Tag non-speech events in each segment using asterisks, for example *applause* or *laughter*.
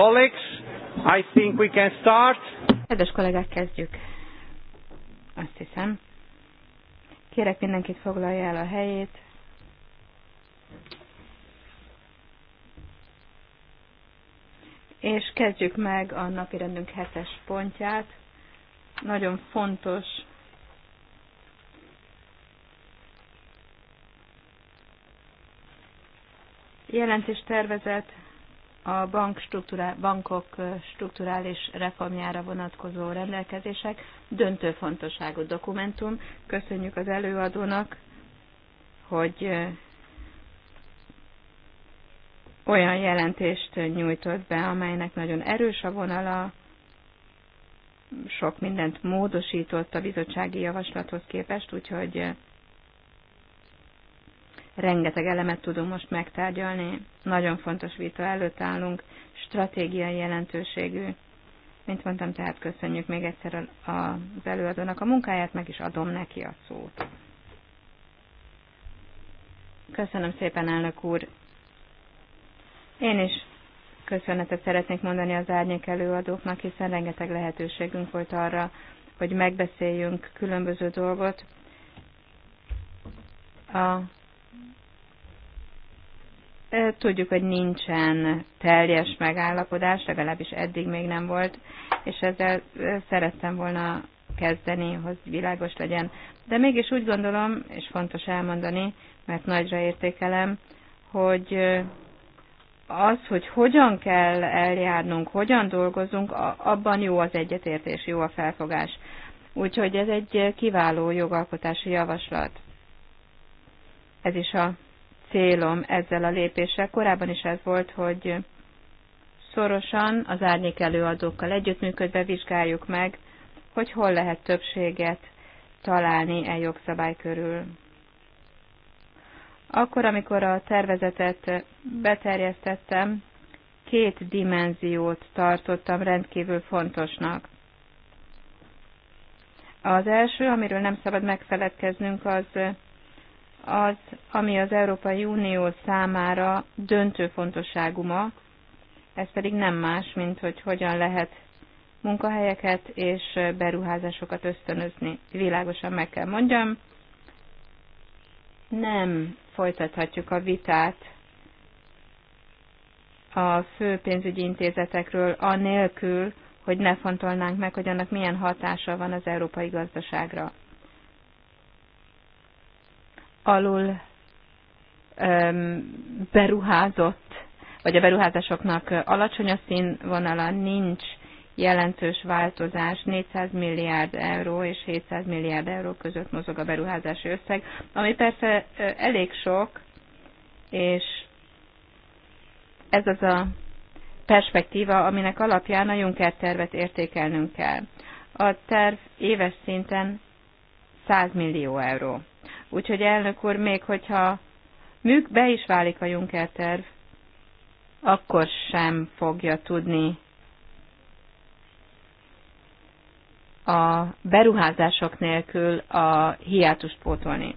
Colleagues, I think we can start. Kedves kollégák, kezdjük. Azt hiszem. Kérek mindenkit foglalja el a helyét. És kezdjük meg a napi rendünk hetes pontját. Nagyon fontos jelentéstervezet a bank struktúrá, bankok strukturális reformjára vonatkozó rendelkezések döntő fontosságú dokumentum. Köszönjük az előadónak, hogy olyan jelentést nyújtott be, amelynek nagyon erős a vonala, sok mindent módosított a bizottsági javaslathoz képest, úgyhogy rengeteg elemet tudunk most megtárgyalni. Nagyon fontos vita előtt állunk, stratégiai jelentőségű. Mint mondtam, tehát köszönjük még egyszer az előadónak a munkáját, meg is adom neki a szót. Köszönöm szépen, elnök úr. Én is köszönetet szeretnék mondani az árnyék előadóknak, hiszen rengeteg lehetőségünk volt arra, hogy megbeszéljünk különböző dolgot. A Tudjuk, hogy nincsen teljes megállapodás, legalábbis eddig még nem volt, és ezzel szerettem volna kezdeni, hogy világos legyen. De mégis úgy gondolom, és fontos elmondani, mert nagyra értékelem, hogy az, hogy hogyan kell eljárnunk, hogyan dolgozunk, abban jó az egyetértés, jó a felfogás. Úgyhogy ez egy kiváló jogalkotási javaslat. Ez is a célom ezzel a lépéssel. Korábban is ez volt, hogy szorosan az árnyék előadókkal együttműködve vizsgáljuk meg, hogy hol lehet többséget találni e jogszabály körül. Akkor, amikor a tervezetet beterjesztettem, két dimenziót tartottam rendkívül fontosnak. Az első, amiről nem szabad megfeledkeznünk, az az, ami az Európai Unió számára döntő fontosságú ma, ez pedig nem más, mint hogy hogyan lehet munkahelyeket és beruházásokat ösztönözni. Világosan meg kell mondjam, nem folytathatjuk a vitát a fő pénzügyi intézetekről anélkül, hogy ne fontolnánk meg, hogy annak milyen hatása van az európai gazdaságra alul beruházott, vagy a beruházásoknak alacsony a színvonala, nincs jelentős változás, 400 milliárd euró és 700 milliárd euró között mozog a beruházási összeg, ami persze elég sok, és ez az a perspektíva, aminek alapján a Juncker tervet értékelnünk kell. A terv éves szinten 100 millió euró. Úgyhogy elnök úr, még hogyha műk be is válik a Juncker terv, akkor sem fogja tudni a beruházások nélkül a hiátust pótolni.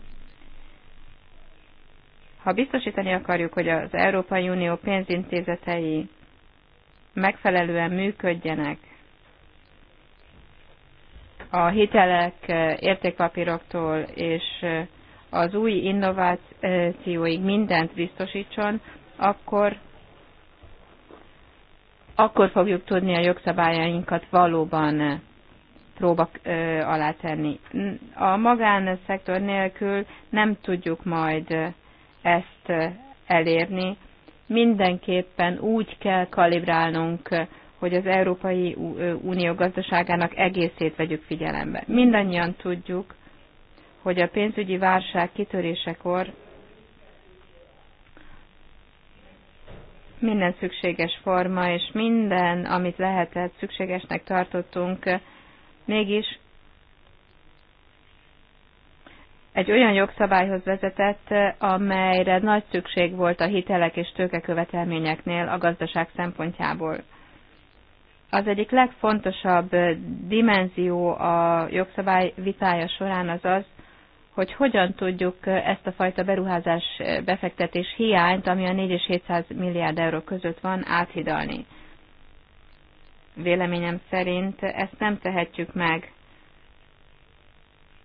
Ha biztosítani akarjuk, hogy az Európai Unió pénzintézetei megfelelően működjenek, a hitelek, értékpapíroktól és az új innovációig mindent biztosítson, akkor, akkor fogjuk tudni a jogszabályainkat valóban eh, próba eh, alá tenni. A magánszektor nélkül nem tudjuk majd eh, ezt elérni. Mindenképpen úgy kell kalibrálnunk, hogy az Európai Unió gazdaságának egészét vegyük figyelembe. Mindannyian tudjuk, hogy a pénzügyi válság kitörésekor minden szükséges forma és minden, amit lehetett, szükségesnek tartottunk, mégis egy olyan jogszabályhoz vezetett, amelyre nagy szükség volt a hitelek és tőkekövetelményeknél a gazdaság szempontjából. Az egyik legfontosabb dimenzió a jogszabály vitája során az az, hogy hogyan tudjuk ezt a fajta beruházás befektetés hiányt, ami a 4 és 700 milliárd euró között van, áthidalni. Véleményem szerint ezt nem tehetjük meg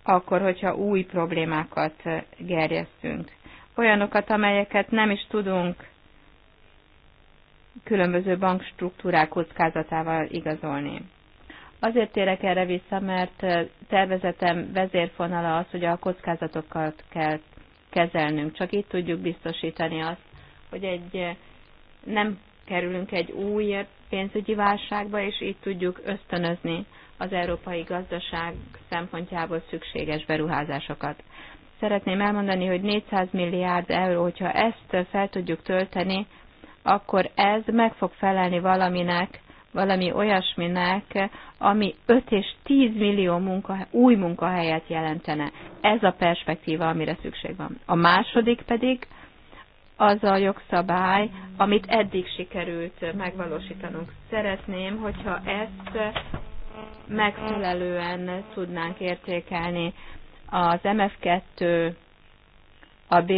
akkor, hogyha új problémákat gerjesztünk. Olyanokat, amelyeket nem is tudunk különböző bankstruktúrák kockázatával igazolni. Azért térek erre vissza, mert tervezetem vezérfonala az, hogy a kockázatokat kell kezelnünk. Csak itt tudjuk biztosítani azt, hogy egy nem kerülünk egy új pénzügyi válságba, és így tudjuk ösztönözni az európai gazdaság szempontjából szükséges beruházásokat. Szeretném elmondani, hogy 400 milliárd euró, hogyha ezt fel tudjuk tölteni, akkor ez meg fog felelni valaminek, valami olyasminek, ami 5 és 10 millió munka, új munkahelyet jelentene. Ez a perspektíva, amire szükség van. A második pedig az a jogszabály, amit eddig sikerült megvalósítanunk. Szeretném, hogyha ezt megfelelően tudnánk értékelni az MF2, a B,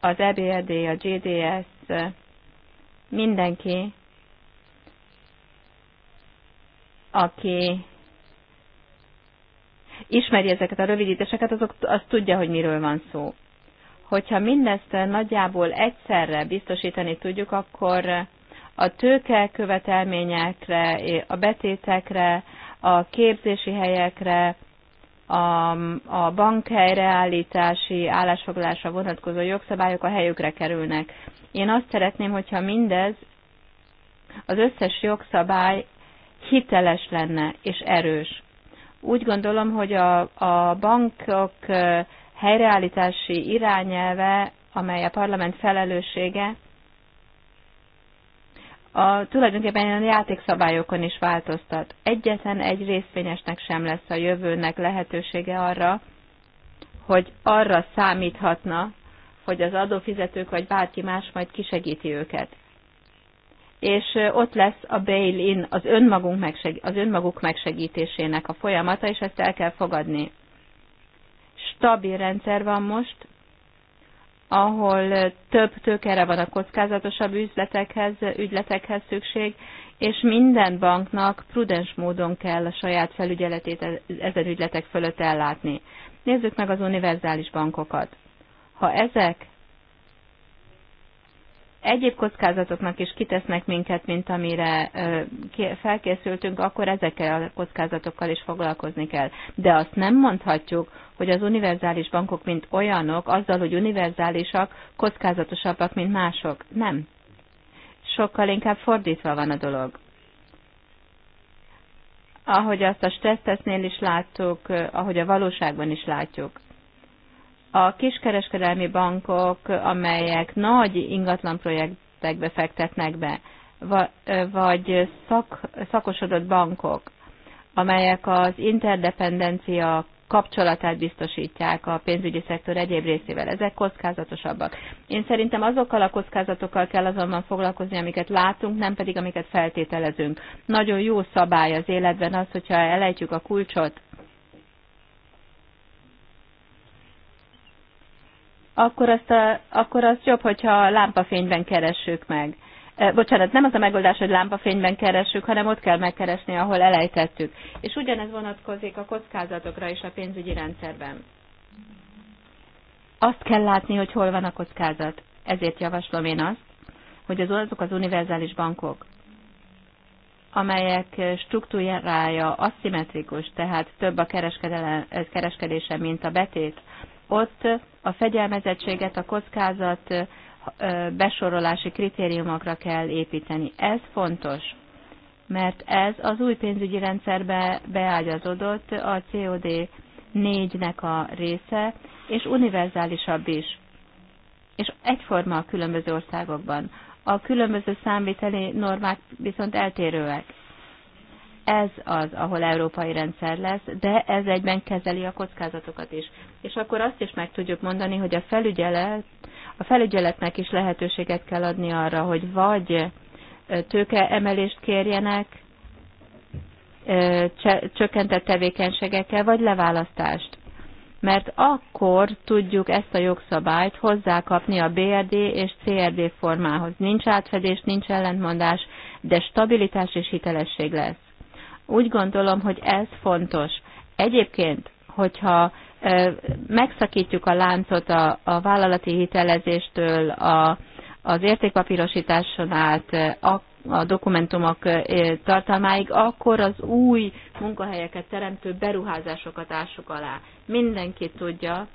az EBRD, a GDS, mindenki aki ismeri ezeket a rövidítéseket, azok, az tudja, hogy miről van szó. Hogyha mindezt nagyjából egyszerre biztosítani tudjuk, akkor a tőke követelményekre, a betétekre, a képzési helyekre, a, a bankhelyreállítási állásfoglalásra vonatkozó jogszabályok a helyükre kerülnek. Én azt szeretném, hogyha mindez az összes jogszabály hiteles lenne és erős. Úgy gondolom, hogy a, a bankok helyreállítási irányelve, amely a parlament felelőssége, a, tulajdonképpen a játékszabályokon is változtat. Egyetlen egy részvényesnek sem lesz a jövőnek lehetősége arra, hogy arra számíthatna, hogy az adófizetők vagy bárki más majd kisegíti őket és ott lesz a bail-in, az, önmagunk megseg, az önmaguk megsegítésének a folyamata, és ezt el kell fogadni. Stabil rendszer van most, ahol több tőkere van a kockázatosabb üzletekhez, ügyletekhez szükség, és minden banknak prudens módon kell a saját felügyeletét e-, ezen ügyletek fölött ellátni. Nézzük meg az univerzális bankokat. Ha ezek egyéb kockázatoknak is kitesznek minket, mint amire felkészültünk, akkor ezekkel a kockázatokkal is foglalkozni kell. De azt nem mondhatjuk, hogy az univerzális bankok, mint olyanok, azzal, hogy univerzálisak, kockázatosabbak, mint mások. Nem. Sokkal inkább fordítva van a dolog ahogy azt a stressztesznél is láttuk, ahogy a valóságban is látjuk a kiskereskedelmi bankok, amelyek nagy ingatlan projektekbe fektetnek be, vagy szak, szakosodott bankok, amelyek az interdependencia kapcsolatát biztosítják a pénzügyi szektor egyéb részével. Ezek kockázatosabbak. Én szerintem azokkal a kockázatokkal kell azonban foglalkozni, amiket látunk, nem pedig amiket feltételezünk. Nagyon jó szabály az életben az, hogyha elejtjük a kulcsot, akkor, azt a, akkor az jobb, hogyha lámpafényben keressük meg. E, bocsánat, nem az a megoldás, hogy lámpafényben keressük, hanem ott kell megkeresni, ahol elejtettük. És ugyanez vonatkozik a kockázatokra és a pénzügyi rendszerben. Azt kell látni, hogy hol van a kockázat. Ezért javaslom én azt, hogy az, azok az univerzális bankok, amelyek struktúrája aszimmetrikus, tehát több a kereskedése, mint a betét, ott a fegyelmezettséget, a kockázat besorolási kritériumokra kell építeni. Ez fontos, mert ez az új pénzügyi rendszerbe beágyazódott a COD 4-nek a része, és univerzálisabb is. És egyforma a különböző országokban. A különböző számviteli normák viszont eltérőek. Ez az, ahol európai rendszer lesz, de ez egyben kezeli a kockázatokat is és akkor azt is meg tudjuk mondani, hogy a felügyelet, a felügyeletnek is lehetőséget kell adni arra, hogy vagy emelést kérjenek, csökkentett tevékenységekkel, vagy leválasztást. Mert akkor tudjuk ezt a jogszabályt hozzákapni a BRD és CRD formához. Nincs átfedés, nincs ellentmondás, de stabilitás és hitelesség lesz. Úgy gondolom, hogy ez fontos. Egyébként, hogyha megszakítjuk a láncot a, a vállalati hitelezéstől, a, az értékpapírosításon át, a, a dokumentumok tartalmáig, akkor az új munkahelyeket teremtő beruházásokat ássuk alá. Mindenki tudja,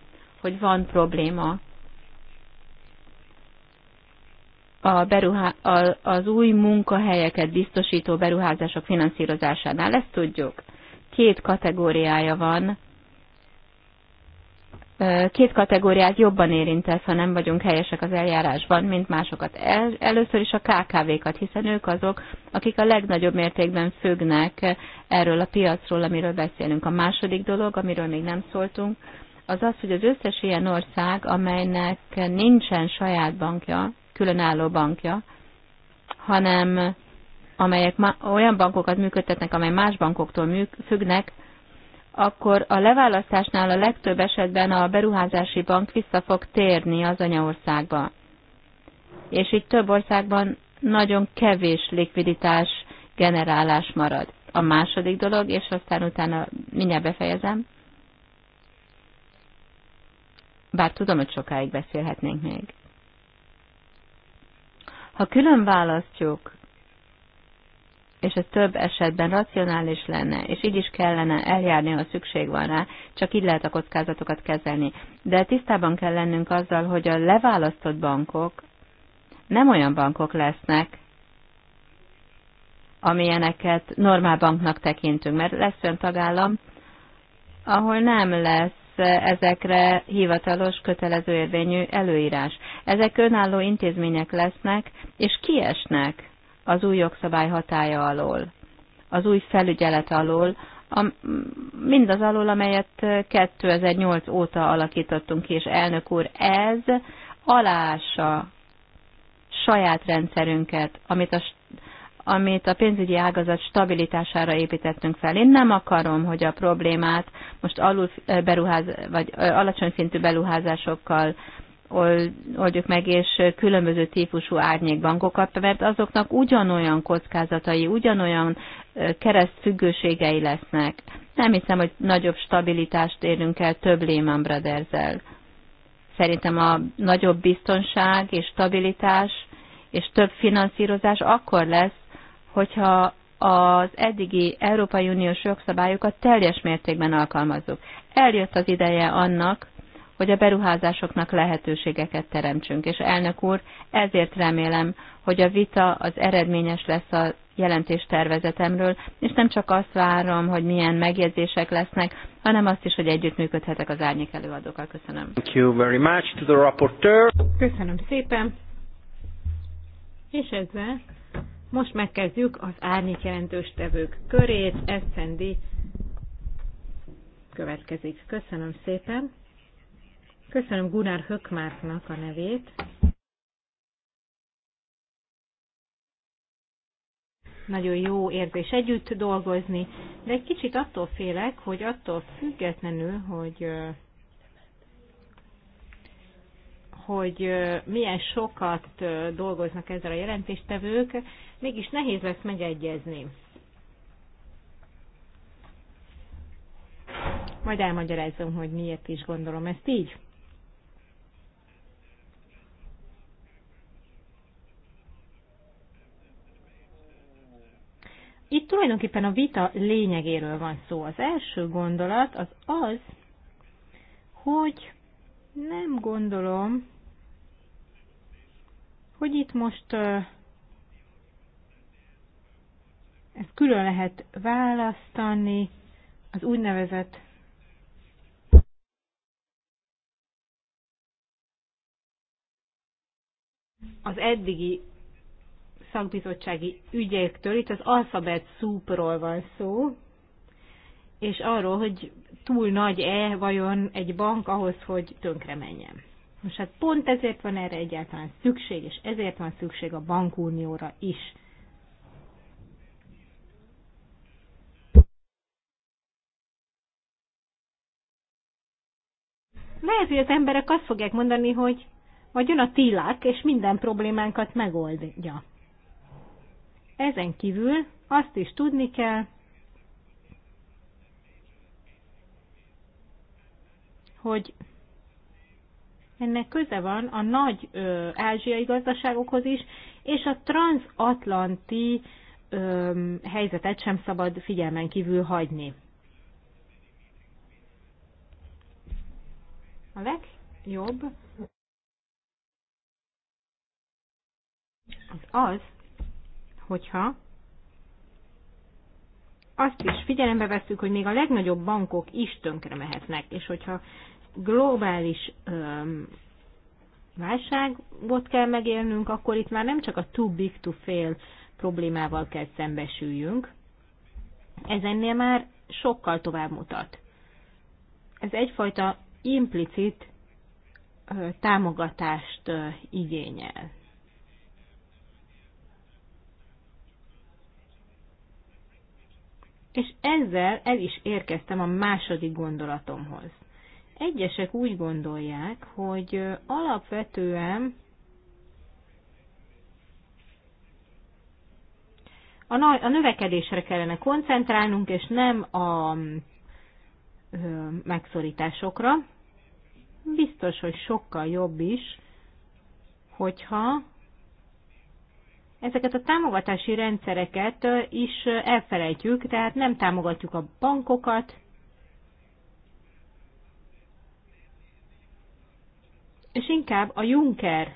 hogy van probléma a beruhá, a, az új munkahelyeket biztosító beruházások finanszírozásánál. Ezt tudjuk. Két kategóriája van két kategóriát jobban érintett, ha nem vagyunk helyesek az eljárásban, mint másokat. El, először is a KKV-kat, hiszen ők azok, akik a legnagyobb mértékben függnek erről a piacról, amiről beszélünk. A második dolog, amiről még nem szóltunk, az az, hogy az összes ilyen ország, amelynek nincsen saját bankja, különálló bankja, hanem amelyek olyan bankokat működtetnek, amely más bankoktól függnek, akkor a leválasztásnál a legtöbb esetben a beruházási bank vissza fog térni az anyaországba. És így több országban nagyon kevés likviditás generálás marad. A második dolog, és aztán utána mindjárt befejezem, bár tudom, hogy sokáig beszélhetnénk még. Ha külön választjuk és ez több esetben racionális lenne, és így is kellene eljárni, ha szükség van rá, csak így lehet a kockázatokat kezelni. De tisztában kell lennünk azzal, hogy a leválasztott bankok nem olyan bankok lesznek, amilyeneket normál banknak tekintünk, mert lesz olyan tagállam, ahol nem lesz ezekre hivatalos, kötelező érvényű előírás. Ezek önálló intézmények lesznek, és kiesnek az új jogszabály hatája alól, az új felügyelet alól, a, mindaz alól, amelyet 2008 óta alakítottunk ki, és elnök úr, ez alása saját rendszerünket, amit a, amit a pénzügyi ágazat stabilitására építettünk fel. Én nem akarom, hogy a problémát most alul beruház, vagy alacsony szintű beruházásokkal oldjuk meg, és különböző típusú árnyékbankokat, mert azoknak ugyanolyan kockázatai, ugyanolyan keresztfüggőségei lesznek. Nem hiszem, hogy nagyobb stabilitást érünk el több Lehman brothers -el. Szerintem a nagyobb biztonság és stabilitás és több finanszírozás akkor lesz, hogyha az eddigi Európai Uniós jogszabályokat teljes mértékben alkalmazzuk. Eljött az ideje annak, hogy a beruházásoknak lehetőségeket teremtsünk. És elnök úr, ezért remélem, hogy a vita az eredményes lesz a jelentés tervezetemről, és nem csak azt várom, hogy milyen megjegyzések lesznek, hanem azt is, hogy együttműködhetek az árnyék előadókkal. Köszönöm. Thank you very much to the rapporteur. Köszönöm szépen. És ezzel most megkezdjük az árnyék jelentős tevők körét. Ez Szendi következik. Köszönöm szépen. Köszönöm Gunnar Hökmárknak a nevét. Nagyon jó érzés együtt dolgozni, de egy kicsit attól félek, hogy attól függetlenül, hogy hogy milyen sokat dolgoznak ezzel a jelentéstevők, mégis nehéz lesz megegyezni. Majd elmagyarázom, hogy miért is gondolom ezt így. Itt tulajdonképpen a vita lényegéről van szó. Az első gondolat az az, hogy nem gondolom, hogy itt most ezt külön lehet választani az úgynevezett az eddigi szakbizottsági ügyektől, itt az alfabet szúpról van szó, és arról, hogy túl nagy-e vajon egy bank ahhoz, hogy tönkre menjen. Most hát pont ezért van erre egyáltalán szükség, és ezért van szükség a bankunióra is. Lehet, hogy az emberek azt fogják mondani, hogy majd jön a tilák, és minden problémánkat megoldja. Ezen kívül azt is tudni kell, hogy ennek köze van a nagy ö, ázsiai gazdaságokhoz is, és a transatlanti ö, helyzetet sem szabad figyelmen kívül hagyni. A legjobb az az, hogyha azt is figyelembe veszük, hogy még a legnagyobb bankok is tönkre mehetnek, és hogyha globális öm, válságot kell megélnünk, akkor itt már nem csak a too big to fail problémával kell szembesüljünk, ez ennél már sokkal tovább mutat. Ez egyfajta implicit támogatást igényel. És ezzel el is érkeztem a második gondolatomhoz. Egyesek úgy gondolják, hogy alapvetően a növekedésre kellene koncentrálnunk, és nem a megszorításokra. Biztos, hogy sokkal jobb is, hogyha ezeket a támogatási rendszereket is elfelejtjük, tehát nem támogatjuk a bankokat, és inkább a Juncker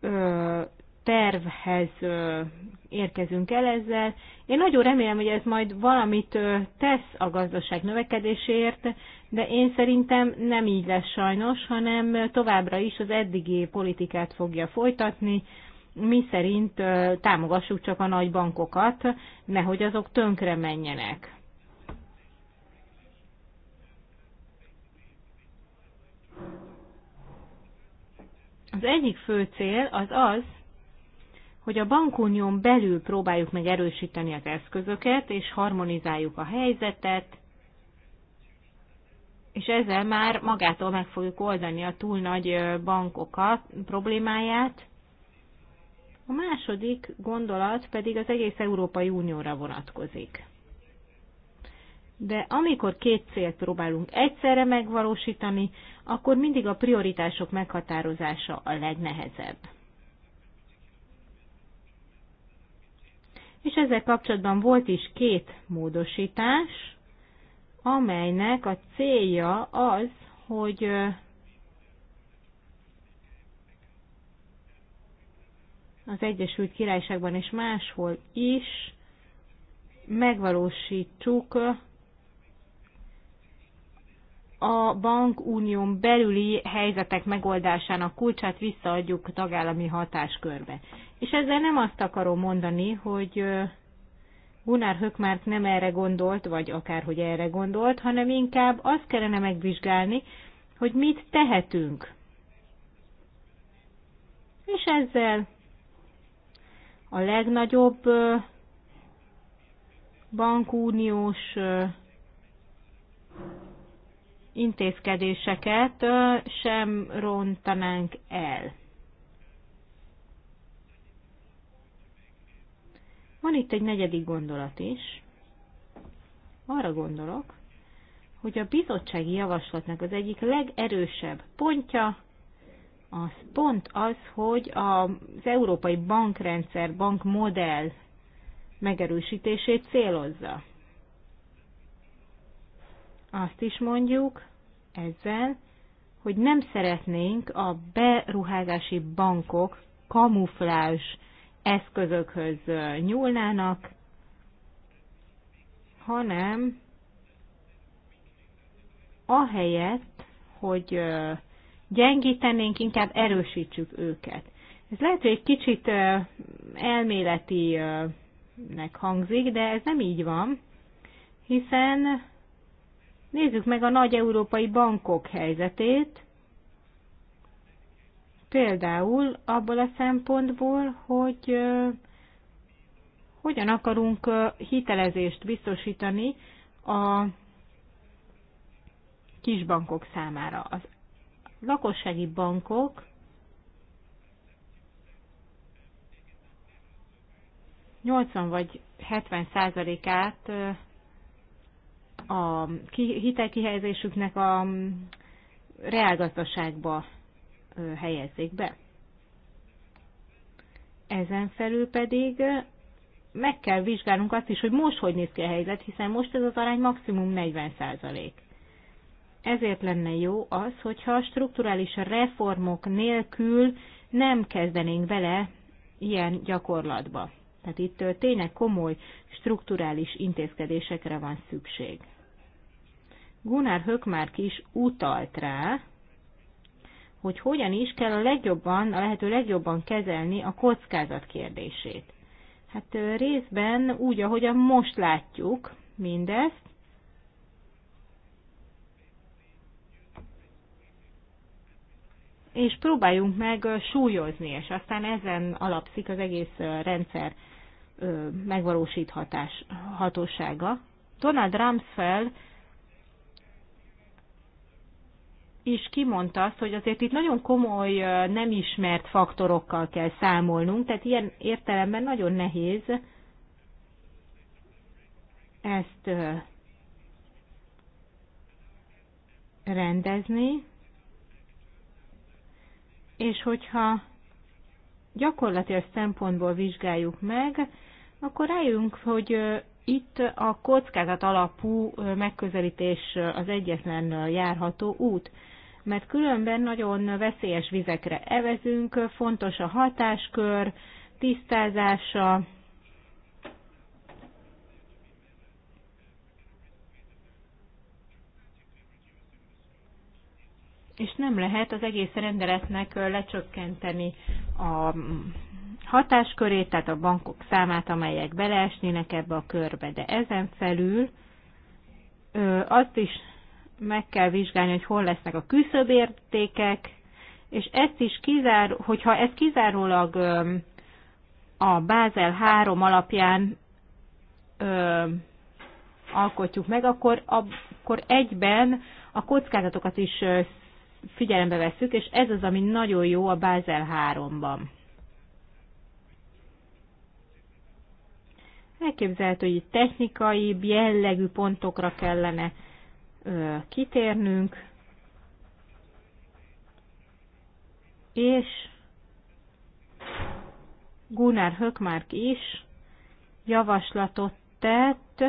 ö, tervhez ö, érkezünk el ezzel. Én nagyon remélem, hogy ez majd valamit ö, tesz a gazdaság növekedésért, de én szerintem nem így lesz sajnos, hanem továbbra is az eddigi politikát fogja folytatni, mi szerint támogassuk csak a nagy bankokat, nehogy azok tönkre menjenek. Az egyik fő cél az az, hogy a bankunión belül próbáljuk meg erősíteni az eszközöket, és harmonizáljuk a helyzetet, és ezzel már magától meg fogjuk oldani a túl nagy bankokat problémáját, a második gondolat pedig az egész Európai Unióra vonatkozik. De amikor két célt próbálunk egyszerre megvalósítani, akkor mindig a prioritások meghatározása a legnehezebb. És ezzel kapcsolatban volt is két módosítás, amelynek a célja az, hogy az Egyesült Királyságban és máshol is megvalósítsuk a bankunión belüli helyzetek megoldásának kulcsát visszaadjuk tagállami hatáskörbe. És ezzel nem azt akarom mondani, hogy Gunnar Hökmárt nem erre gondolt, vagy akár hogy erre gondolt, hanem inkább azt kellene megvizsgálni, hogy mit tehetünk. És ezzel a legnagyobb bankúniós intézkedéseket sem rontanánk el. Van itt egy negyedik gondolat is. Arra gondolok, hogy a bizottsági javaslatnak az egyik legerősebb pontja az pont az, hogy az európai bankrendszer, bankmodell megerősítését célozza. Azt is mondjuk ezzel, hogy nem szeretnénk a beruházási bankok kamuflás eszközökhöz nyúlnának, hanem ahelyett, hogy gyengítenénk, inkább erősítsük őket. Ez lehet, hogy egy kicsit elméletinek hangzik, de ez nem így van, hiszen nézzük meg a nagy európai bankok helyzetét, például abból a szempontból, hogy hogyan akarunk hitelezést biztosítani a kisbankok számára. Az lakossági bankok 80 vagy 70 százalékát a hitelkihelyezésüknek a reálgazdaságba helyezzék be. Ezen felül pedig meg kell vizsgálnunk azt is, hogy most hogy néz ki a helyzet, hiszen most ez az arány maximum 40 százalék. Ezért lenne jó az, hogyha strukturális reformok nélkül nem kezdenénk bele ilyen gyakorlatba. Tehát itt tényleg komoly strukturális intézkedésekre van szükség. Gunnar Hökmark is utalt rá, hogy hogyan is kell a legjobban, a lehető legjobban kezelni a kockázat kérdését. Hát részben úgy, ahogyan most látjuk mindezt, és próbáljunk meg súlyozni, és aztán ezen alapszik az egész rendszer megvalósíthatás hatósága. Donald Rumsfeld is kimondta azt, hogy azért itt nagyon komoly, nem ismert faktorokkal kell számolnunk, tehát ilyen értelemben nagyon nehéz ezt rendezni és hogyha gyakorlatilag szempontból vizsgáljuk meg, akkor rájövünk, hogy itt a kockázat alapú megközelítés az egyetlen járható út, mert különben nagyon veszélyes vizekre evezünk, fontos a hatáskör tisztázása, és nem lehet az egész rendeletnek lecsökkenteni a mm, hatáskörét, tehát a bankok számát, amelyek beleesnének ebbe a körbe. De ezen felül azt is meg kell vizsgálni, hogy hol lesznek a küszöbértékek, és ezt is kizár, hogyha ez kizárólag a Bázel 3 alapján alkotjuk meg, akkor, akkor egyben a kockázatokat is figyelembe veszük, és ez az, ami nagyon jó a Bázel 3-ban. Elképzelhető, hogy technikai, jellegű pontokra kellene ö, kitérnünk, és Gunnar Hökmark is javaslatot tett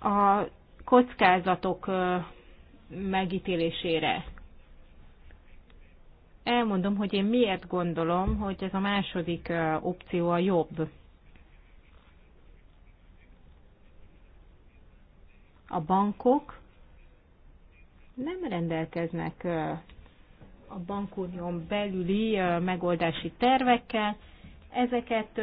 a kockázatok megítélésére elmondom, hogy én miért gondolom, hogy ez a második opció a jobb. A bankok nem rendelkeznek a bankunión belüli megoldási tervekkel. Ezeket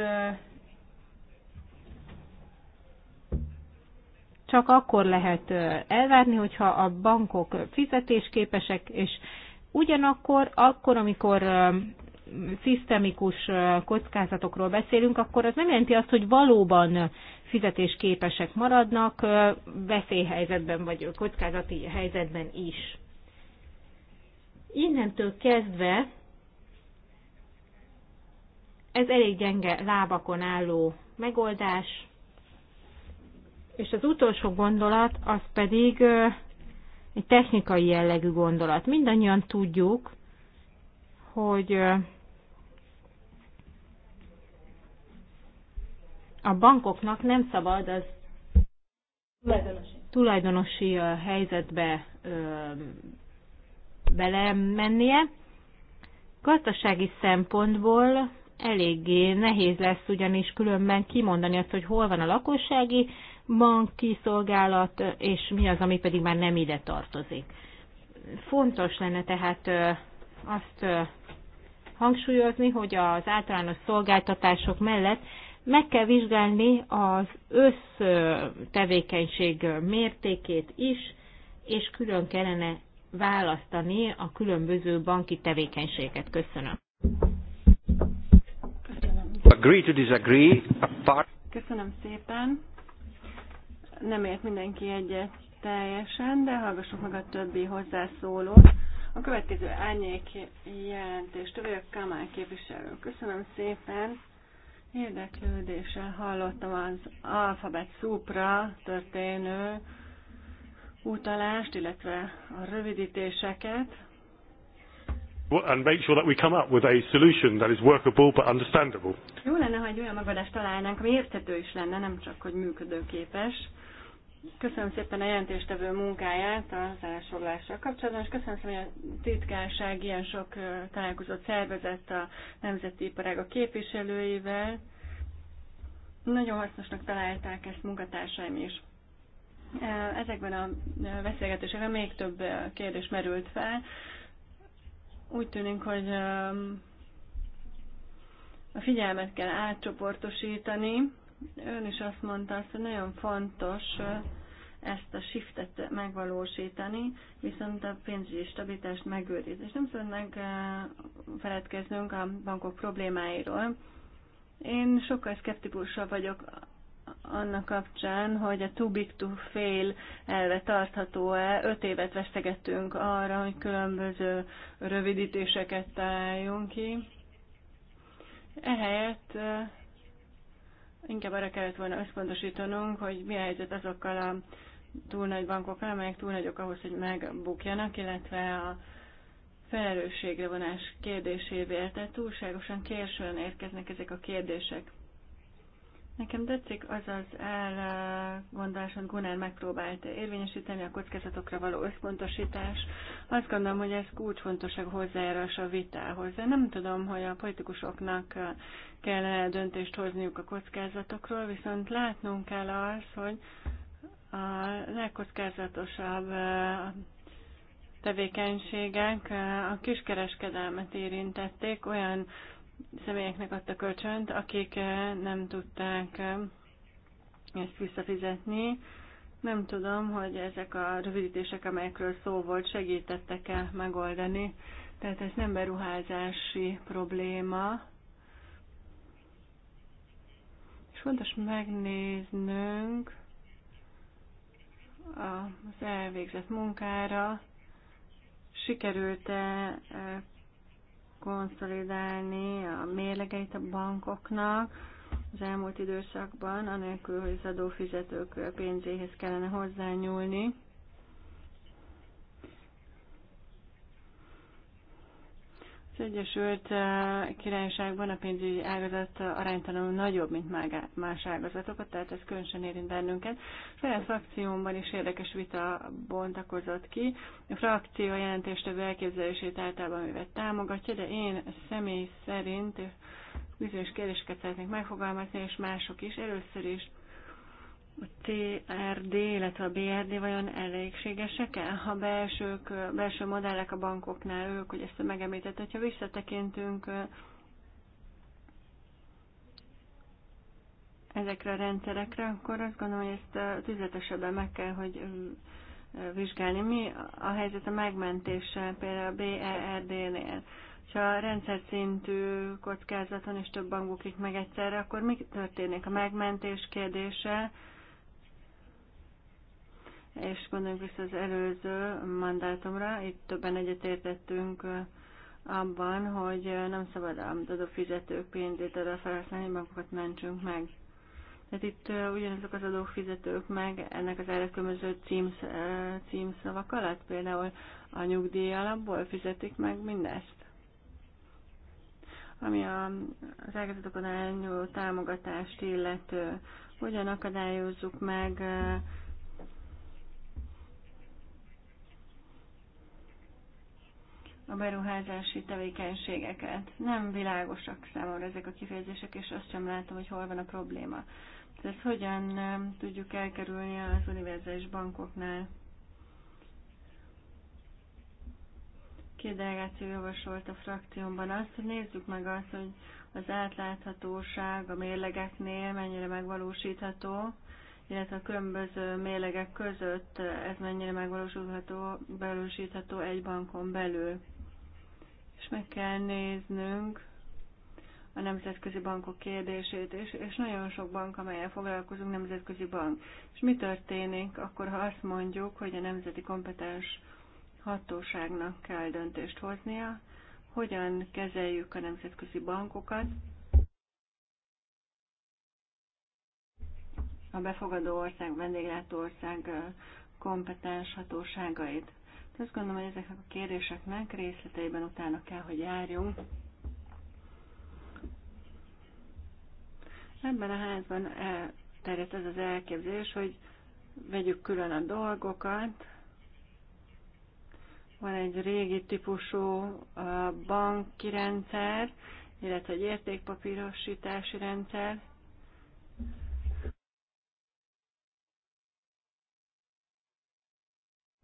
csak akkor lehet elvárni, hogyha a bankok fizetésképesek, és Ugyanakkor, akkor, amikor szisztemikus kockázatokról beszélünk, akkor az nem jelenti azt, hogy valóban fizetésképesek maradnak veszélyhelyzetben vagy kockázati helyzetben is. Innentől kezdve ez elég gyenge lábakon álló megoldás, és az utolsó gondolat az pedig egy technikai jellegű gondolat. Mindannyian tudjuk, hogy a bankoknak nem szabad az tulajdonosi, tulajdonosi helyzetbe belemennie. Gazdasági szempontból eléggé nehéz lesz ugyanis különben kimondani azt, hogy hol van a lakossági banki szolgálat, és mi az, ami pedig már nem ide tartozik. Fontos lenne tehát azt hangsúlyozni, hogy az általános szolgáltatások mellett meg kell vizsgálni az össztevékenység mértékét is, és külön kellene választani a különböző banki tevékenységet. Köszönöm. Köszönöm. Agree to disagree. Apart. Köszönöm szépen nem ért mindenki egyet teljesen, de hallgassuk meg a többi hozzászólót. A következő árnyék jelentést tövő Kamal képviselő. Köszönöm szépen. Érdeklődéssel hallottam az alfabet szupra történő utalást, illetve a rövidítéseket. And make sure that we come up with a solution that is workable but understandable. Jó lenne, ha egy olyan megoldást találnánk, ami érthető is lenne, nem csak, hogy működőképes. Köszönöm szépen a jelentéstevő munkáját az állásfoglalással kapcsolatban, és köszönöm szépen, hogy a titkárság ilyen sok találkozót szervezett a Nemzeti a képviselőivel. Nagyon hasznosnak találták ezt munkatársaim is. Ezekben a beszélgetésekben még több kérdés merült fel. Úgy tűnik, hogy a figyelmet kell átcsoportosítani, Ön is azt mondta, azt, hogy nagyon fontos ezt a shiftet megvalósítani, viszont a pénzügyi stabilitást megőrizni. És nem szabadnak megfeledkeznünk a bankok problémáiról. Én sokkal szkeptikusabb vagyok annak kapcsán, hogy a too big to fail elve tartható-e. Öt évet vesztegettünk arra, hogy különböző rövidítéseket találjunk ki. Ehelyett Inkább arra kellett volna összpontosítanunk, hogy mi a helyzet azokkal a túl nagy bankokkal, amelyek túl nagyok ahhoz, hogy megbukjanak, illetve a felelősségre vonás kérdésével. Tehát túlságosan későn érkeznek ezek a kérdések. Nekem tetszik az az elgondolás, amit Gunnar megpróbált érvényesíteni a kockázatokra való összpontosítás. Azt gondolom, hogy ez kulcsfontosság hozzájárulás a vitához. De nem tudom, hogy a politikusoknak kellene döntést hozniuk a kockázatokról, viszont látnunk kell az, hogy a legkockázatosabb tevékenységek a kiskereskedelmet érintették, olyan személyeknek adta kölcsönt, akik eh, nem tudták eh, ezt visszafizetni. Nem tudom, hogy ezek a rövidítések, amelyekről szó volt, segítettek-e megoldani. Tehát ez nem beruházási probléma. És fontos megnéznünk az elvégzett munkára, sikerült-e eh, konszolidálni a mérlegeit a bankoknak az elmúlt időszakban, anélkül, hogy az adófizetők pénzéhez kellene hozzányúlni. Egyesült eh, Királyságban a pénzügyi ágazat aránytalanul nagyobb, mint más ágazatokat, tehát ez különösen érint bennünket. Saját frakciómban is érdekes vita bontakozott ki. A frakció jelentést a elképzelését általában mivel támogatja, de én személy szerint bizonyos kérdéseket szeretnék megfogalmazni, és mások is. Először is a TRD illetve a BRD vajon elégségesek-e? Ha belsők, belső modellek a bankoknál ők, hogy ezt megemlített, hogyha visszatekintünk ezekre a rendszerekre, akkor azt gondolom, hogy ezt tüzetesebben meg kell, hogy vizsgálni. Mi a helyzet a megmentéssel, például a BERD-nél? Ha a rendszer szintű kockázaton és több bank bukik meg egyszerre, akkor mi történik a megmentés kérdése? és gondoljunk vissza az előző mandátumra, itt többen egyetértettünk abban, hogy nem szabad adó fizetők pénzét arra felhasználni, bankokat mentsünk meg. Tehát itt ugyanazok az adófizetők meg ennek az elkömöző különböző címsz, címszavak alatt, például a nyugdíj alapból fizetik meg mindezt. Ami a, az ágazatokon elnyúló támogatást illető, hogyan akadályozzuk meg a beruházási tevékenységeket. Nem világosak számomra ezek a kifejezések, és azt sem látom, hogy hol van a probléma. Tehát hogyan um, tudjuk elkerülni az univerzális bankoknál? Két delegáció javasolt a frakciómban azt, hogy nézzük meg azt, hogy az átláthatóság a mérlegeknél mennyire megvalósítható, illetve a különböző mélegek között ez mennyire megvalósítható, egy bankon belül és meg kell néznünk a nemzetközi bankok kérdését, és, és nagyon sok bank, amelyel foglalkozunk, nemzetközi bank. És mi történik akkor, ha azt mondjuk, hogy a nemzeti kompetens hatóságnak kell döntést hoznia, hogyan kezeljük a nemzetközi bankokat, a befogadó ország, vendéglátó ország kompetens hatóságait azt gondolom, hogy ezeknek a kérdéseknek részleteiben utána kell, hogy járjunk. Ebben a házban terjedt ez az elképzelés, hogy vegyük külön a dolgokat. Van egy régi típusú banki rendszer, illetve egy értékpapírosítási rendszer,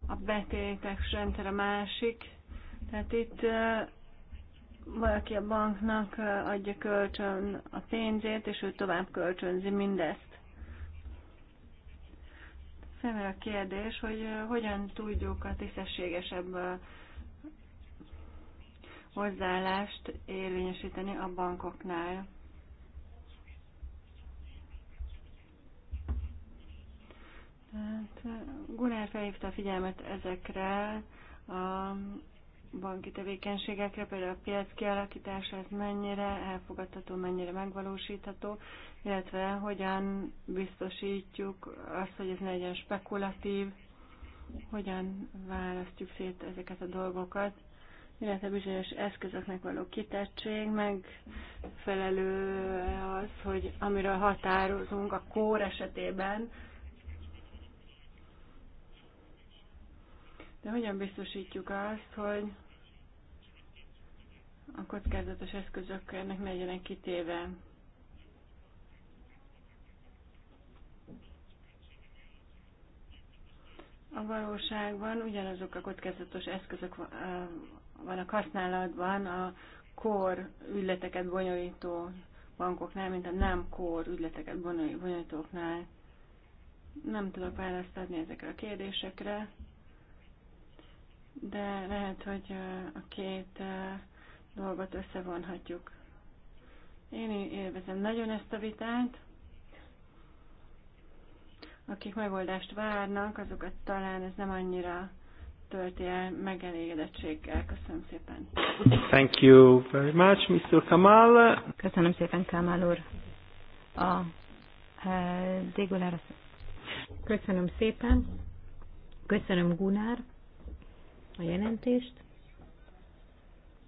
a betétek sem, a másik. Tehát itt valaki a banknak adja kölcsön a pénzét, és ő tovább kölcsönzi mindezt. Felmerül a kérdés, hogy hogyan tudjuk a tisztességesebb hozzáállást érvényesíteni a bankoknál. Hát, uh, Gunár felhívta a figyelmet ezekre a banki tevékenységekre, például a piac kialakítása, ez mennyire elfogadható, mennyire megvalósítható, illetve hogyan biztosítjuk azt, hogy ez ne legyen spekulatív, hogyan választjuk szét ezeket a dolgokat, illetve bizonyos eszközöknek való kitettség, megfelelő az, hogy amiről határozunk a kór esetében, De hogyan biztosítjuk azt, hogy a kockázatos eszközök ennek ne legyenek kitéve? A valóságban ugyanazok a kockázatos eszközök vannak használatban a kor ügyleteket bonyolító bankoknál, mint a nem kor ügyleteket bonyolítóknál. Nem tudok választ adni ezekre a kérdésekre de lehet, hogy a két dolgot összevonhatjuk. Én élvezem nagyon ezt a vitát. Akik megoldást várnak, azokat talán ez nem annyira tölti el megelégedettséggel. Köszönöm szépen. Thank you very much, Mr. Kamal. Köszönöm szépen, Kamal úr. A e, Köszönöm szépen. Köszönöm, Gunár a jelentést.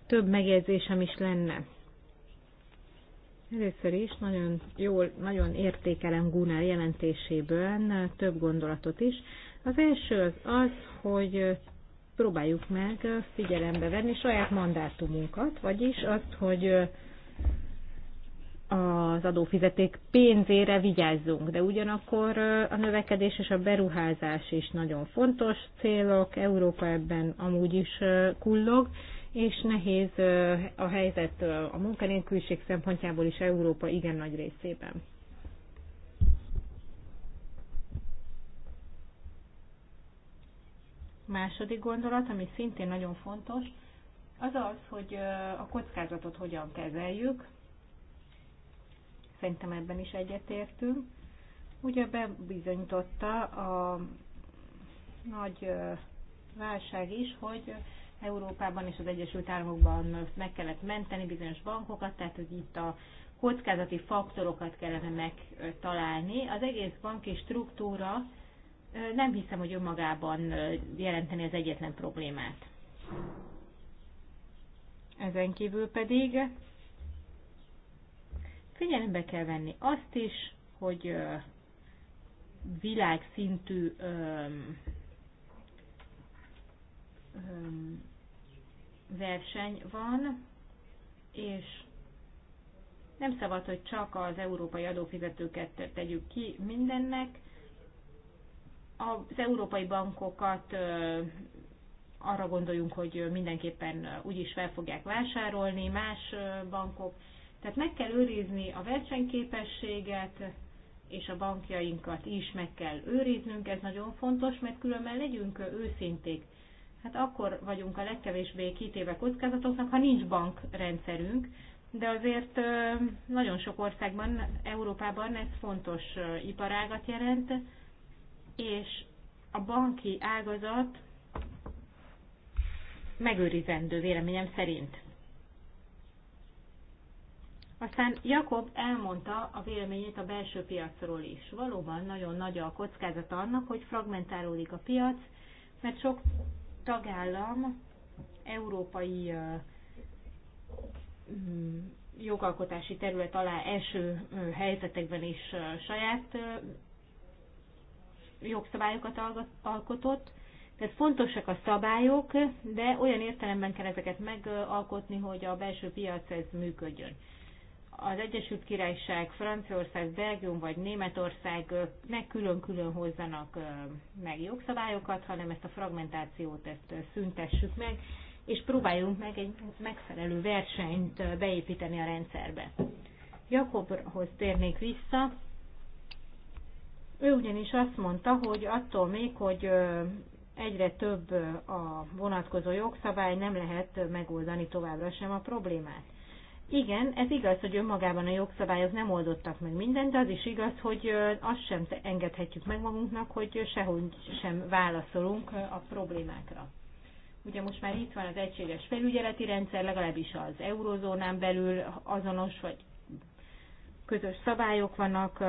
Több megjegyzésem is lenne. Először is nagyon jól, nagyon értékelem Gunnar jelentéséből több gondolatot is. Az első az az, hogy próbáljuk meg figyelembe venni saját mandátumunkat, vagyis azt, hogy az adófizeték pénzére vigyázzunk, de ugyanakkor a növekedés és a beruházás is nagyon fontos célok, Európa ebben amúgy is kullog, és nehéz a helyzet a munkanélküliség szempontjából is Európa igen nagy részében. Második gondolat, ami szintén nagyon fontos, az az, hogy a kockázatot hogyan kezeljük, Szerintem ebben is egyetértünk. Ugye bebizonyította a nagy válság is, hogy Európában és az Egyesült Államokban meg kellett menteni bizonyos bankokat, tehát hogy itt a kockázati faktorokat kellene megtalálni. Az egész banki struktúra nem hiszem, hogy önmagában jelenteni az egyetlen problémát. Ezen kívül pedig Figyelembe kell venni azt is, hogy világszintű verseny van, és nem szabad, hogy csak az európai adófizetőket tegyük ki mindennek. Az európai bankokat arra gondoljunk, hogy mindenképpen úgyis fel fogják vásárolni más bankok, tehát meg kell őrizni a versenyképességet, és a bankjainkat is meg kell őriznünk, ez nagyon fontos, mert különben legyünk őszinték. Hát akkor vagyunk a legkevésbé kitéve kockázatoknak, ha nincs bankrendszerünk, de azért nagyon sok országban, Európában ez fontos iparágat jelent, és a banki ágazat megőrizendő véleményem szerint. Aztán Jakob elmondta a véleményét a belső piacról is. Valóban nagyon nagy a kockázata annak, hogy fragmentálódik a piac, mert sok tagállam európai mm, jogalkotási terület alá eső helyzetekben is saját jogszabályokat alkotott. Tehát fontosak a szabályok, de olyan értelemben kell ezeket megalkotni, hogy a belső piac ez működjön az Egyesült Királyság, Franciaország, Belgium vagy Németország ne külön-külön hozzanak meg jogszabályokat, hanem ezt a fragmentációt ezt szüntessük meg, és próbáljunk meg egy megfelelő versenyt beépíteni a rendszerbe. Jakobhoz térnék vissza. Ő ugyanis azt mondta, hogy attól még, hogy egyre több a vonatkozó jogszabály, nem lehet megoldani továbbra sem a problémát. Igen, ez igaz, hogy önmagában a jogszabályok nem oldottak meg mindent, de az is igaz, hogy azt sem engedhetjük meg magunknak, hogy sehogy sem válaszolunk a problémákra. Ugye most már itt van az egységes felügyeleti rendszer, legalábbis az eurozónán belül azonos vagy közös szabályok vannak,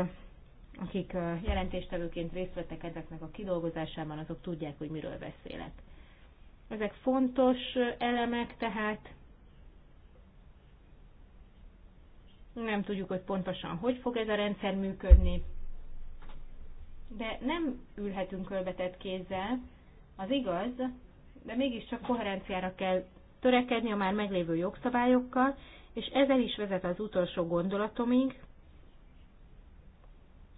akik jelentéstevőként részt vettek ezeknek a kidolgozásában, azok tudják, hogy miről beszélek. Ezek fontos elemek, tehát nem tudjuk, hogy pontosan hogy fog ez a rendszer működni, de nem ülhetünk ölbetett kézzel, az igaz, de mégiscsak koherenciára kell törekedni a már meglévő jogszabályokkal, és ezzel is vezet az utolsó gondolatomig.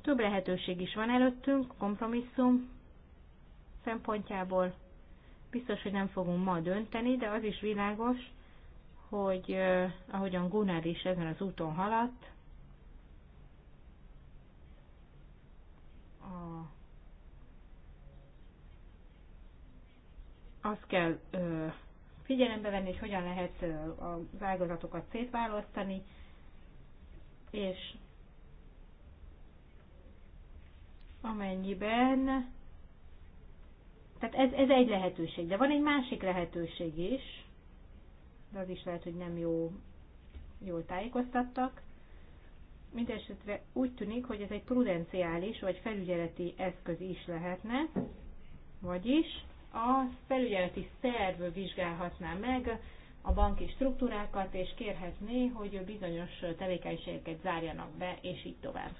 Több lehetőség is van előttünk, kompromisszum szempontjából. Biztos, hogy nem fogunk ma dönteni, de az is világos, hogy ahogyan Gunnar is ezen az úton haladt, a, azt kell ö, figyelembe venni, hogy hogyan lehet ö, a ágazatokat szétválasztani, és amennyiben, tehát ez, ez egy lehetőség, de van egy másik lehetőség is, de az is lehet, hogy nem jó, jól tájékoztattak. Mindenesetre úgy tűnik, hogy ez egy prudenciális vagy felügyeleti eszköz is lehetne, vagyis a felügyeleti szerv vizsgálhatná meg a banki struktúrákat, és kérhetné, hogy bizonyos tevékenységeket zárjanak be, és így tovább.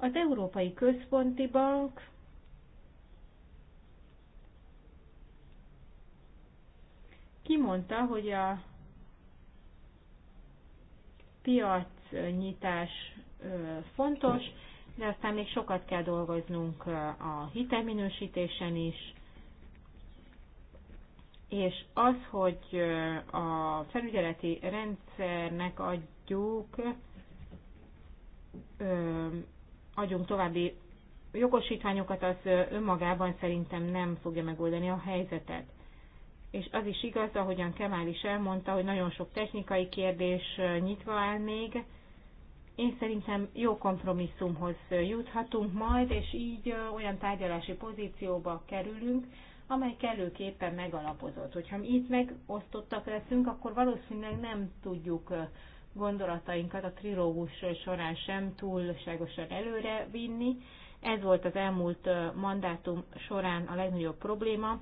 Az Európai Központi Bank kimondta, hogy a piacnyitás fontos, de aztán még sokat kell dolgoznunk a hitelminősítésen is, és az, hogy a felügyeleti rendszernek adjuk, adjunk további jogosítványokat, az önmagában szerintem nem fogja megoldani a helyzetet és az is igaz, ahogyan Kemál is elmondta, hogy nagyon sok technikai kérdés nyitva áll még. Én szerintem jó kompromisszumhoz juthatunk majd, és így olyan tárgyalási pozícióba kerülünk, amely kellőképpen megalapozott. Hogyha itt megosztottak leszünk, akkor valószínűleg nem tudjuk gondolatainkat a trilógus során sem túlságosan előre vinni. Ez volt az elmúlt mandátum során a legnagyobb probléma,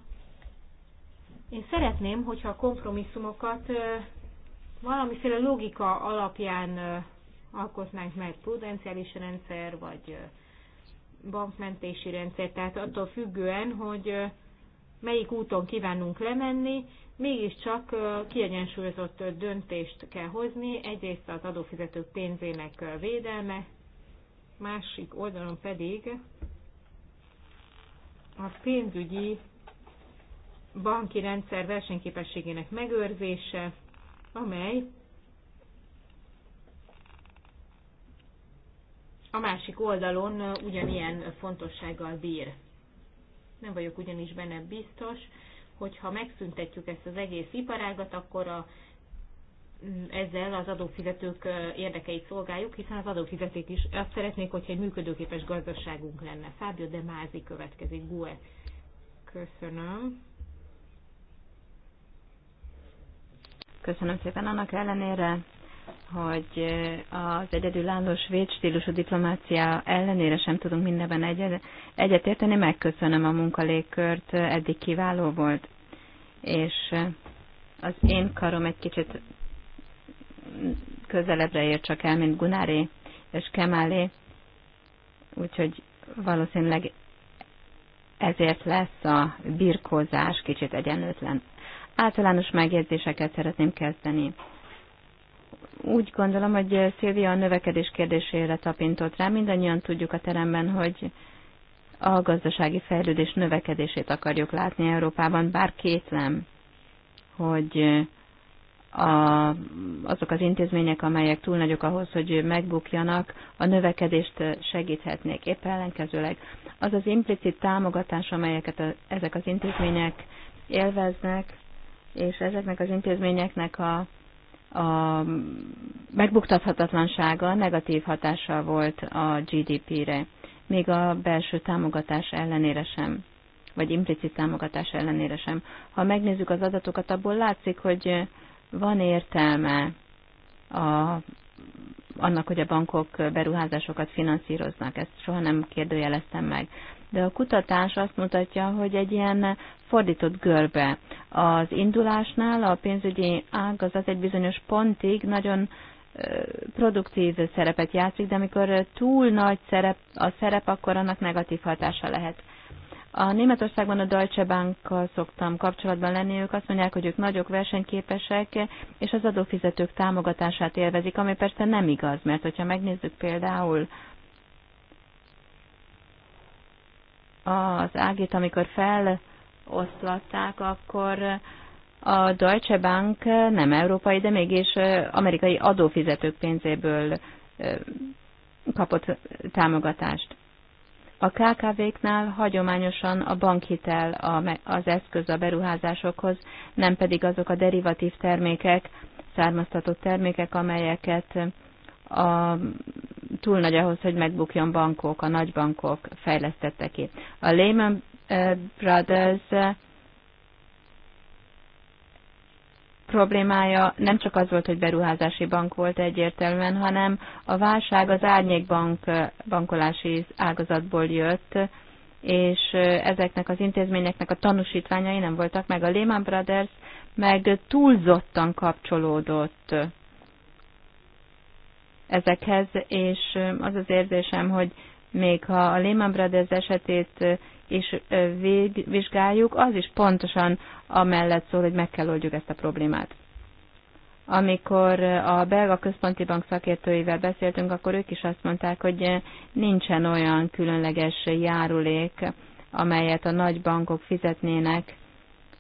én szeretném, hogyha a kompromisszumokat valamiféle logika alapján alkotnánk meg, prudenciális rendszer, vagy bankmentési rendszer, tehát attól függően, hogy melyik úton kívánunk lemenni, mégiscsak kiegyensúlyozott döntést kell hozni, egyrészt az adófizetők pénzének védelme, másik oldalon pedig a pénzügyi banki rendszer versenyképességének megőrzése, amely a másik oldalon ugyanilyen fontossággal bír. Nem vagyok ugyanis benne biztos, hogy ha megszüntetjük ezt az egész iparágat, akkor a, ezzel az adófizetők érdekeit szolgáljuk, hiszen az adófizetők is azt szeretnék, hogyha egy működőképes gazdaságunk lenne. Fábio De Mázi következik, GUE. Köszönöm. Köszönöm szépen annak ellenére, hogy az egyedülálló svéd stílusú diplomácia ellenére sem tudunk mindenben egyet, egyetérteni. Megköszönöm a munkalékkört, eddig kiváló volt. És az én karom egy kicsit közelebbre ér csak el, mint Gunári és Kemálé, úgyhogy valószínűleg ezért lesz a birkózás kicsit egyenlőtlen. Általános megjegyzéseket szeretném kezdeni. Úgy gondolom, hogy Szilvia a növekedés kérdésére tapintott rá. Mindannyian tudjuk a teremben, hogy a gazdasági fejlődés növekedését akarjuk látni Európában, bár kétlem, hogy a, azok az intézmények, amelyek túl nagyok ahhoz, hogy megbukjanak, a növekedést segíthetnék. Épp ellenkezőleg az az implicit támogatás, amelyeket a, ezek az intézmények élveznek, és ezeknek az intézményeknek a, a megbuktathatatlansága negatív hatással volt a GDP-re, még a belső támogatás ellenére sem, vagy implicit támogatás ellenére sem. Ha megnézzük az adatokat, abból látszik, hogy van értelme a, annak, hogy a bankok beruházásokat finanszíroznak. Ezt soha nem kérdőjeleztem meg de a kutatás azt mutatja, hogy egy ilyen fordított görbe. Az indulásnál a pénzügyi ágazat egy bizonyos pontig nagyon produktív szerepet játszik, de amikor túl nagy szerep, a szerep, akkor annak negatív hatása lehet. A Németországban a Deutsche Bankkal szoktam kapcsolatban lenni, ők azt mondják, hogy ők nagyok versenyképesek, és az adófizetők támogatását élvezik, ami persze nem igaz, mert hogyha megnézzük például az ágét, amikor feloszlatták, akkor a Deutsche Bank nem európai, de mégis amerikai adófizetők pénzéből kapott támogatást. A KKV-knál hagyományosan a bankhitel az eszköz a beruházásokhoz, nem pedig azok a derivatív termékek, származtatott termékek, amelyeket a túl nagy ahhoz, hogy megbukjon bankok, a nagy bankok ki. A Lehman eh, Brothers eh, problémája nem csak az volt, hogy beruházási bank volt egyértelműen, hanem a válság az árnyékbank eh, bankolási ágazatból jött, és ezeknek az intézményeknek a tanúsítványai nem voltak meg. A Lehman Brothers meg túlzottan kapcsolódott ezekhez, és az az érzésem, hogy még ha a Lehman Brothers esetét is vizsgáljuk, az is pontosan amellett szól, hogy meg kell oldjuk ezt a problémát. Amikor a belga központi bank szakértőivel beszéltünk, akkor ők is azt mondták, hogy nincsen olyan különleges járulék, amelyet a nagy bankok fizetnének,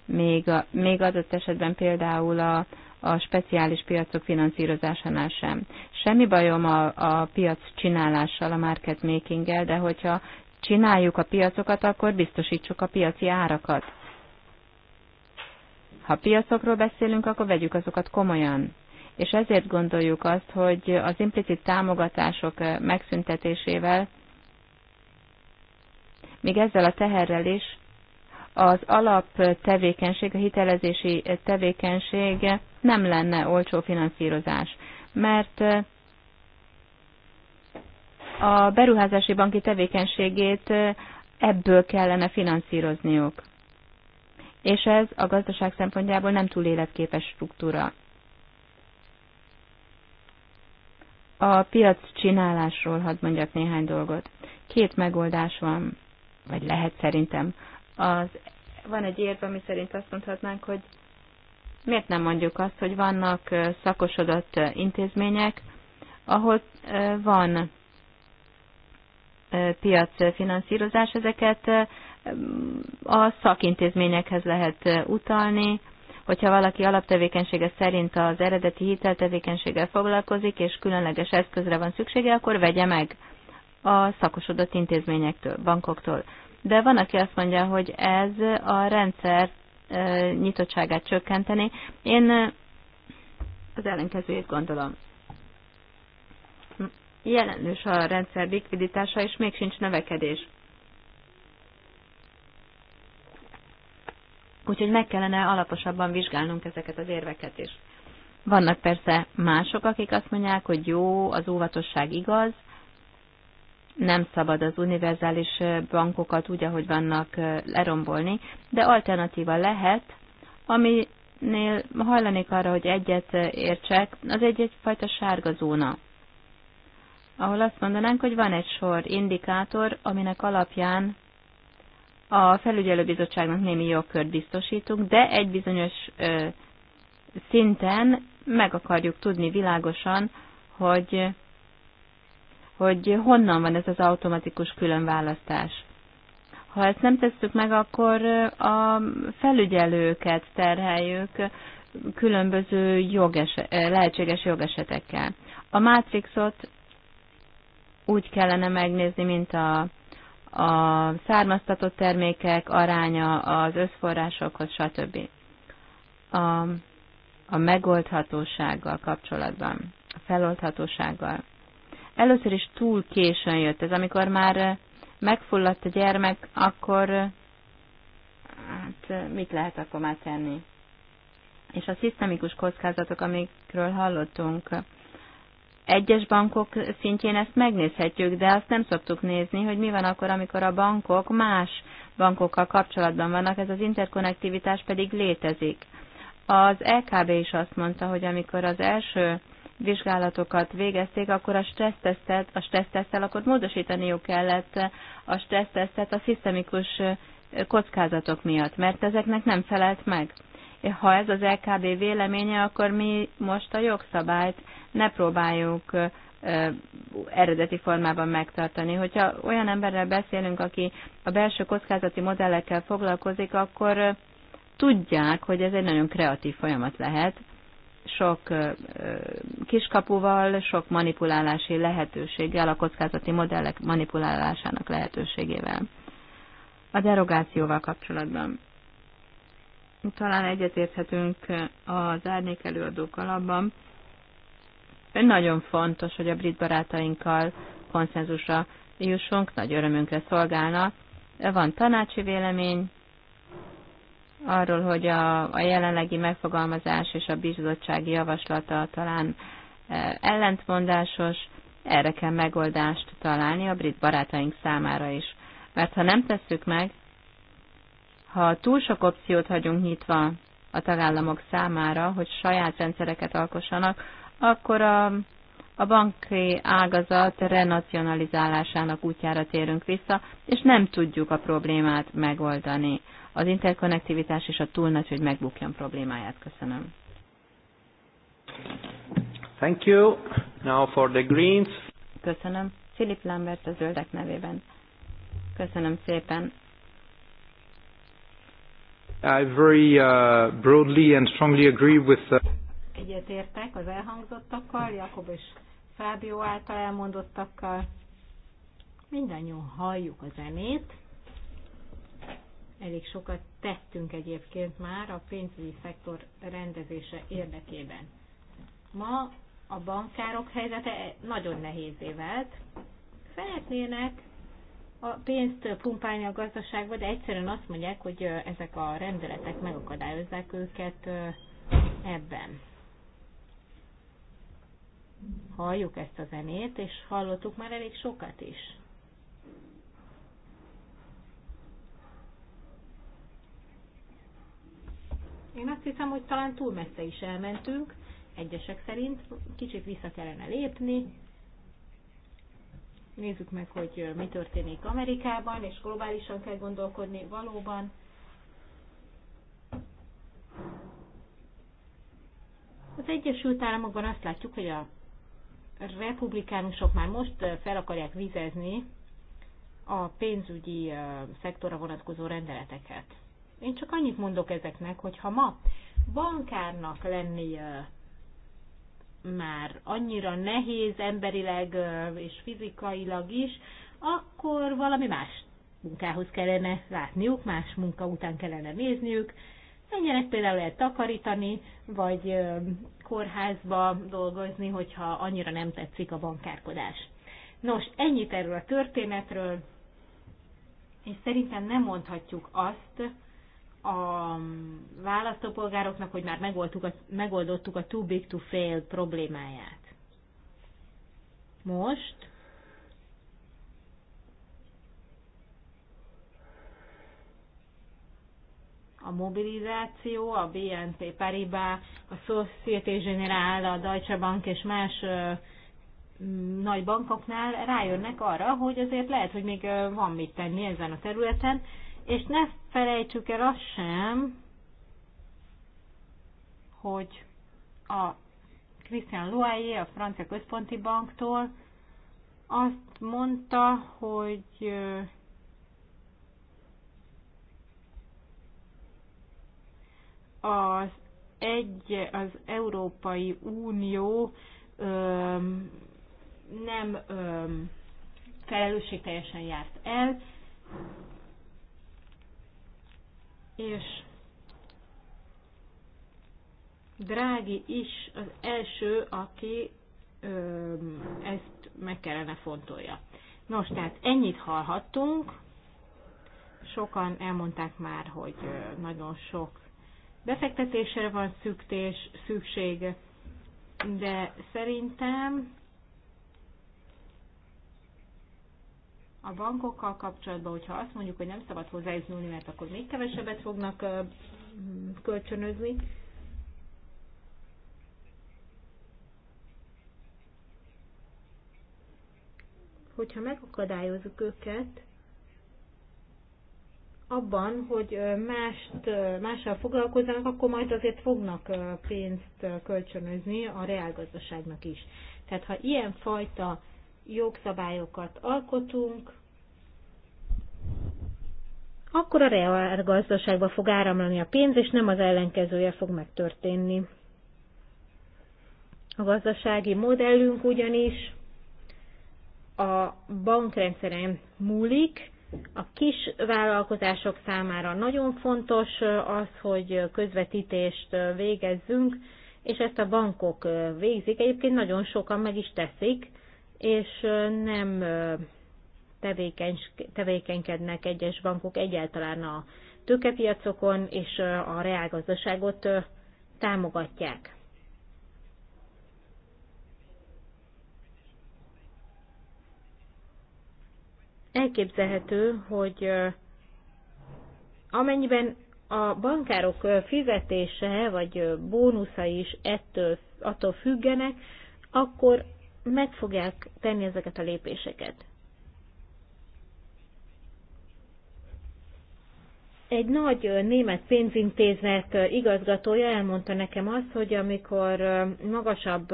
még, a, még adott esetben például a, a speciális piacok finanszírozásánál sem. Semmi bajom a, a piac csinálással, a market makinggel, de hogyha csináljuk a piacokat, akkor biztosítsuk a piaci árakat. Ha piacokról beszélünk, akkor vegyük azokat komolyan. És ezért gondoljuk azt, hogy az implicit támogatások eh, megszüntetésével, még ezzel a teherrel is az alaptevékenység, a hitelezési tevékenység nem lenne olcsó finanszírozás, mert a beruházási banki tevékenységét ebből kellene finanszírozniuk. És ez a gazdaság szempontjából nem túl életképes struktúra. A piac csinálásról hadd mondjak néhány dolgot. Két megoldás van, vagy lehet szerintem az, van egy érve, ami szerint azt mondhatnánk, hogy miért nem mondjuk azt, hogy vannak szakosodott intézmények, ahol van piacfinanszírozás, ezeket a szakintézményekhez lehet utalni, hogyha valaki alaptevékenysége szerint az eredeti hiteltevékenységgel foglalkozik, és különleges eszközre van szüksége, akkor vegye meg a szakosodott intézményektől, bankoktól de van, aki azt mondja, hogy ez a rendszer nyitottságát csökkenteni. Én az ellenkezőjét gondolom. Jelenős a rendszer likviditása, és még sincs növekedés. Úgyhogy meg kellene alaposabban vizsgálnunk ezeket az érveket is. Vannak persze mások, akik azt mondják, hogy jó, az óvatosság igaz, nem szabad az univerzális bankokat úgy, ahogy vannak lerombolni, de alternatíva lehet, aminél hajlanék arra, hogy egyet értsek, az egy-egyfajta sárga zóna, ahol azt mondanánk, hogy van egy sor indikátor, aminek alapján a felügyelőbizottságnak némi jogkört biztosítunk, de egy bizonyos ö, szinten meg akarjuk tudni világosan, hogy hogy honnan van ez az automatikus különválasztás. Ha ezt nem tesszük meg, akkor a felügyelőket terheljük különböző jogese, lehetséges jogesetekkel. A mátrixot úgy kellene megnézni, mint a, a származtatott termékek aránya az összforrásokhoz, stb. A, a megoldhatósággal kapcsolatban, a feloldhatósággal. Először is túl későn jött ez, amikor már eh, megfulladt a gyermek, akkor eh, hát eh, mit lehet akkor már tenni? És a szisztemikus kockázatok, amikről hallottunk, egyes bankok szintjén ezt megnézhetjük, de azt nem szoktuk nézni, hogy mi van akkor, amikor a bankok más bankokkal kapcsolatban vannak, ez az interkonnektivitás pedig létezik. Az LKB e is azt mondta, hogy amikor az első vizsgálatokat végezték, akkor a stressztesztet, a stressztesztel akkor módosítaniuk kellett a stressztesztet a szisztemikus kockázatok miatt, mert ezeknek nem felelt meg. Ha ez az LKB véleménye, akkor mi most a jogszabályt ne próbáljuk eredeti formában megtartani. Hogyha olyan emberrel beszélünk, aki a belső kockázati modellekkel foglalkozik, akkor tudják, hogy ez egy nagyon kreatív folyamat lehet, sok kiskapuval, sok manipulálási lehetőséggel, a kockázati modellek manipulálásának lehetőségével. A derogációval kapcsolatban. Talán egyetérthetünk az árnyék előadókkal abban, nagyon fontos, hogy a brit barátainkkal konszenzusra jussunk, nagy örömünkre szolgálna. Van tanácsi vélemény, arról, hogy a, a jelenlegi megfogalmazás és a bizottsági javaslata talán e, ellentmondásos, erre kell megoldást találni a brit barátaink számára is. Mert ha nem tesszük meg, ha túl sok opciót hagyunk nyitva a tagállamok számára, hogy saját rendszereket alkossanak, akkor a, a banki ágazat renacionalizálásának útjára térünk vissza, és nem tudjuk a problémát megoldani az interkonnektivitás és a túl nagy, hogy megbukjon problémáját. Köszönöm. Thank you. Now for the Greens. Köszönöm. Philip Lambert a zöldek nevében. Köszönöm szépen. I very uh, broadly and strongly agree with uh, the... értek az elhangzottakkal, Jakob és Fábio által elmondottakkal. Mindannyian halljuk a zenét elég sokat tettünk egyébként már a pénzügyi szektor rendezése érdekében. Ma a bankárok helyzete nagyon nehézé vált. Szeretnének a pénzt pumpálni a gazdaságba, de egyszerűen azt mondják, hogy ezek a rendeletek megakadályozzák őket ebben. Halljuk ezt a zenét, és hallottuk már elég sokat is. Én azt hiszem, hogy talán túl messze is elmentünk, egyesek szerint. Kicsit vissza kellene lépni. Nézzük meg, hogy mi történik Amerikában, és globálisan kell gondolkodni valóban. Az Egyesült Államokban azt látjuk, hogy a republikánusok már most fel akarják vizezni a pénzügyi szektorra vonatkozó rendeleteket. Én csak annyit mondok ezeknek, hogy ha ma bankárnak lenni már annyira nehéz emberileg és fizikailag is, akkor valami más munkához kellene látniuk, más munka után kellene nézniük. Menjenek például lehet takarítani, vagy kórházba dolgozni, hogyha annyira nem tetszik a bankárkodás. Nos, ennyit erről a történetről, és szerintem nem mondhatjuk azt, a választópolgároknak, hogy már megoldtuk a, megoldottuk a too big to fail problémáját. Most a mobilizáció, a BNP Paribas, a Société Générale, a Deutsche Bank és más nagy bankoknál rájönnek arra, hogy azért lehet, hogy még van mit tenni ezen a területen, és ne felejtsük el azt sem, hogy a Christian Loaier, a francia központi banktól azt mondta, hogy az egy, az Európai Unió öm, nem öm, felelősségteljesen járt el, és Drági is az első, aki ö, ezt meg kellene fontolja. Nos, tehát ennyit hallhattunk. Sokan elmondták már, hogy nagyon sok befektetésre van szüktés, szükség, de szerintem a bankokkal kapcsolatban, hogyha azt mondjuk, hogy nem szabad hozzájuk nyúlni, mert akkor még kevesebbet fognak kölcsönözni, hogyha megakadályozunk őket abban, hogy mást, mással foglalkozzanak, akkor majd azért fognak pénzt kölcsönözni a reálgazdaságnak is. Tehát ha ilyenfajta fajta jogszabályokat alkotunk, akkor a reál gazdaságba fog áramlani a pénz, és nem az ellenkezője fog megtörténni. A gazdasági modellünk ugyanis a bankrendszeren múlik, a kis vállalkozások számára nagyon fontos az, hogy közvetítést végezzünk, és ezt a bankok végzik. Egyébként nagyon sokan meg is teszik, és nem tevékenykednek egyes bankok egyáltalán a tőkepiacokon, és a reálgazdaságot támogatják. Elképzelhető, hogy amennyiben a bankárok fizetése vagy bónusza is ettől, attól függenek, akkor meg fogják tenni ezeket a lépéseket. Egy nagy német pénzintézet igazgatója elmondta nekem azt, hogy amikor magasabb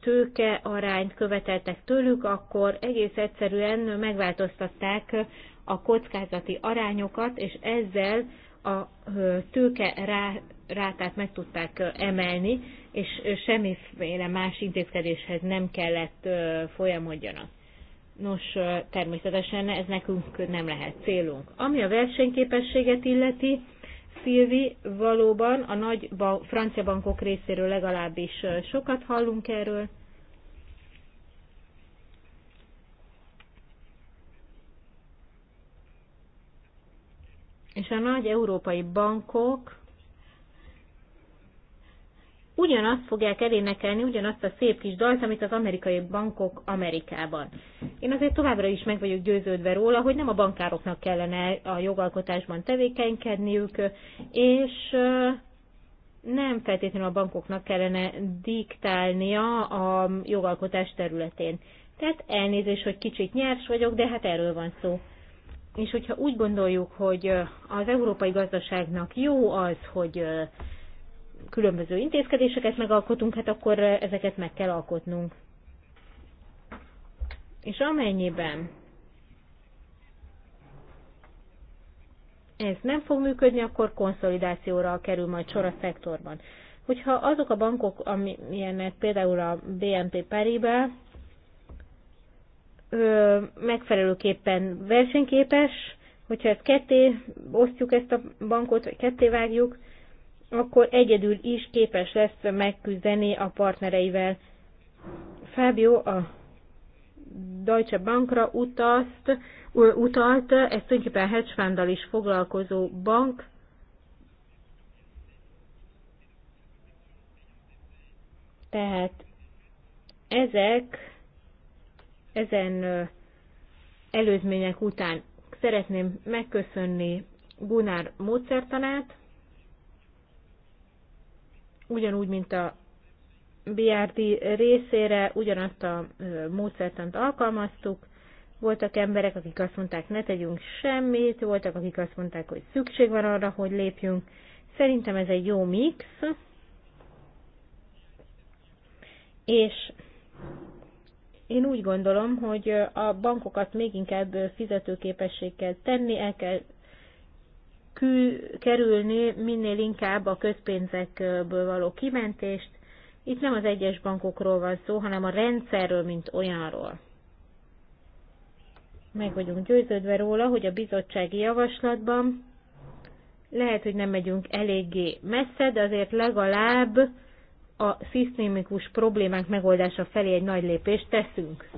tőke arányt követeltek tőlük, akkor egész egyszerűen megváltoztatták a kockázati arányokat, és ezzel a tőke rá, rátát meg tudták emelni, és semmiféle más intézkedéshez nem kellett folyamodjanak. Nos, természetesen ez nekünk nem lehet célunk. Ami a versenyképességet illeti, Szilvi, valóban a nagy francia bankok részéről legalábbis sokat hallunk erről. És a nagy európai bankok ugyanazt fogják elénekelni, ugyanazt a szép kis dalt, amit az amerikai bankok Amerikában. Én azért továbbra is meg vagyok győződve róla, hogy nem a bankároknak kellene a jogalkotásban tevékenykedniük, és nem feltétlenül a bankoknak kellene diktálnia a jogalkotás területén. Tehát elnézés, hogy kicsit nyers vagyok, de hát erről van szó. És hogyha úgy gondoljuk, hogy az európai gazdaságnak jó az, hogy különböző intézkedéseket megalkotunk, hát akkor ezeket meg kell alkotnunk. És amennyiben ez nem fog működni, akkor konszolidációra kerül majd sor a szektorban. Hogyha azok a bankok, amilyenek például a BNP Paribas, megfelelőképpen versenyképes, hogyha ezt ketté osztjuk ezt a bankot, vagy ketté vágjuk, akkor egyedül is képes lesz megküzdeni a partnereivel. Fábio a Deutsche Bankra utazt, utalt, ez tulajdonképpen hedgefunddal is foglalkozó bank, tehát ezek ezen előzmények után szeretném megköszönni Gunár módszertanát, ugyanúgy, mint a BRD részére ugyanazt a módszertant alkalmaztuk. Voltak emberek, akik azt mondták, ne tegyünk semmit, voltak, akik azt mondták, hogy szükség van arra, hogy lépjünk. Szerintem ez egy jó mix. És én úgy gondolom, hogy a bankokat még inkább fizetőképességgel tenni, el kell kerülni minél inkább a közpénzekből való kimentést. Itt nem az egyes bankokról van szó, hanem a rendszerről, mint olyanról. Meg vagyunk győződve róla, hogy a bizottsági javaslatban lehet, hogy nem megyünk eléggé messze, de azért legalább a szisztémikus problémák megoldása felé egy nagy lépést teszünk.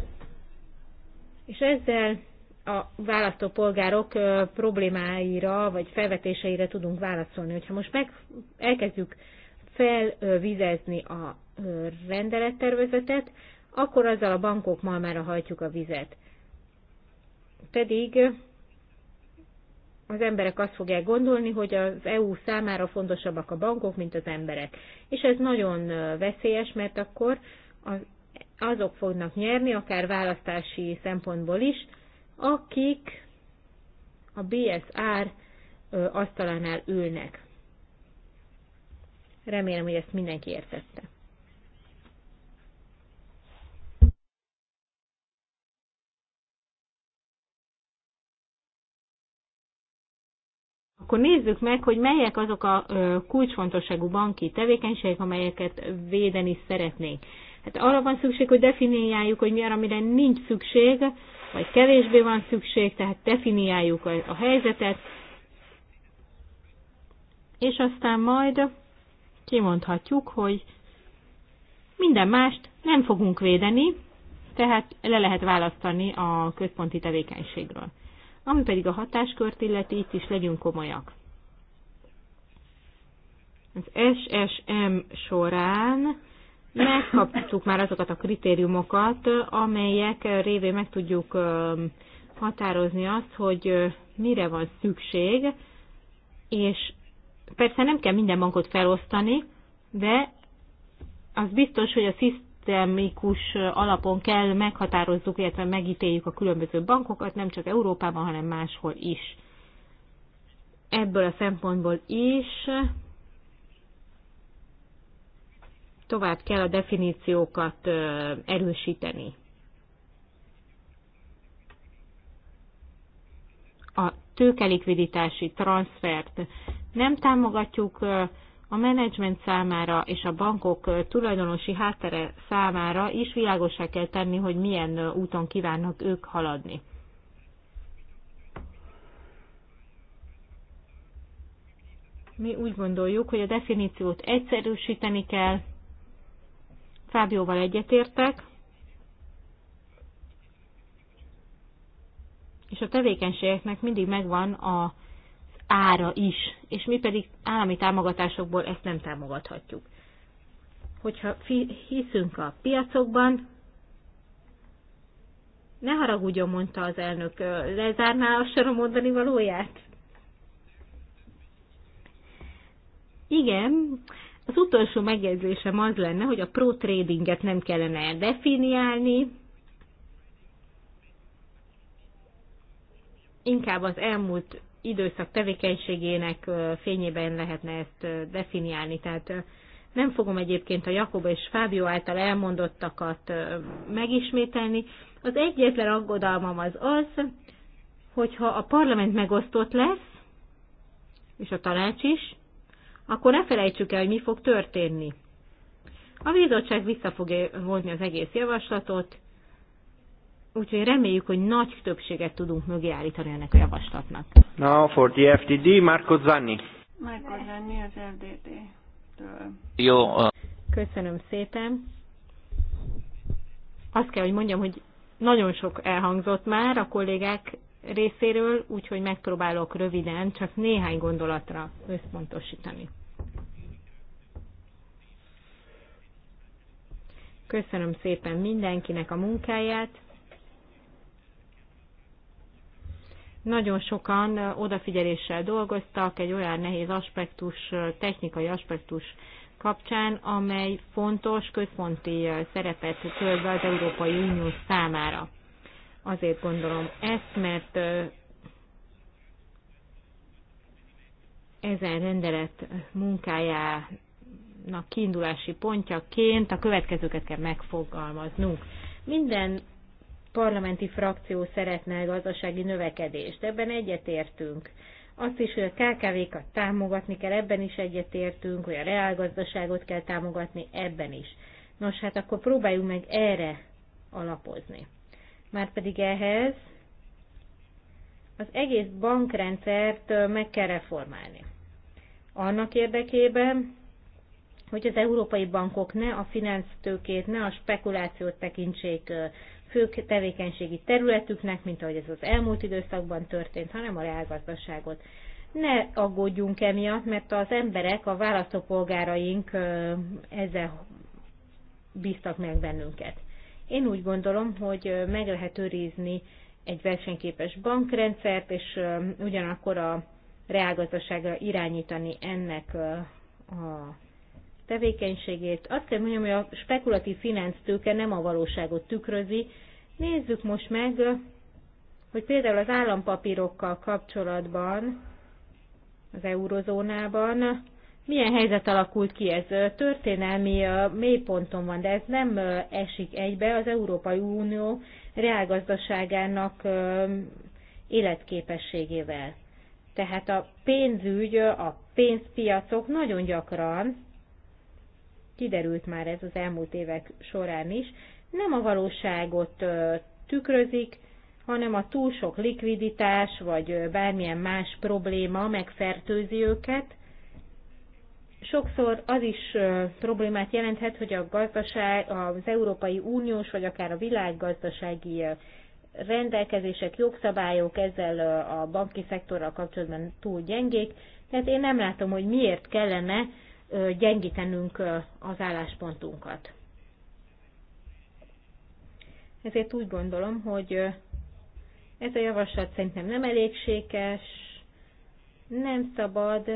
És ezzel a választópolgárok problémáira vagy felvetéseire tudunk válaszolni. Hogyha most meg elkezdjük felvizezni a rendelettervezetet, akkor azzal a bankok malmára hajtjuk a vizet. Pedig az emberek azt fogják gondolni, hogy az EU számára fontosabbak a bankok, mint az emberek. És ez nagyon veszélyes, mert akkor azok fognak nyerni, akár választási szempontból is, akik a BSR asztalánál ülnek. Remélem, hogy ezt mindenki értette. Akkor nézzük meg, hogy melyek azok a kulcsfontosságú banki tevékenységek, amelyeket védeni szeretnénk. Hát arra van szükség, hogy definiáljuk, hogy mi arra, amire nincs szükség, vagy kevésbé van szükség, tehát definiáljuk a, a helyzetet, és aztán majd kimondhatjuk, hogy minden mást nem fogunk védeni, tehát le lehet választani a központi tevékenységről. Ami pedig a hatáskört illeti, itt is legyünk komolyak. Az SSM során megkaptuk már azokat a kritériumokat, amelyek révén meg tudjuk határozni azt, hogy mire van szükség, és persze nem kell minden bankot felosztani, de az biztos, hogy a szisztemikus alapon kell meghatározzuk, illetve megítéljük a különböző bankokat, nem csak Európában, hanem máshol is. Ebből a szempontból is tovább kell a definíciókat erősíteni. A tőkelikviditási transfert nem támogatjuk a menedzsment számára és a bankok tulajdonosi háttere számára is világosá kell tenni, hogy milyen úton kívánnak ők haladni. Mi úgy gondoljuk, hogy a definíciót egyszerűsíteni kell, Fábióval egyetértek, és a tevékenységeknek mindig megvan az ára is, és mi pedig állami támogatásokból ezt nem támogathatjuk. Hogyha hiszünk a piacokban, ne haragudjon, mondta az elnök, lezárná a sorom mondani valóját? Igen, az utolsó megjegyzésem az lenne, hogy a pro tradinget nem kellene definiálni, inkább az elmúlt időszak tevékenységének fényében lehetne ezt definiálni. Tehát nem fogom egyébként a Jakob és Fábio által elmondottakat megismételni. Az egyetlen aggodalmam az az, hogyha a parlament megosztott lesz, és a tanács is, akkor ne felejtsük el, hogy mi fog történni. A bizottság vissza fogja vonni az egész javaslatot, úgyhogy reméljük, hogy nagy többséget tudunk mögé állítani ennek a javaslatnak. Na, for the FTD, Marco Zanni. Marco Zanni az FDD-től. Jó. Köszönöm szépen. Azt kell, hogy mondjam, hogy nagyon sok elhangzott már, a kollégák részéről, úgyhogy megpróbálok röviden csak néhány gondolatra összpontosítani. Köszönöm szépen mindenkinek a munkáját. Nagyon sokan odafigyeléssel dolgoztak egy olyan nehéz aspektus, technikai aspektus kapcsán, amely fontos központi szerepet tölt az Európai Unió számára. Azért gondolom ezt, mert ezen rendelet munkájának kiindulási pontjaként a következőket kell megfogalmaznunk. Minden parlamenti frakció szeretne gazdasági növekedést, ebben egyetértünk. Azt is, hogy a KKV-kat támogatni kell, ebben is egyetértünk, hogy a reálgazdaságot kell támogatni, ebben is. Nos, hát akkor próbáljunk meg erre alapozni. Márpedig ehhez az egész bankrendszert meg kell reformálni. Annak érdekében, hogy az európai bankok ne a finansztőkét, ne a spekulációt tekintsék fő tevékenységi területüknek, mint ahogy ez az elmúlt időszakban történt, hanem a reálgazdaságot. Ne aggódjunk emiatt, mert az emberek, a választópolgáraink ezzel bíztak meg bennünket. Én úgy gondolom, hogy meg lehet őrizni egy versenyképes bankrendszert, és ugyanakkor a reálgazdaságra irányítani ennek a tevékenységét. Azt kell mondjam, hogy a spekulatív tőke nem a valóságot tükrözi. Nézzük most meg, hogy például az állampapírokkal kapcsolatban az eurozónában milyen helyzet alakult ki? Ez történelmi mélyponton van, de ez nem esik egybe az Európai Unió reálgazdaságának életképességével. Tehát a pénzügy, a pénzpiacok nagyon gyakran, kiderült már ez az elmúlt évek során is, nem a valóságot tükrözik, hanem a túl sok likviditás, vagy bármilyen más probléma megfertőzi őket, sokszor az is problémát jelenthet, hogy a gazdaság, az Európai Uniós, vagy akár a világgazdasági rendelkezések, jogszabályok ezzel a banki szektorral kapcsolatban túl gyengék, tehát én nem látom, hogy miért kellene gyengítenünk az álláspontunkat. Ezért úgy gondolom, hogy ez a javaslat szerintem nem elégséges, nem szabad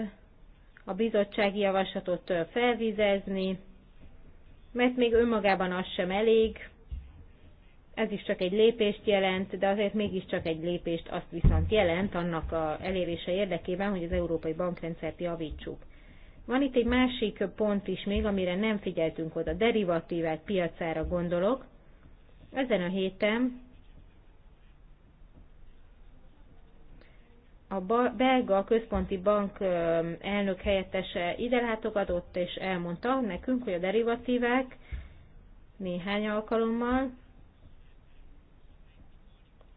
a bizottsági javaslatot felvizezni, mert még önmagában az sem elég, ez is csak egy lépést jelent, de azért mégiscsak egy lépést azt viszont jelent annak a elérése érdekében, hogy az európai bankrendszert javítsuk. Van itt egy másik pont is még, amire nem figyeltünk oda, derivatívák piacára gondolok. Ezen a héten a belga központi bank elnök helyettese ide látogatott, és elmondta nekünk, hogy a derivatívák néhány alkalommal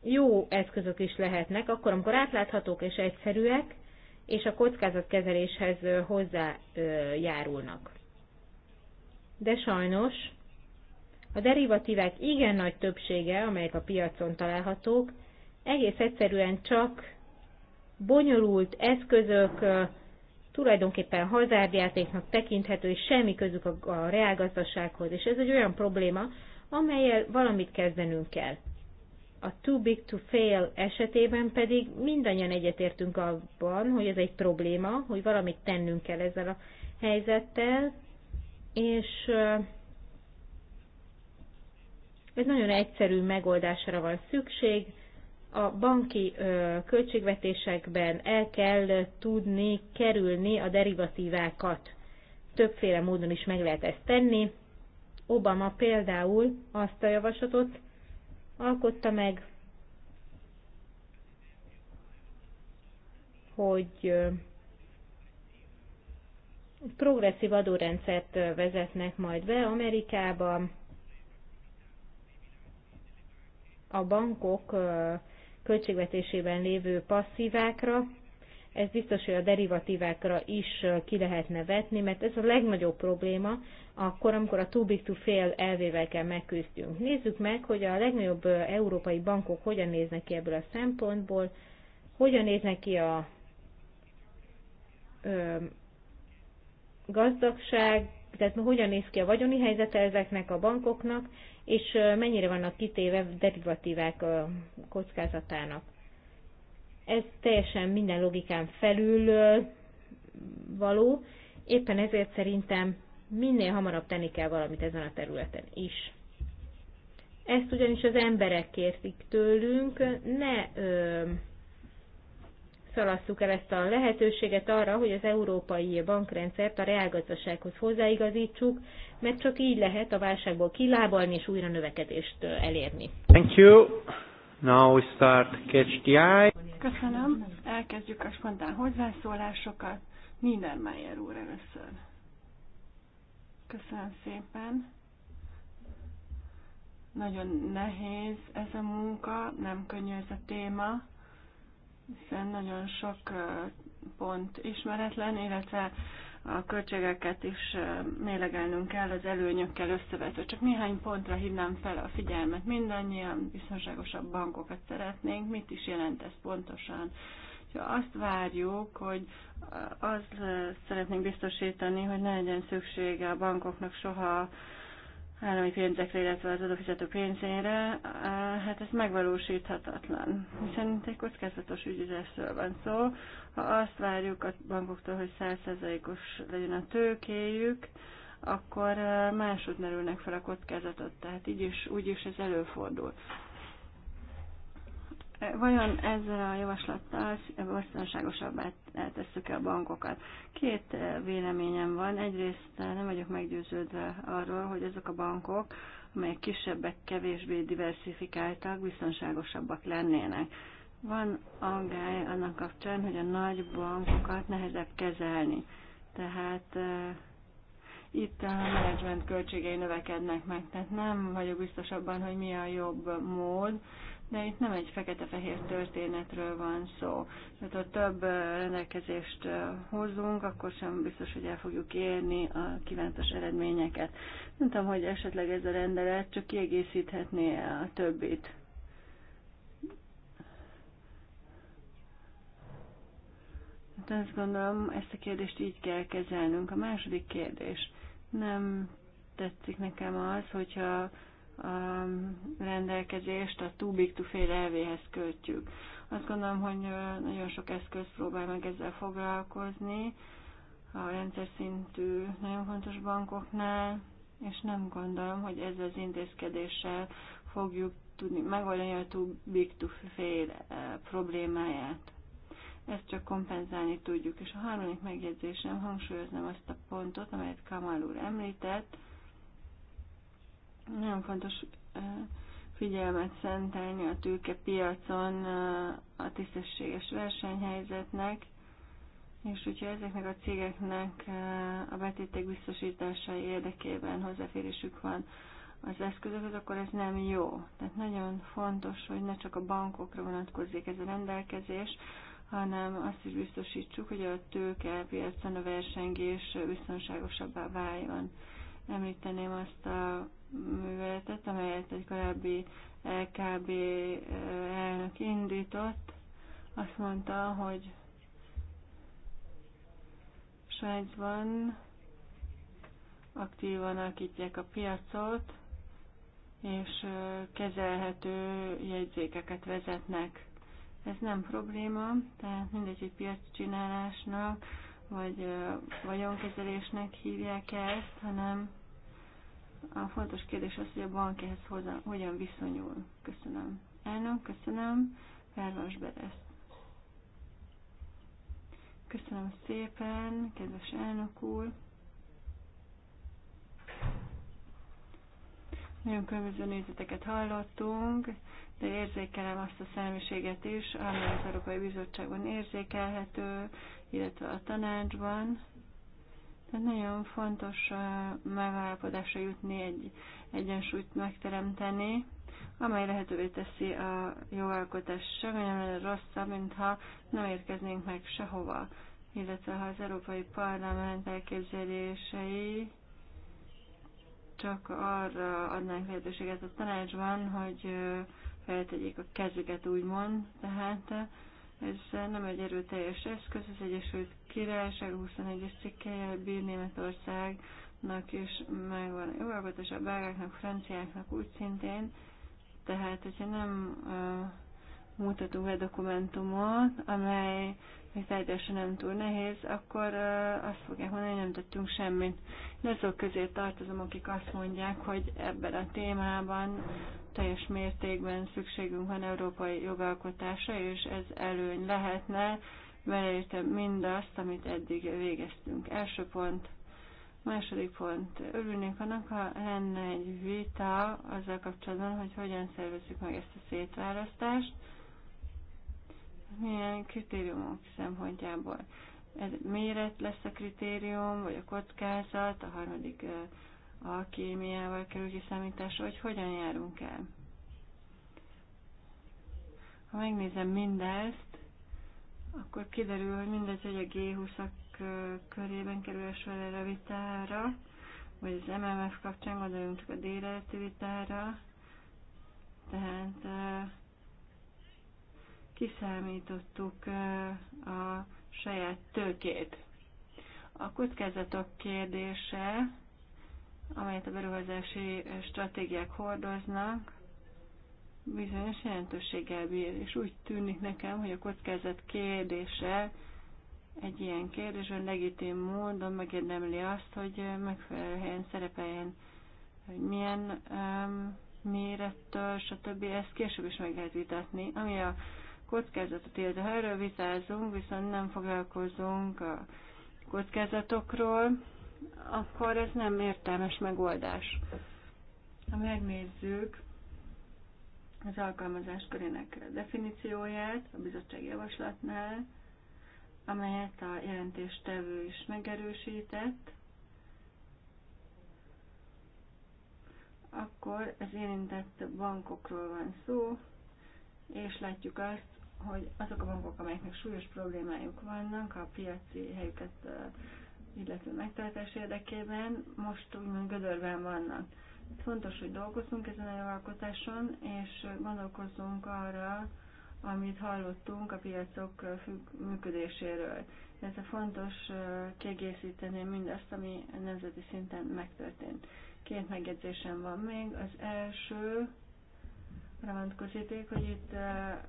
jó eszközök is lehetnek, akkor, amikor átláthatók és egyszerűek, és a kockázatkezeléshez hozzájárulnak. De sajnos a derivatívák igen nagy többsége, amelyek a piacon találhatók, egész egyszerűen csak bonyolult eszközök tulajdonképpen hazárdjátéknak tekinthető, és semmi közük a, a reálgazdasághoz. És ez egy olyan probléma, amelyel valamit kezdenünk kell. A too big to fail esetében pedig mindannyian egyetértünk abban, hogy ez egy probléma, hogy valamit tennünk kell ezzel a helyzettel, és ez nagyon egyszerű megoldásra van szükség, a banki költségvetésekben el kell tudni kerülni a derivatívákat. Többféle módon is meg lehet ezt tenni. Obama például azt a javaslatot alkotta meg, hogy progresszív adórendszert vezetnek majd be Amerikában. A bankok költségvetésében lévő passzívákra, ez biztos, hogy a derivatívákra is ki lehetne vetni, mert ez a legnagyobb probléma, akkor, amikor a too big to fail elvével kell megküzdjünk. Nézzük meg, hogy a legnagyobb európai bankok hogyan néznek ki ebből a szempontból, hogyan néznek ki a ö, gazdagság, tehát hogyan néz ki a vagyoni helyzete ezeknek a bankoknak, és mennyire vannak kitéve derivatívák kockázatának. Ez teljesen minden logikán felül való, éppen ezért szerintem minél hamarabb tenni kell valamit ezen a területen is. Ezt ugyanis az emberek kértik tőlünk, ne ö, szalasszuk el ezt a lehetőséget arra, hogy az európai bankrendszert a reálgazdasághoz hozzáigazítsuk, mert csak így lehet a válságból kilábalni és újra növekedést elérni. Thank you. Now we start catch the eye. Köszönöm. Elkezdjük a spontán hozzászólásokat. Niedermeyer úr először. Köszönöm szépen. Nagyon nehéz ez a munka, nem könnyű ez a téma hiszen nagyon sok pont ismeretlen, illetve a költségeket is mélegelnünk kell az előnyökkel összevetve. Csak néhány pontra hívnám fel a figyelmet. Mindannyian biztonságosabb bankokat szeretnénk. Mit is jelent ez pontosan? Ha azt várjuk, hogy azt szeretnénk biztosítani, hogy ne legyen szüksége a bankoknak soha állami pénzekre, illetve az adófizető pénzére, hát ez megvalósíthatatlan. Hiszen itt egy kockázatos ügyügyesről van szó. Ha azt várjuk a bankoktól, hogy 100 legyen a tőkéjük, akkor másod merülnek fel a kockázatot. Tehát így is, úgy is ez előfordul. Vajon ezzel a javaslattal biztonságosabbá tesszük-e a bankokat? Két eh, véleményem van. Egyrészt eh, nem vagyok meggyőződve arról, hogy ezek a bankok, amelyek kisebbek, kevésbé diversifikáltak, biztonságosabbak lennének. Van aggály annak kapcsán, hogy a nagy bankokat nehezebb kezelni. Tehát eh, itt a menedzsment költségei növekednek meg, tehát nem vagyok biztos abban, hogy mi a jobb mód de itt nem egy fekete-fehér történetről van szó. Tehát ha több rendelkezést hozunk, akkor sem biztos, hogy el fogjuk érni a kívántos eredményeket. Nem tudom, hogy esetleg ez a rendelet csak kiegészíthetné a többit. Hát azt gondolom, ezt a kérdést így kell kezelnünk. A második kérdés. Nem tetszik nekem az, hogyha a rendelkezést a too big to fail elvéhez költjük. Azt gondolom, hogy nagyon sok eszköz próbál meg ezzel foglalkozni a rendszer szintű nagyon fontos bankoknál, és nem gondolom, hogy ezzel az intézkedéssel fogjuk tudni megoldani a too big to fail problémáját. Ezt csak kompenzálni tudjuk, és a harmadik megjegyzésem hangsúlyoznám azt a pontot, amelyet Kamal úr említett, nagyon fontos figyelmet szentelni a tőkepiacon a tisztességes versenyhelyzetnek, és hogyha ezeknek a cégeknek a betétek biztosítása érdekében hozzáférésük van az eszközökhöz, akkor ez nem jó. Tehát nagyon fontos, hogy ne csak a bankokra vonatkozzék ez a rendelkezés, hanem azt is biztosítsuk, hogy a tőkepiacon a versengés biztonságosabbá váljon. Említeném azt a műveletet, amelyet egy korábbi LKB eh, elnök indított. Azt mondta, hogy Svájcban aktívan alakítják a piacot, és eh, kezelhető jegyzékeket vezetnek. Ez nem probléma, tehát mindegy, hogy piaccsinálásnak, vagy eh, vagyonkezelésnek hívják ezt, hanem a fontos kérdés az, hogy a bank ehhez hozzá, hogyan viszonyul. Köszönöm. Elnök, köszönöm. Pervas Beres. Köszönöm szépen, kedves elnök úr. Nagyon különböző nézeteket hallottunk, de érzékelem azt a szellemiséget is, ami az Európai Bizottságban érzékelhető, illetve a tanácsban. Tehát nagyon fontos megállapodásra jutni, egy egyensúlyt megteremteni, amely lehetővé teszi a jogalkotás semmi nem lenne rosszabb, mintha nem érkeznénk meg sehova, illetve ha az Európai Parlament elképzelései csak arra adnánk lehetőséget a tanácsban, hogy feltegyék a kezüket, úgymond, tehát ez nem egy erőteljes eszköz, az Egyesült Királyság 21-es cikkelje bír Németországnak is megvan a jogalkotás, a belgáknak, franciáknak úgy szintén. Tehát, hogyha nem uh, mutatunk be dokumentumot, amely még tárgyalásra nem túl nehéz, akkor uh, azt fogják mondani, hogy nem tettünk semmit. De azok közé tartozom, akik azt mondják, hogy ebben a témában teljes mértékben szükségünk van európai jogalkotásra, és ez előny lehetne, beleértve mindazt, amit eddig végeztünk. Első pont. Második pont. Örülnék annak, ha lenne egy vita azzal kapcsolatban, hogy hogyan szervezzük meg ezt a szétválasztást, milyen kritériumok szempontjából. Ez méret lesz a kritérium, vagy a kockázat, a harmadik a kémiával kerül kiszámításra, hogy hogyan járunk el. Ha megnézem mindezt, akkor kiderül, hogy mindegy, hogy a G20-ak körében kerül a Schweller vitára, vagy az MMF kapcsán gondoljunk csak a d vitára, tehát kiszámítottuk a saját tőkét. A kockázatok kérdése amelyet a beruházási stratégiák hordoznak, bizonyos jelentőséggel bír, és úgy tűnik nekem, hogy a kockázat kérdése egy ilyen hogy legitim módon megérdemli azt, hogy megfelelő helyen szerepeljen, hogy milyen um, mérettől, stb. Ezt később is meg lehet vitatni. Ami a kockázatot illeti, ha erről vitázunk, viszont nem foglalkozunk a kockázatokról, akkor ez nem értelmes megoldás. Ha megnézzük az alkalmazás körének definícióját a bizottság javaslatnál, amelyet a jelentéstevő is megerősített, akkor ez érintett bankokról van szó, és látjuk azt, hogy azok a bankok, amelyeknek súlyos problémájuk vannak, a piaci helyüket illetve megtartás érdekében most úgymond gödörben vannak. Fontos, hogy dolgozunk ezen a jogalkotáson, és gondolkozzunk arra, amit hallottunk a piacok működéséről. Ez a fontos kiegészíteni mindazt, ami nemzeti szinten megtörtént. Két megjegyzésem van még. Az első, arra vonatkozik, hogy itt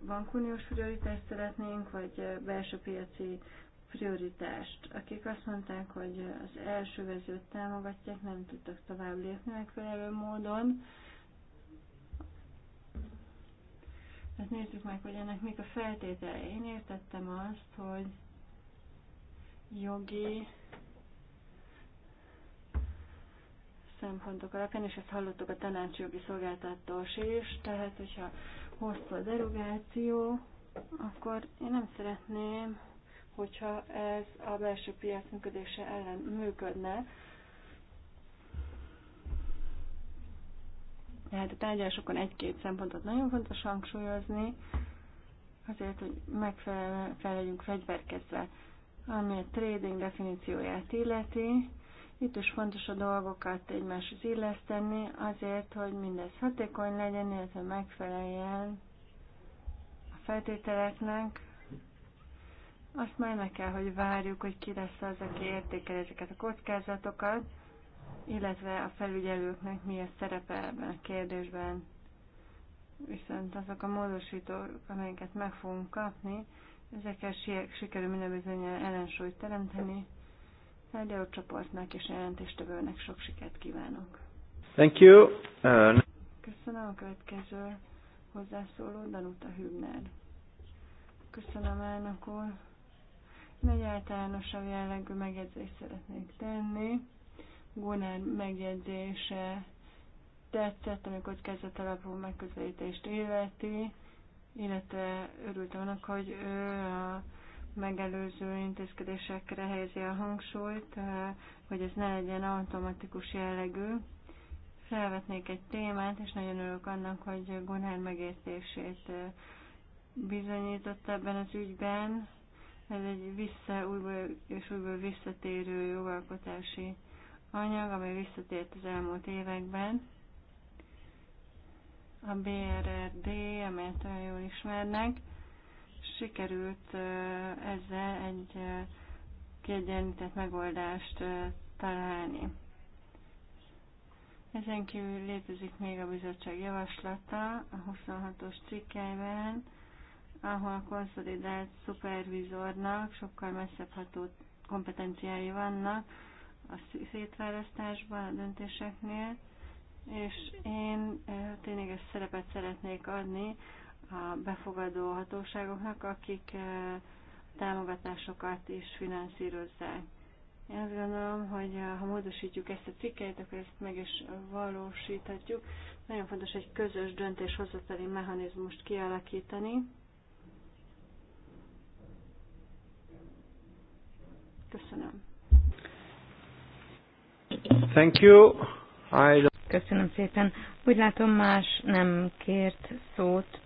bankuniós prioritást szeretnénk, vagy belső piaci prioritást. Akik azt mondták, hogy az első vezőt támogatják, nem tudtak tovább lépni megfelelő módon. Hát nézzük meg, hogy ennek mik a feltételei. Én értettem azt, hogy jogi szempontok alapján, és ezt hallottuk a jogi szolgáltatós is, tehát hogyha hosszú a derogáció, akkor én nem szeretném, hogyha ez a belső piac működése ellen működne. Tehát a tárgyalásokon egy-két szempontot nagyon fontos hangsúlyozni, azért, hogy megfeleljünk fegyverkezve. Ami a trading definícióját illeti, itt is fontos a dolgokat egymáshoz illeszteni, azért, hogy mindez hatékony legyen, illetve megfeleljen a feltételeknek, azt már meg kell, hogy várjuk, hogy ki lesz az, aki értékel ezeket a kockázatokat, illetve a felügyelőknek mi a szerepe ebben a kérdésben. Viszont azok a módosítók, amelyeket meg fogunk kapni, ezekkel sikerül minden bizonyan ellensúlyt teremteni. Tárgyaló csoportnak és jelentéstevőnek sok sikert kívánok. Thank you. Uh... Köszönöm a következő hozzászóló Danuta Hübner. Köszönöm elnök úr. Egy általánosabb jellegű megjegyzést szeretnék tenni. Gunnar megjegyzése tetszett, amikor kezdett alapú megközelítést illeti, illetve örültem annak, hogy ő a megelőző intézkedésekre helyezi a hangsúlyt, eh, hogy ez ne legyen automatikus jellegű. Felvetnék egy témát, és nagyon örülök annak, hogy Gunnar megértését eh, bizonyított ebben az ügyben, ez egy vissza, újból és újból visszatérő jogalkotási anyag, amely visszatért az elmúlt években. A BRRD, amelyet olyan jól ismernek, sikerült ezzel egy kiegyenlített megoldást találni. Ezen kívül létezik még a bizottság javaslata a 26-os cikkelyben, ahol konszolidált szupervizornak sokkal messzebb ható kompetenciái vannak a szétválasztásban, a döntéseknél, és én eh, tényleges szerepet szeretnék adni a befogadó hatóságoknak, akik eh, támogatásokat is finanszírozzák. Én azt gondolom, hogy eh, ha módosítjuk ezt a cikket, akkor ezt meg is valósíthatjuk. Nagyon fontos egy közös döntéshozatali mechanizmust kialakítani. Köszönöm. Thank you. I... Köszönöm szépen. Úgy látom, más nem kért szót.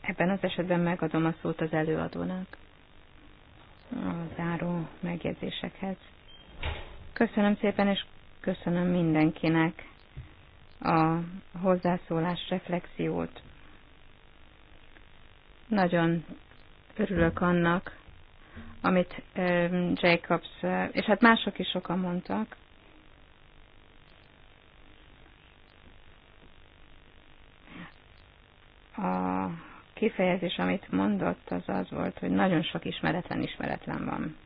Ebben az esetben megadom a szót az előadónak a záró megjegyzésekhez. Köszönöm szépen, és köszönöm mindenkinek a hozzászólás reflexiót. Nagyon örülök annak, amit Jacobs, eh, és hát mások is sokan mondtak. A kifejezés, amit mondott, az az volt, hogy nagyon sok ismeretlen ismeretlen van.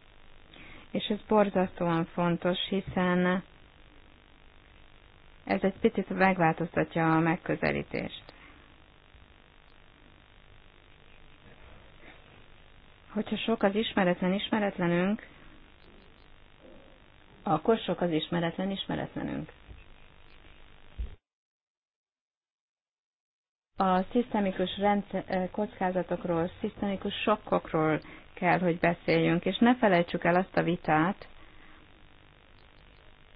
És ez borzasztóan fontos, hiszen ez egy picit megváltoztatja a megközelítést. Hogyha sok az ismeretlen ismeretlenünk, akkor sok az ismeretlen ismeretlenünk. A szisztemikus rendszer, eh, kockázatokról, szisztemikus sokkokról kell, hogy beszéljünk, és ne felejtsük el azt a vitát,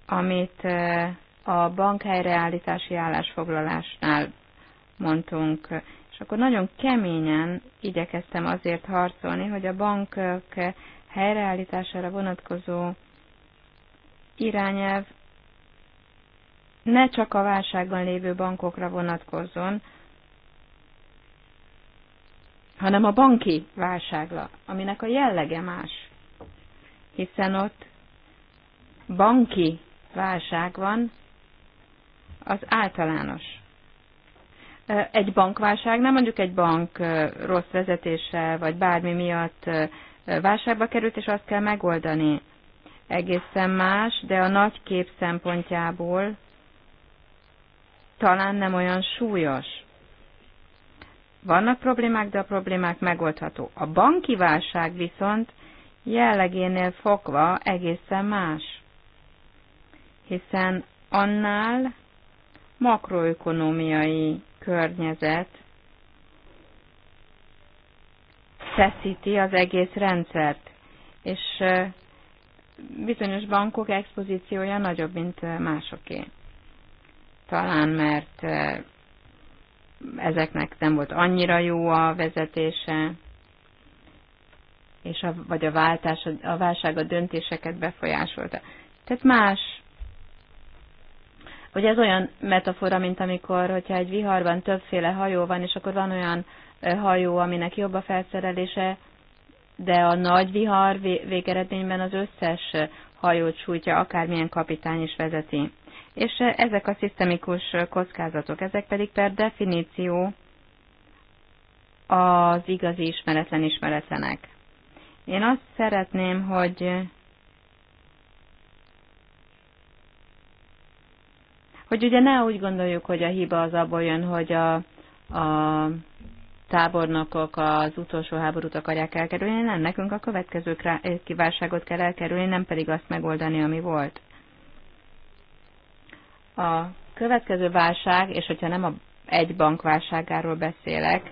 amit eh, a bankhelyreállítási állásfoglalásnál mondtunk és akkor nagyon keményen igyekeztem azért harcolni, hogy a bankok helyreállítására vonatkozó irányelv ne csak a válságban lévő bankokra vonatkozzon, hanem a banki válságra, aminek a jellege más. Hiszen ott banki válság van, az általános egy bankválság, nem mondjuk egy bank rossz vezetése vagy bármi miatt válságba került, és azt kell megoldani. Egészen más, de a nagy kép szempontjából talán nem olyan súlyos. Vannak problémák, de a problémák megoldható. A banki válság viszont jellegénél fogva egészen más, hiszen annál makroökonomiai környezet feszíti az egész rendszert, és bizonyos bankok expozíciója nagyobb, mint másoké. Talán mert ezeknek nem volt annyira jó a vezetése, és a, vagy a, váltás, a válság a döntéseket befolyásolta. Tehát más Ugye ez olyan metafora, mint amikor, hogyha egy viharban többféle hajó van, és akkor van olyan hajó, aminek jobb a felszerelése, de a nagy vihar végeredményben az összes hajót sújtja, akármilyen kapitány is vezeti. És ezek a szisztemikus kockázatok, ezek pedig per definíció az igazi ismeretlen ismeretlenek. Én azt szeretném, hogy hogy ugye ne úgy gondoljuk, hogy a hiba az abból jön, hogy a, a tábornokok az utolsó háborút akarják elkerülni, nem, nekünk a következő eh, kiválságot kell elkerülni, nem pedig azt megoldani, ami volt. A következő válság, és hogyha nem a egy bank válságáról beszélek,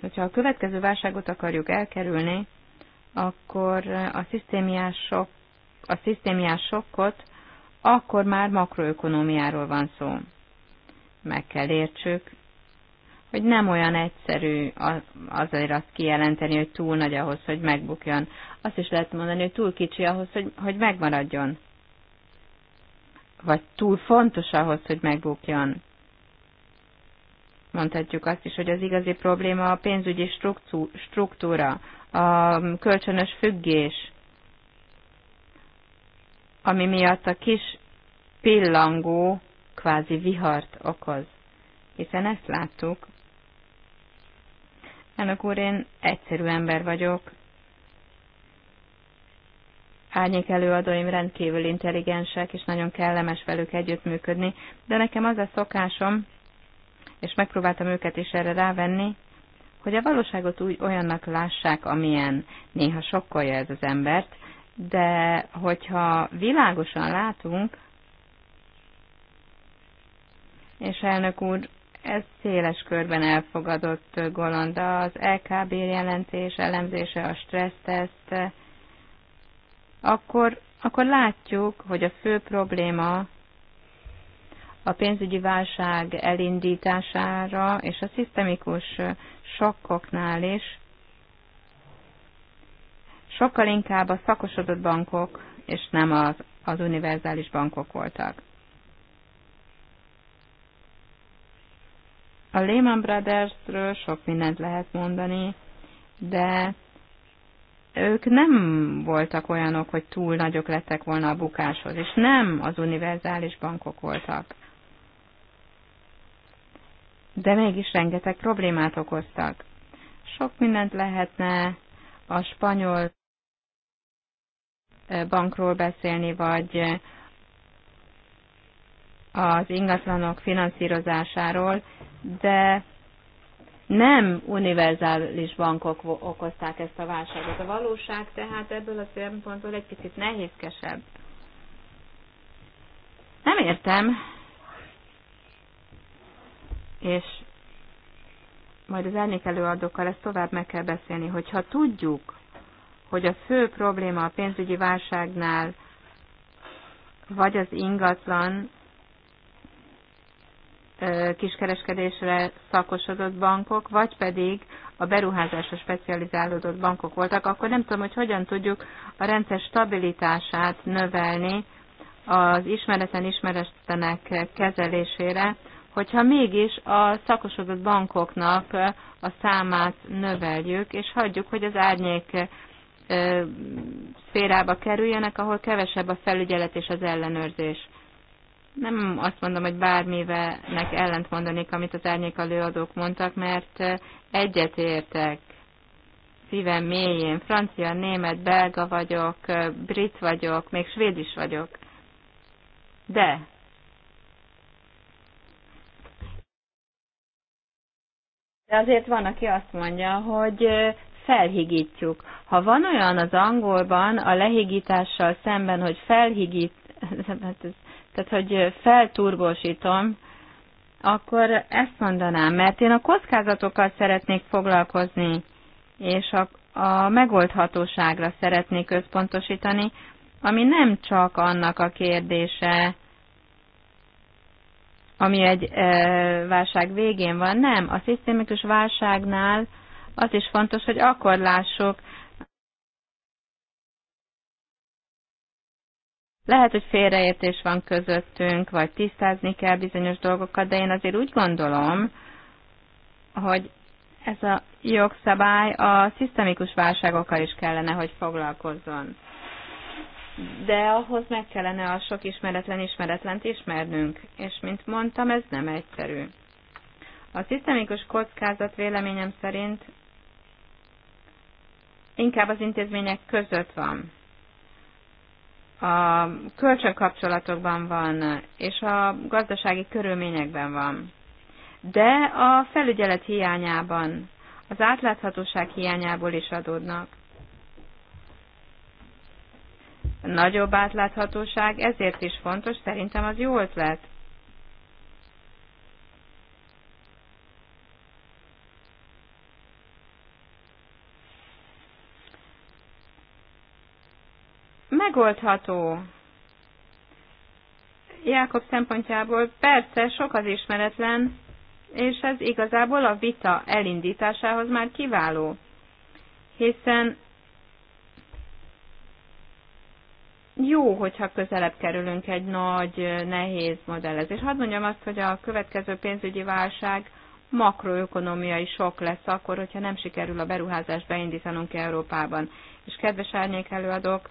hogyha a következő válságot akarjuk elkerülni, akkor a szisztémiások a szisztémiás sokkot, akkor már makroökonomiáról van szó. Meg kell értsük, hogy nem olyan egyszerű azért azt kijelenteni, hogy túl nagy ahhoz, hogy megbukjon. Azt is lehet mondani, hogy túl kicsi ahhoz, hogy, hogy megmaradjon. Vagy túl fontos ahhoz, hogy megbukjon. Mondhatjuk azt is, hogy az igazi probléma a pénzügyi struktúra, a kölcsönös függés, ami miatt a kis pillangó kvázi vihart okoz. Hiszen ezt láttuk. Elnök úr, én egyszerű ember vagyok. Árnyék előadóim rendkívül intelligensek, és nagyon kellemes velük együttműködni, de nekem az a szokásom, és megpróbáltam őket is erre rávenni, hogy a valóságot úgy olyannak lássák, amilyen. Néha sokkolja ez az embert, de hogyha világosan látunk, és elnök úr, ez széles körben elfogadott Golanda, az LKB jelentés, elemzése, a stresszteszt, akkor, akkor látjuk, hogy a fő probléma a pénzügyi válság elindítására és a szisztemikus sokkoknál is sokkal inkább a szakosodott bankok, és nem az, az univerzális bankok voltak. A Lehman Brothersről sok mindent lehet mondani, de ők nem voltak olyanok, hogy túl nagyok lettek volna a bukáshoz, és nem az univerzális bankok voltak. De mégis rengeteg problémát okoztak. Sok mindent lehetne a spanyol bankról beszélni, vagy az ingatlanok finanszírozásáról, de nem univerzális bankok okozták ezt a válságot. A valóság tehát ebből a szempontból egy picit nehézkesebb. Nem értem, és majd az elnék előadókkal ezt tovább meg kell beszélni, hogyha tudjuk, hogy a fő probléma a pénzügyi válságnál vagy az ingatlan kiskereskedésre szakosodott bankok, vagy pedig a beruházásra specializálódott bankok voltak, akkor nem tudom, hogy hogyan tudjuk a rendszer stabilitását növelni az ismeretlen ismeretlenek kezelésére, hogyha mégis a szakosodott bankoknak a számát növeljük, és hagyjuk, hogy az árnyék szférába kerüljenek, ahol kevesebb a felügyelet és az ellenőrzés. Nem azt mondom, hogy bármivelnek mondanék, amit az előadók mondtak, mert egyetértek szívem mélyén. Francia, német, belga vagyok, brit vagyok, még svéd is vagyok. De De azért van, aki azt mondja, hogy felhigítjuk. Ha van olyan az angolban a lehigítással szemben, hogy felhigít, *laughs* hát tehát hogy felturbósítom, akkor ezt mondanám, mert én a kockázatokkal szeretnék foglalkozni, és a, a megoldhatóságra szeretnék összpontosítani, ami nem csak annak a kérdése, ami egy e, válság végén van, nem. A szisztémikus válságnál az is fontos, hogy akkor lássuk, Lehet, hogy félreértés van közöttünk, vagy tisztázni kell bizonyos dolgokat, de én azért úgy gondolom, hogy ez a jogszabály a szisztemikus válságokkal is kellene, hogy foglalkozzon. De ahhoz meg kellene a sok ismeretlen ismeretlent ismernünk, és mint mondtam, ez nem egyszerű. A szisztemikus kockázat véleményem szerint inkább az intézmények között van a kölcsönkapcsolatokban van, és a gazdasági körülményekben van. De a felügyelet hiányában, az átláthatóság hiányából is adódnak. Nagyobb átláthatóság ezért is fontos, szerintem az jó ötlet. megoldható. Jákob szempontjából persze sok az ismeretlen, és ez igazából a vita elindításához már kiváló, hiszen jó, hogyha közelebb kerülünk egy nagy, nehéz modellhez. És hadd mondjam azt, hogy a következő pénzügyi válság makroökonomiai sok lesz akkor, hogyha nem sikerül a beruházást beindítanunk Európában. És kedves árnyék előadók,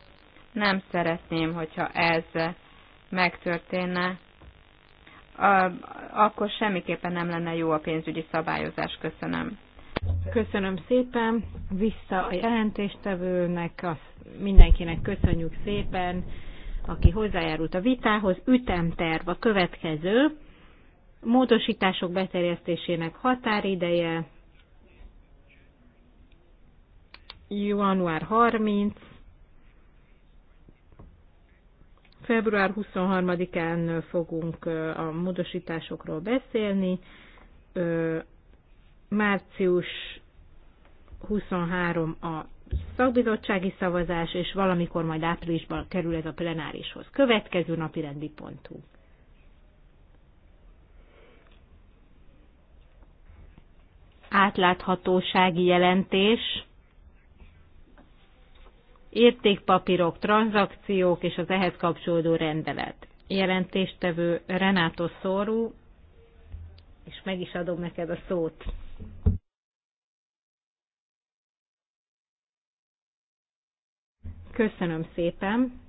nem szeretném, hogyha ez megtörténne, akkor semmiképpen nem lenne jó a pénzügyi szabályozás. Köszönöm. Köszönöm szépen. Vissza a jelentéstevőnek, azt mindenkinek köszönjük szépen, aki hozzájárult a vitához. Ütemterv a következő. Módosítások beterjesztésének határideje január 30, Február 23-án fogunk a módosításokról beszélni. Március 23 a szakbizottsági szavazás, és valamikor majd áprilisban kerül ez a plenárishoz. Következő napi rendi pontunk. Átláthatósági jelentés értékpapírok, tranzakciók és az ehhez kapcsolódó rendelet. Jelentéstevő Renato Szorú, és meg is adom neked a szót. Köszönöm szépen!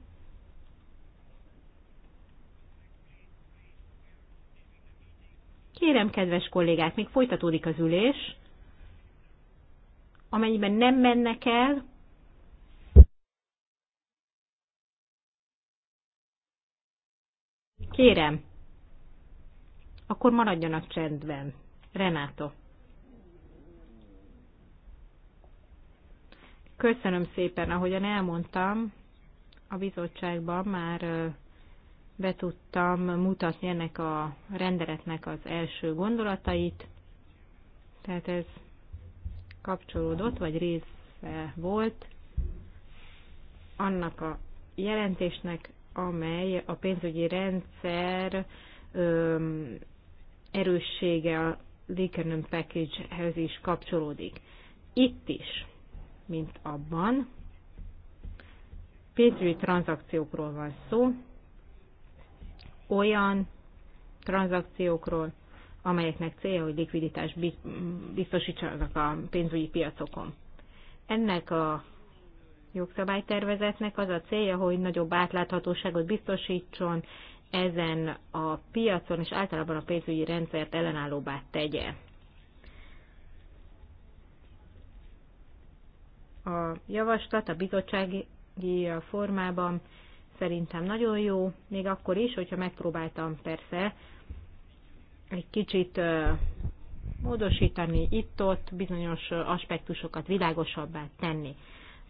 Kérem, kedves kollégák, még folytatódik az ülés. Amennyiben nem mennek el, Kérem, akkor maradjanak csendben. Renáto. Köszönöm szépen, ahogyan elmondtam, a bizottságban már be tudtam mutatni ennek a rendeletnek az első gondolatait, tehát ez kapcsolódott, vagy része volt annak a jelentésnek, amely a pénzügyi rendszer öm, erőssége a Likenum Package-hez is kapcsolódik. Itt is, mint abban, pénzügyi tranzakciókról van szó, olyan tranzakciókról, amelyeknek célja, hogy likviditást biztosítsanak a pénzügyi piacokon. Ennek a jogszabálytervezetnek az a célja, hogy nagyobb átláthatóságot biztosítson ezen a piacon, és általában a pénzügyi rendszert ellenállóbbá tegye. A javaslat a bizottsági formában szerintem nagyon jó, még akkor is, hogyha megpróbáltam persze egy kicsit módosítani itt-ott, bizonyos aspektusokat világosabbá tenni.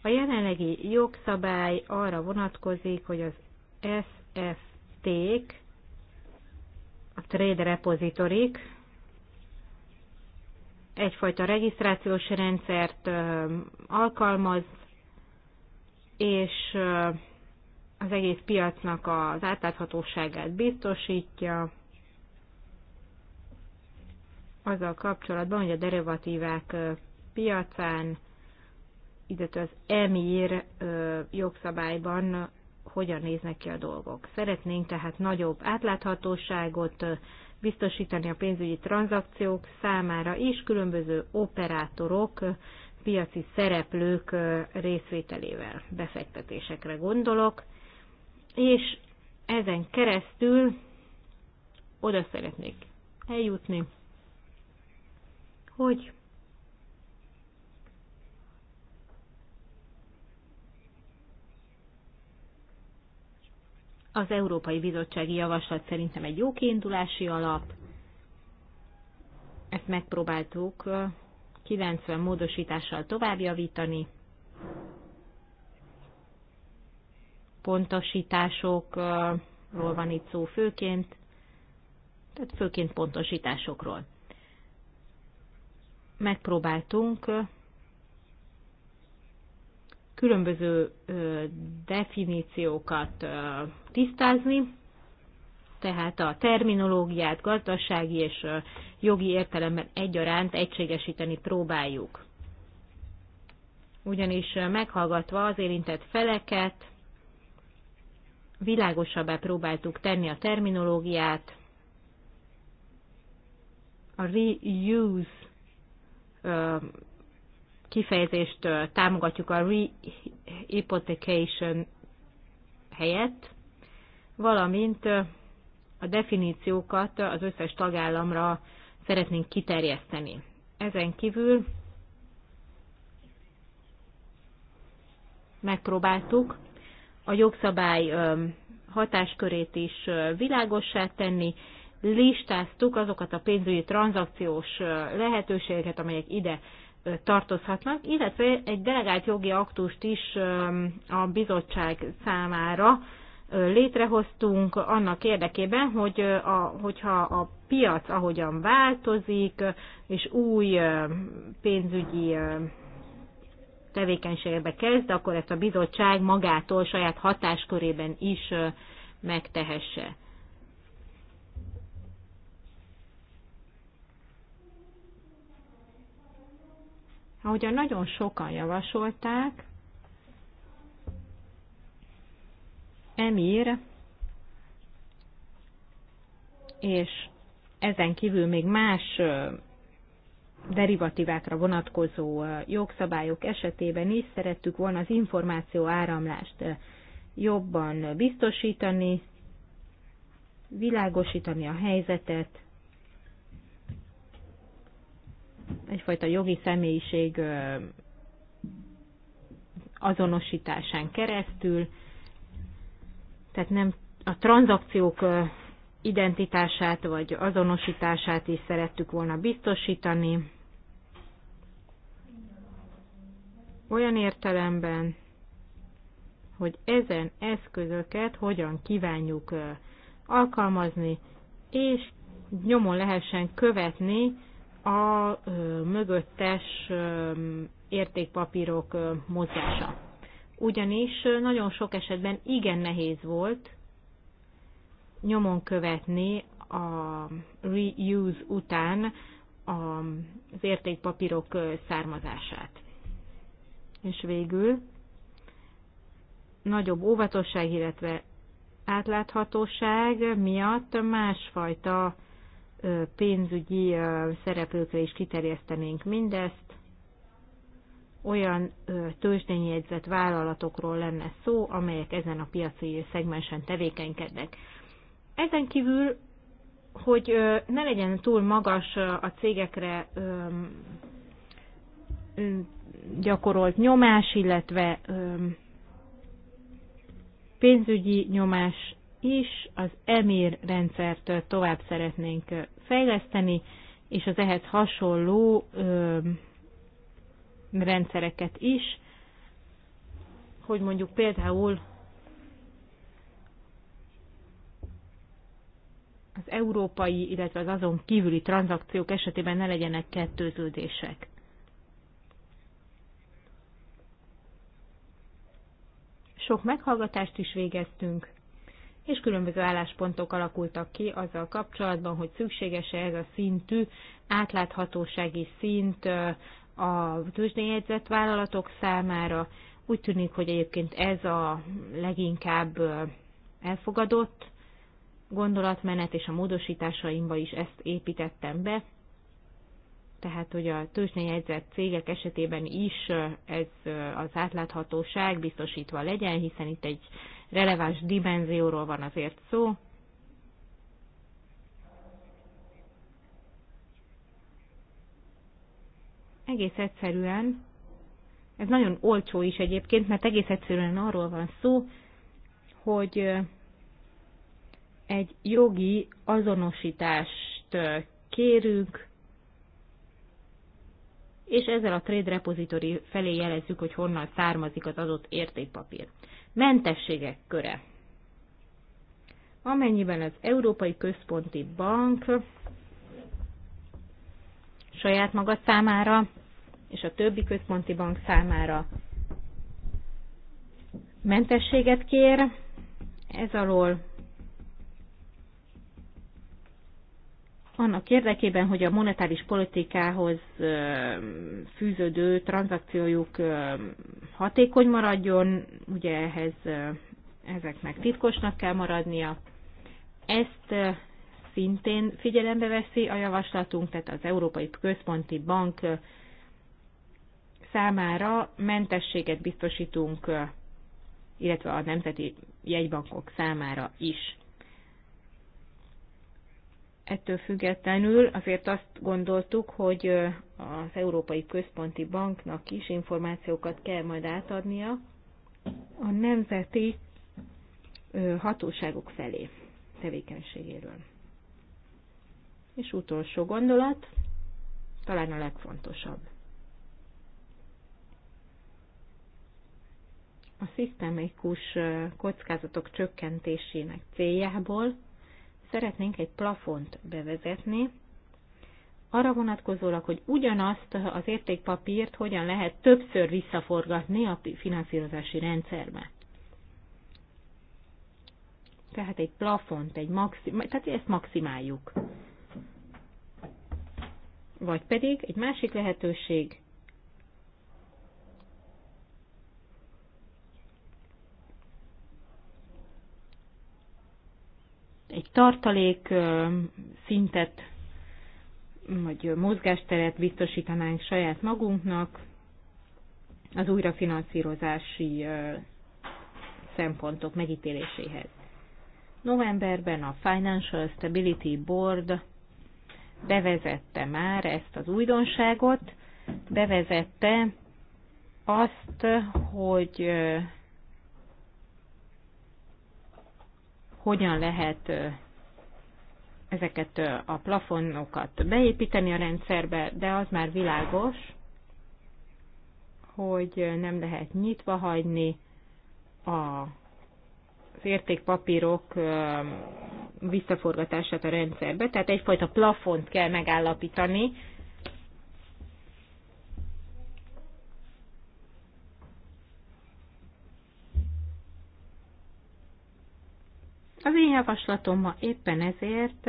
A jelenlegi jogszabály arra vonatkozik, hogy az SFT-k, a Trade repository egyfajta regisztrációs rendszert alkalmaz, és az egész piacnak az átláthatóságát biztosítja, azzal kapcsolatban, hogy a derivatívák piacán illetve az EMIR jogszabályban hogyan néznek ki a dolgok. Szeretnénk tehát nagyobb átláthatóságot biztosítani a pénzügyi tranzakciók számára és különböző operátorok, piaci szereplők részvételével befektetésekre gondolok, és ezen keresztül oda szeretnék eljutni, hogy Az Európai Bizottsági Javaslat szerintem egy jó kiindulási alap. Ezt megpróbáltuk 90 módosítással továbbjavítani. Pontosításokról van itt szó főként, tehát főként pontosításokról. Megpróbáltunk különböző definíciókat tisztázni, tehát a terminológiát gazdasági és jogi értelemben egyaránt egységesíteni próbáljuk. Ugyanis meghallgatva az érintett feleket, világosabbá próbáltuk tenni a terminológiát, a reuse kifejezést támogatjuk a rehypothecation helyett, valamint a definíciókat az összes tagállamra szeretnénk kiterjeszteni. Ezen kívül megpróbáltuk a jogszabály hatáskörét is világossá tenni, listáztuk azokat a pénzügyi tranzakciós lehetőségeket, amelyek ide tartozhatnak, illetve egy delegált jogi aktust is a bizottság számára létrehoztunk annak érdekében, hogy a, hogyha a piac ahogyan változik, és új pénzügyi tevékenységbe kezd, akkor ezt a bizottság magától saját hatáskörében is megtehesse. Ahogyan nagyon sokan javasolták, Emir és ezen kívül még más derivatívákra vonatkozó jogszabályok esetében is szerettük volna az információ áramlást jobban biztosítani, világosítani a helyzetet, egyfajta jogi személyiség azonosításán keresztül, tehát nem a tranzakciók identitását vagy azonosítását is szerettük volna biztosítani. Olyan értelemben, hogy ezen eszközöket hogyan kívánjuk alkalmazni, és nyomon lehessen követni a mögöttes értékpapírok mozgása. Ugyanis nagyon sok esetben igen nehéz volt nyomon követni a reuse után az értékpapírok származását. És végül nagyobb óvatosság, illetve átláthatóság miatt másfajta pénzügyi szereplőkre is kiterjesztenénk mindezt. Olyan tőzsdén jegyzett vállalatokról lenne szó, amelyek ezen a piaci szegmensen tevékenykednek. Ezen kívül, hogy ne legyen túl magas a cégekre gyakorolt nyomás, illetve pénzügyi nyomás is az EMIR rendszert tovább szeretnénk fejleszteni, és az ehhez hasonló ö, rendszereket is, hogy mondjuk például az európai, illetve az azon kívüli tranzakciók esetében ne legyenek kettőződések. Sok meghallgatást is végeztünk, és különböző álláspontok alakultak ki azzal kapcsolatban, hogy szükséges-e ez a szintű átláthatósági szint a tőzsdéjegyzett vállalatok számára. Úgy tűnik, hogy egyébként ez a leginkább elfogadott gondolatmenet, és a módosításaimba is ezt építettem be, tehát hogy a tőzsdén cégek esetében is ez az átláthatóság biztosítva legyen, hiszen itt egy releváns dimenzióról van azért szó. Egész egyszerűen, ez nagyon olcsó is egyébként, mert egész egyszerűen arról van szó, hogy egy jogi azonosítást kérünk, és ezzel a Trade Repository felé jelezzük, hogy honnan származik az adott értékpapír. Mentességek köre. Amennyiben az Európai Központi Bank saját maga számára és a többi központi bank számára mentességet kér, ez alól annak érdekében, hogy a monetáris politikához fűződő tranzakciójuk hatékony maradjon, ugye ehhez ezeknek titkosnak kell maradnia. Ezt szintén figyelembe veszi a javaslatunk, tehát az Európai Központi Bank számára mentességet biztosítunk, illetve a nemzeti jegybankok számára is. Ettől függetlenül azért azt gondoltuk, hogy az Európai Központi Banknak is információkat kell majd átadnia a nemzeti hatóságok felé tevékenységéről. És utolsó gondolat, talán a legfontosabb. A szisztemikus kockázatok csökkentésének céljából szeretnénk egy plafont bevezetni, arra vonatkozólag, hogy ugyanazt az értékpapírt hogyan lehet többször visszaforgatni a finanszírozási rendszerbe. Tehát egy plafont, egy maxim, tehát ezt maximáljuk. Vagy pedig egy másik lehetőség, egy tartalék szintet, vagy mozgásteret biztosítanánk saját magunknak az újrafinanszírozási szempontok megítéléséhez. Novemberben a Financial Stability Board bevezette már ezt az újdonságot, bevezette azt, hogy hogyan lehet ezeket a plafonokat beépíteni a rendszerbe, de az már világos, hogy nem lehet nyitva hagyni a az értékpapírok visszaforgatását a rendszerbe, tehát egyfajta plafont kell megállapítani Az én javaslatom ma éppen ezért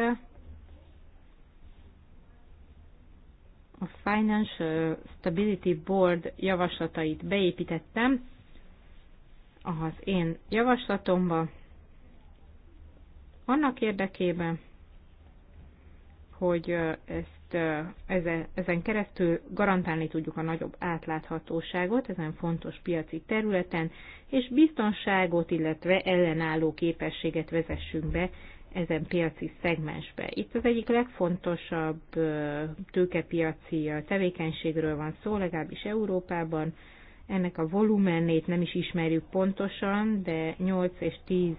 a Financial Stability Board javaslatait beépítettem az én javaslatomba, annak érdekében, hogy ezt ezen, ezen keresztül garantálni tudjuk a nagyobb átláthatóságot ezen fontos piaci területen, és biztonságot, illetve ellenálló képességet vezessünk be ezen piaci szegmensbe. Itt az egyik legfontosabb tőkepiaci tevékenységről van szó, legalábbis Európában. Ennek a volumenét nem is ismerjük pontosan, de 8 és 10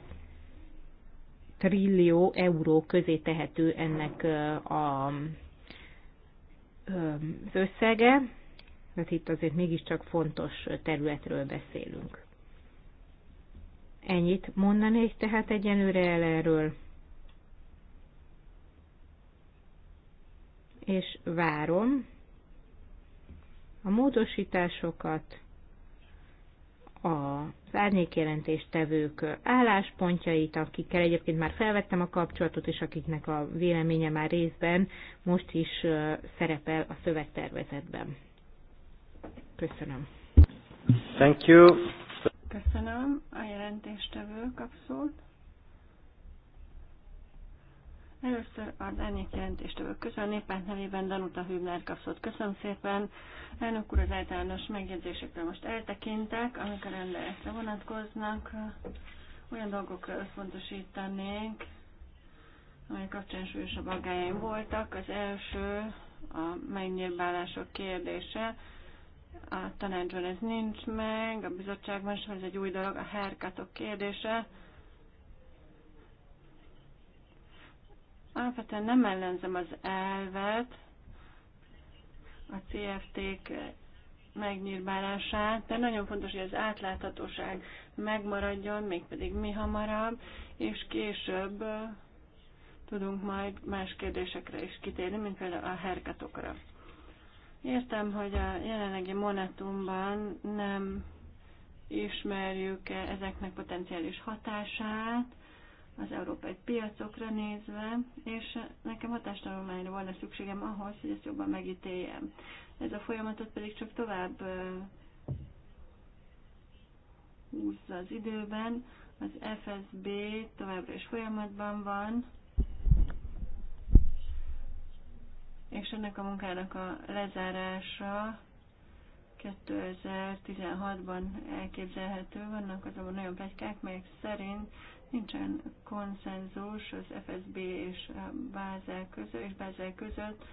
trillió euró közé tehető ennek a az összege, mert itt azért mégiscsak fontos területről beszélünk. Ennyit mondanék tehát egyenlőre el erről. És várom a módosításokat, a az árnyékjelentéstevők álláspontjait, akikkel egyébként már felvettem a kapcsolatot, és akiknek a véleménye már részben most is szerepel a szövegtervezetben. Köszönöm. Thank you. Köszönöm a jelentéstevő kapszót. Először az jelentést jelentéstől közül a néppárt nevében Danuta Hübner kapszott. Köszönöm szépen. Elnök úr, az általános megjegyzésekről most eltekintek, amik a rendeletre vonatkoznak. Olyan dolgokra összpontosítanék, amely kapcsán súlyosabb aggájaim voltak. Az első a megnyírbálások kérdése. A tanácsban ez nincs meg, a bizottságban sem ez egy új dolog, a herkatok kérdése Alapvetően nem ellenzem az elvet, a CFT-k megnyírbálását, de nagyon fontos, hogy az átláthatóság megmaradjon, mégpedig mi hamarabb, és később tudunk majd más kérdésekre is kitérni, mint például a herkatokra. Értem, hogy a jelenlegi monetumban nem ismerjük ezeknek potenciális hatását, az európai piacokra nézve, és nekem hatástanulmányra volna szükségem ahhoz, hogy ezt jobban megítéljem. Ez a folyamatot pedig csak tovább húzza az időben, az FSB továbbra is folyamatban van, és ennek a munkának a lezárása 2016-ban elképzelhető, vannak azonban olyan plegykák, melyek szerint nincsen konszenzus az FSB és Bázel között, és Bázel között.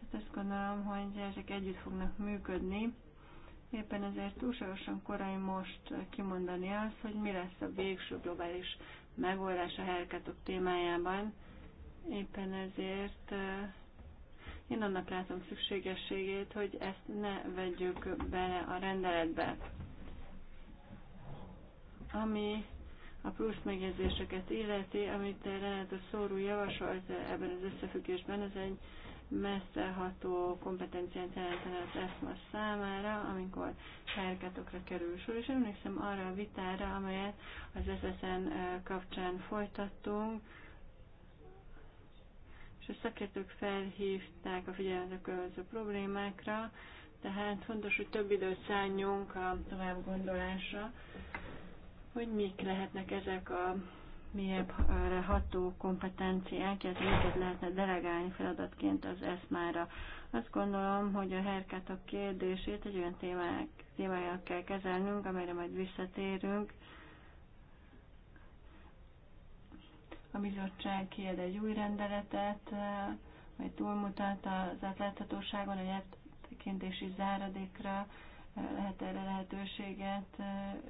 Hát azt gondolom, hogy ezek együtt fognak működni. Éppen ezért túlságosan korai most kimondani azt, hogy mi lesz a végső globális megoldás a herkátok témájában. Éppen ezért én annak látom szükségességét, hogy ezt ne vegyük bele a rendeletbe. Ami a plusz megjegyzéseket illeti, amit a szóró javasolt ebben az összefüggésben, ez egy messzeható kompetenciát jelentene az ESMA számára, amikor sárkátokra kerül sor, és emlékszem arra a vitára, amelyet az SSN kapcsán folytattunk, és a szakértők felhívták a figyelmet a problémákra, tehát fontos, hogy több időt szálljunk a tovább gondolásra, hogy mik lehetnek ezek a mélyebb ható kompetenciák, illetve minket lehetne delegálni feladatként az eszmára. Azt gondolom, hogy a a kérdését egy olyan témák, témáját kell kezelnünk, amelyre majd visszatérünk, A bizottság kiad egy új rendeletet, vagy túlmutat az átláthatóságon, a nyelvtekintési záradékra lehet erre lehetőséget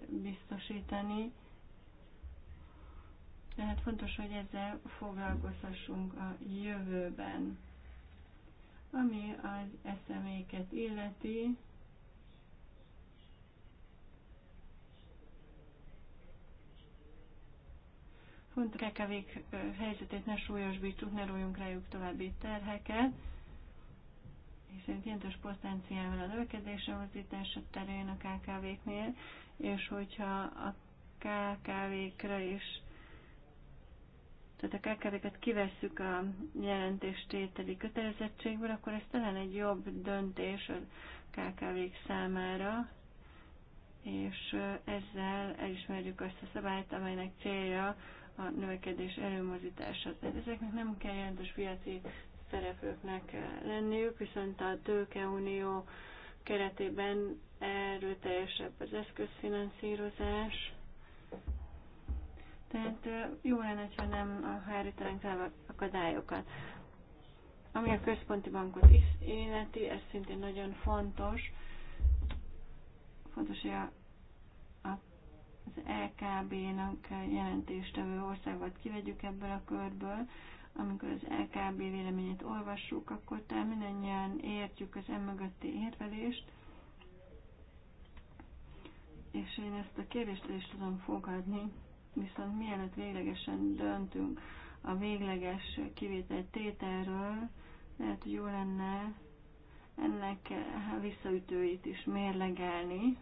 biztosítani. Tehát fontos, hogy ezzel foglalkozhassunk a jövőben. Ami az eszeméket illeti, pont a kekevék helyzetét ne súlyosbítsuk, ne rójunk rájuk további terheket, hiszen jelentős potenciál a növekedésre mozdítása terén a KKV-knél, és hogyha a KKV-kra is tehát a KKV-ket kivesszük a jelentéstételi kötelezettségből, akkor ez talán egy jobb döntés a KKV-k számára, és ezzel elismerjük azt a szabályt, amelynek célja a növekedés előmozítása. Tehát ezeknek nem kell jelentős piaci szereplőknek eh, lenniük, viszont a tőkeunió keretében erőteljesebb az eszközfinanszírozás. Tehát eh, jó lenne, ha nem eh, hárítanánk a akadályokat. Ami a központi bankot életi, ez szintén nagyon fontos. Fontos, hogy a az LKB-nak e jelentéstevő országot kivegyük ebből a körből, amikor az LKB e véleményét olvassuk, akkor talán mindannyian értjük az emögötti érvelést, és én ezt a kérdést is tudom fogadni, viszont mielőtt véglegesen döntünk a végleges kivétel tételről, lehet, hogy jó lenne ennek visszaütőit is mérlegelni,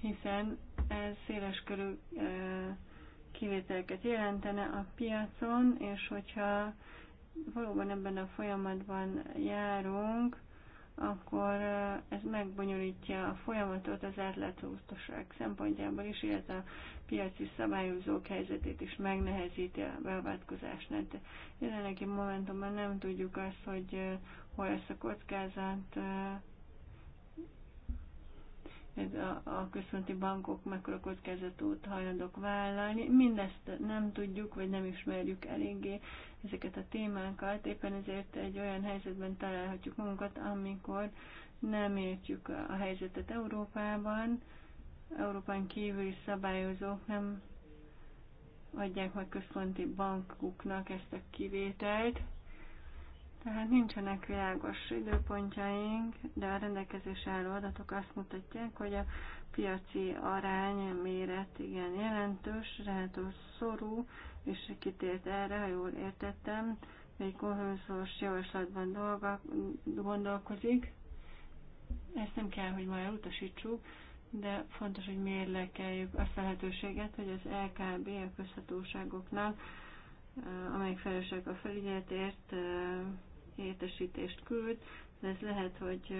hiszen ez széleskörű kivételeket jelentene a piacon, és hogyha valóban ebben a folyamatban járunk, akkor ez megbonyolítja a folyamatot az átláthatóság szempontjából is, illetve a piaci szabályozók helyzetét is megnehezíti a beavatkozásnál. Hát De jelenlegi momentumban nem tudjuk azt, hogy hol lesz a kockázat, még a, a központi bankok mekkora kockázatot hajlandók vállalni. Mindezt nem tudjuk, vagy nem ismerjük eléggé ezeket a témákat, éppen ezért egy olyan helyzetben találhatjuk magunkat, amikor nem értjük a helyzetet Európában, Európán kívüli szabályozók nem adják meg központi bankuknak ezt a kivételt. Tehát nincsenek világos időpontjaink, de a rendelkezés álló adatok azt mutatják, hogy a piaci arány méret igen jelentős, ráadásul szorú, és kitért erre, ha jól értettem, egy konvenzoros javaslatban dolga, gondolkozik. Ezt nem kell, hogy majd elutasítsuk, de fontos, hogy mérlekeljük azt a lehetőséget, hogy az LKB a közhatóságoknak, eh, amelyek felelősek a felügyeletért, eh, értesítést küld, de ez lehet, hogy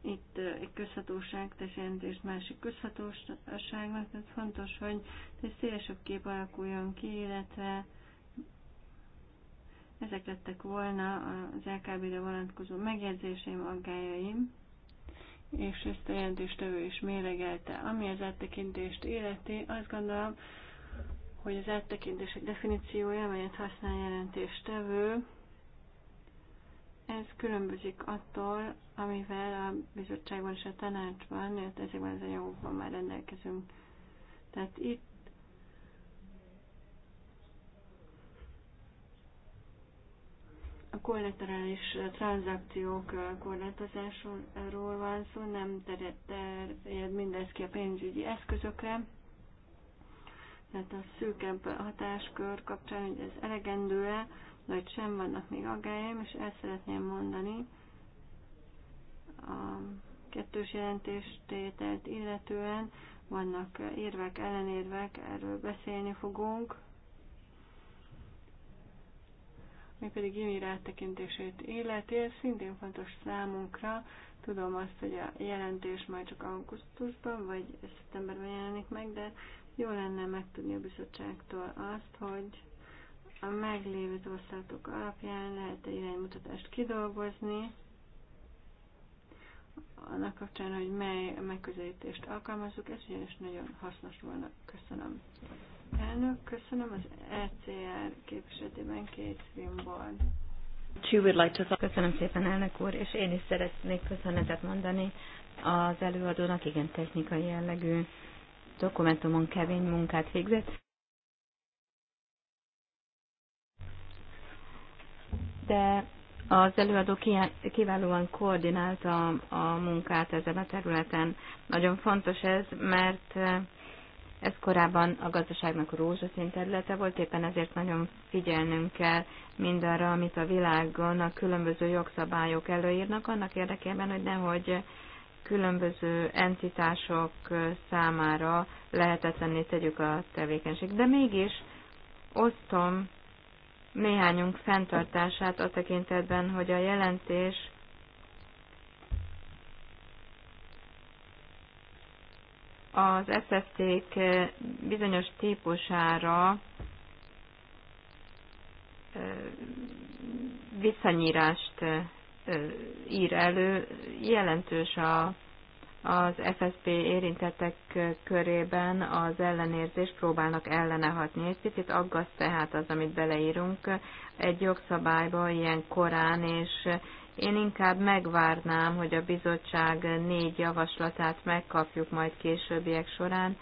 itt egy közhatóság tesz jelentést másik közhatóságnak, tehát fontos, hogy egy szélesebb kép alakuljon ki, illetve ezek lettek volna az LKB-re vonatkozó megjegyzéseim, aggájaim, és ezt a jelentéstevő is méregelte. Ami az áttekintést életi, azt gondolom, hogy az áttekintések definíciója, amelyet használ jelentéstevő, ez különbözik attól, amivel a bizottságban és a tanácsban, illetve ezekben az anyagokban már rendelkezünk. Tehát itt a kollaterális tranzakciók korlátozásról van szó, nem terjed mindez ki a pénzügyi eszközökre, tehát a szűkebb hatáskör kapcsán, hogy ez elegendő-e, vagy sem vannak még aggályom, és el szeretném mondani a kettős jelentéstételt illetően, vannak érvek, ellenérvek, erről beszélni fogunk. Mi pedig Jimmy rátekintését illeti, ez szintén fontos számunkra. Tudom azt, hogy a jelentés majd csak augusztusban vagy szeptemberben jelenik meg, de jó lenne megtudni a bizottságtól azt, hogy a meglévő tapasztalatok alapján lehet egy iránymutatást kidolgozni, annak kapcsán, hogy mely megközelítést alkalmazzuk, ez ugyanis nagyon hasznos volna. Köszönöm. Elnök, köszönöm az ECR képviseletében két filmból. Köszönöm szépen, elnök úr, és én is szeretnék köszönetet mondani az előadónak, igen technikai jellegű dokumentumon kevény munkát végzett. De az előadó kiválóan koordinálta a munkát ezen a területen. Nagyon fontos ez, mert eh, ez korábban a gazdaságnak rózsaszín területe volt, éppen ezért nagyon figyelnünk kell mindarra, amit a világon a különböző jogszabályok előírnak, annak érdekében, hogy nehogy különböző entitások számára lehetetlenné tegyük a tevékenység. De mégis osztom néhányunk fenntartását a tekintetben, hogy a jelentés az SFT-k bizonyos típusára visszanyírást ír elő, jelentős a, az FSP érintettek körében az ellenérzés próbálnak ellene hatni. Egy picit aggaszt tehát az, amit beleírunk egy jogszabályba ilyen korán, és én inkább megvárnám, hogy a bizottság négy javaslatát megkapjuk majd későbbiek során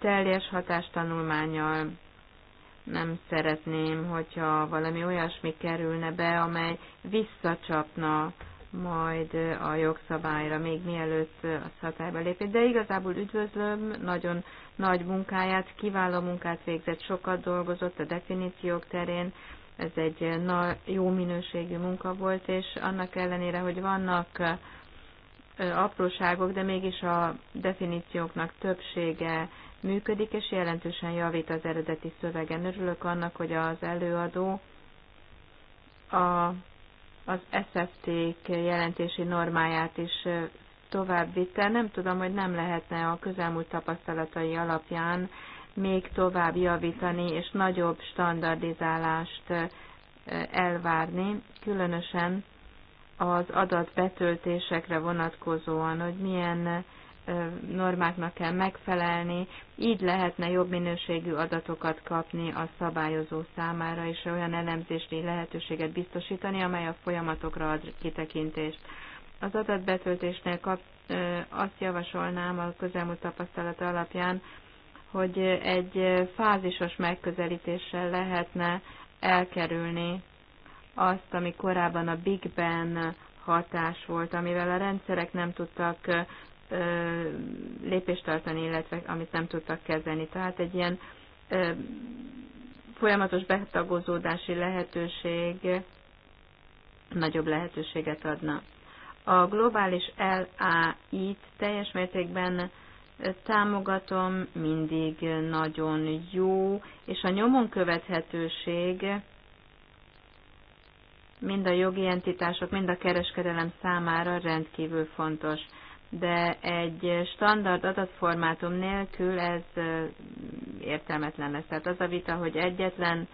teljes hatástanulmányjal nem szeretném, hogyha valami olyasmi kerülne be, amely visszacsapna majd a jogszabályra, még mielőtt a hatályba lépett. De igazából üdvözlöm, nagyon nagy munkáját, kiváló munkát végzett, sokat dolgozott a definíciók terén, ez egy na, jó minőségű munka volt, és annak ellenére, hogy vannak apróságok, de mégis a definícióknak többsége működik, és jelentősen javít az eredeti szövegen. Örülök annak, hogy az előadó a, az sft jelentési normáját is tovább vitte. Nem tudom, hogy nem lehetne a közelmúlt tapasztalatai alapján még tovább javítani, és nagyobb standardizálást elvárni, különösen az adatbetöltésekre vonatkozóan, hogy milyen normáknak kell megfelelni, így lehetne jobb minőségű adatokat kapni a szabályozó számára, és olyan elemzési lehetőséget biztosítani, amely a folyamatokra ad kitekintést. Az adatbetöltésnél kap, azt javasolnám a közelmúlt tapasztalat alapján, hogy egy fázisos megközelítéssel lehetne elkerülni azt, ami korábban a Big Ben hatás volt, amivel a rendszerek nem tudtak lépést tartani, illetve amit nem tudtak kezelni. Tehát egy ilyen folyamatos betagozódási lehetőség nagyobb lehetőséget adna. A globális LAI-t teljes mértékben támogatom, mindig nagyon jó, és a nyomon követhetőség mind a jogi entitások, mind a kereskedelem számára rendkívül fontos de egy standard adatformátum nélkül ez értelmetlen lesz. Tehát az a vita, hogy egyetlen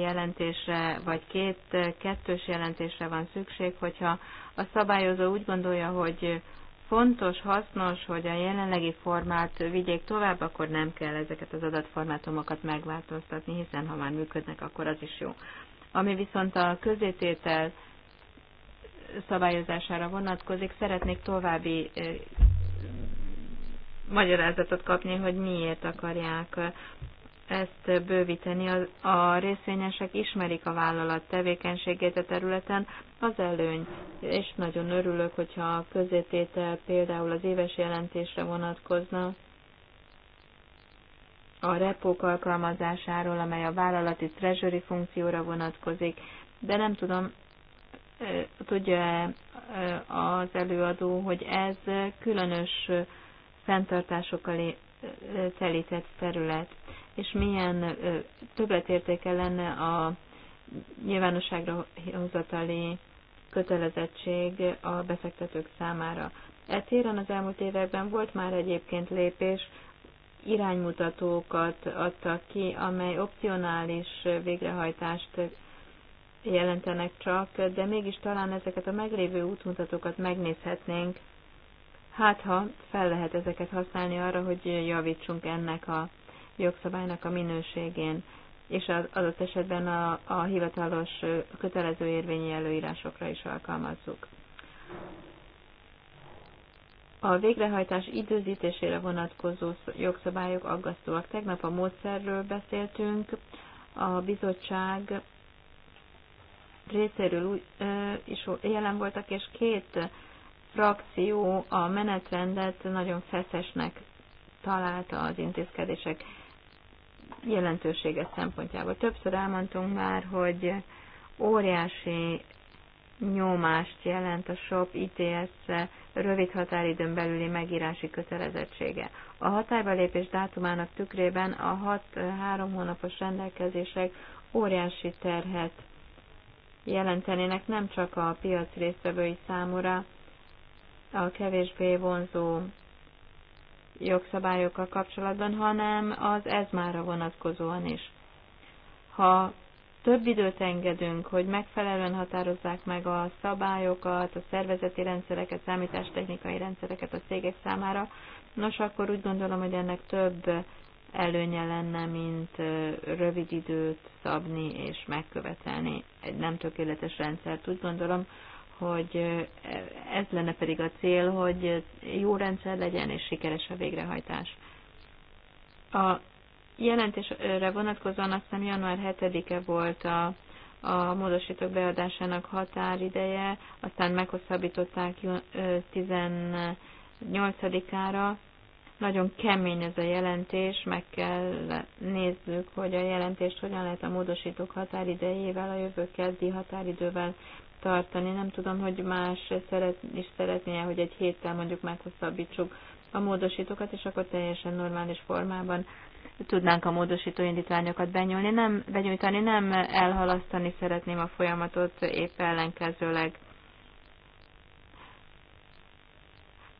jelentésre, vagy két kettős jelentésre van szükség, hogyha a szabályozó úgy gondolja, hogy fontos, hasznos, hogy a jelenlegi formát vigyék tovább, akkor nem kell ezeket az adatformátumokat megváltoztatni, hiszen ha már működnek, akkor az is jó. Ami viszont a közététel szabályozására vonatkozik. Szeretnék további magyarázatot kapni, hogy miért akarják ezt bővíteni. A részvényesek ismerik a vállalat tevékenységét a területen, az előny, és nagyon örülök, hogyha a közététel például az éves jelentésre vonatkozna, a repók alkalmazásáról, amely a vállalati treasury funkcióra vonatkozik, de nem tudom, tudja az előadó, hogy ez különös fenntartásokkal telített terület, és milyen többletértéke lenne a nyilvánosságra hozatali kötelezettség a befektetők számára. E téren az elmúlt években volt már egyébként lépés, iránymutatókat adtak ki, amely opcionális végrehajtást jelentenek csak, de mégis talán ezeket a meglévő útmutatókat megnézhetnénk, hát ha fel lehet ezeket használni arra, hogy javítsunk ennek a jogszabálynak a minőségén, és az adott esetben a, a hivatalos kötelező érvényi előírásokra is alkalmazzuk. A végrehajtás időzítésére vonatkozó jogszabályok aggasztóak. Tegnap a módszerről beszéltünk, a bizottság részéről is jelen voltak, és két frakció a menetrendet nagyon feszesnek találta az intézkedések jelentősége szempontjából. Többször elmondtunk már, hogy óriási nyomást jelent a SOP ITS rövid határidőn belüli megírási kötelezettsége. A hatályba lépés dátumának tükrében a 6-3 hónapos rendelkezések óriási terhet jelentenének nem csak a piac résztvevői számúra a kevésbé vonzó jogszabályokkal kapcsolatban, hanem az ez mára vonatkozóan is. Ha több időt engedünk, hogy megfelelően határozzák meg a szabályokat, a szervezeti rendszereket, számítástechnikai rendszereket a cégek számára, nos, akkor úgy gondolom, hogy ennek több előnye lenne, mint rövid időt szabni és megkövetelni egy nem tökéletes rendszert. Úgy gondolom, hogy ez lenne pedig a cél, hogy jó rendszer legyen és sikeres a végrehajtás. A jelentésre vonatkozóan azt hiszem január 7-e volt a, a módosítók beadásának határideje, aztán meghosszabbították 18-ára, nagyon kemény ez a jelentés, meg kell nézzük, hogy a jelentést hogyan lehet a módosítók határidejével, a jövő keddi határidővel tartani. Nem tudom, hogy más szeret, is szeretné, hogy egy héttel mondjuk meghosszabbítsuk a módosítókat, és akkor teljesen normális formában tudnánk a módosító indítványokat benyújtani. nem, benyújtani, nem elhalasztani szeretném a folyamatot épp ellenkezőleg.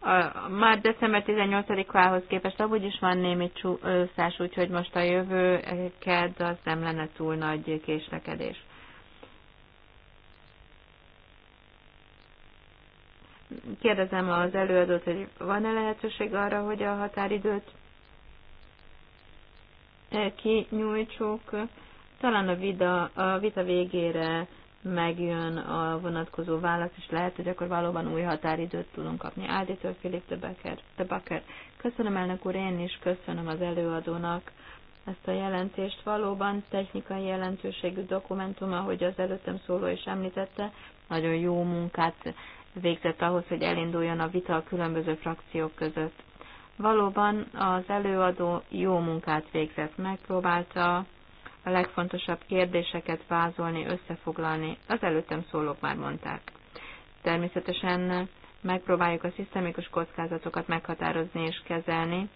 a, már december 18-ához képest abban is van némi csúszás, úgyhogy most a jövő kedd az nem lenne túl nagy késlekedés. Kérdezem az előadót, hogy van-e lehetőség arra, hogy a határidőt kinyújtsuk. Talán a, vita, a vita végére megjön a vonatkozó válasz, és lehet, hogy akkor valóban új határidőt tudunk kapni. Áldítól Filip de Baker. Köszönöm elnök úr, én is köszönöm az előadónak ezt a jelentést. Valóban technikai jelentőségű dokumentum, ahogy az előttem szóló is említette, nagyon jó munkát végzett ahhoz, hogy elinduljon a vita a különböző frakciók között. Valóban az előadó jó munkát végzett, megpróbálta a legfontosabb kérdéseket vázolni, összefoglalni. Az előttem szólók már mondták. Természetesen megpróbáljuk a szisztemikus kockázatokat meghatározni és kezelni,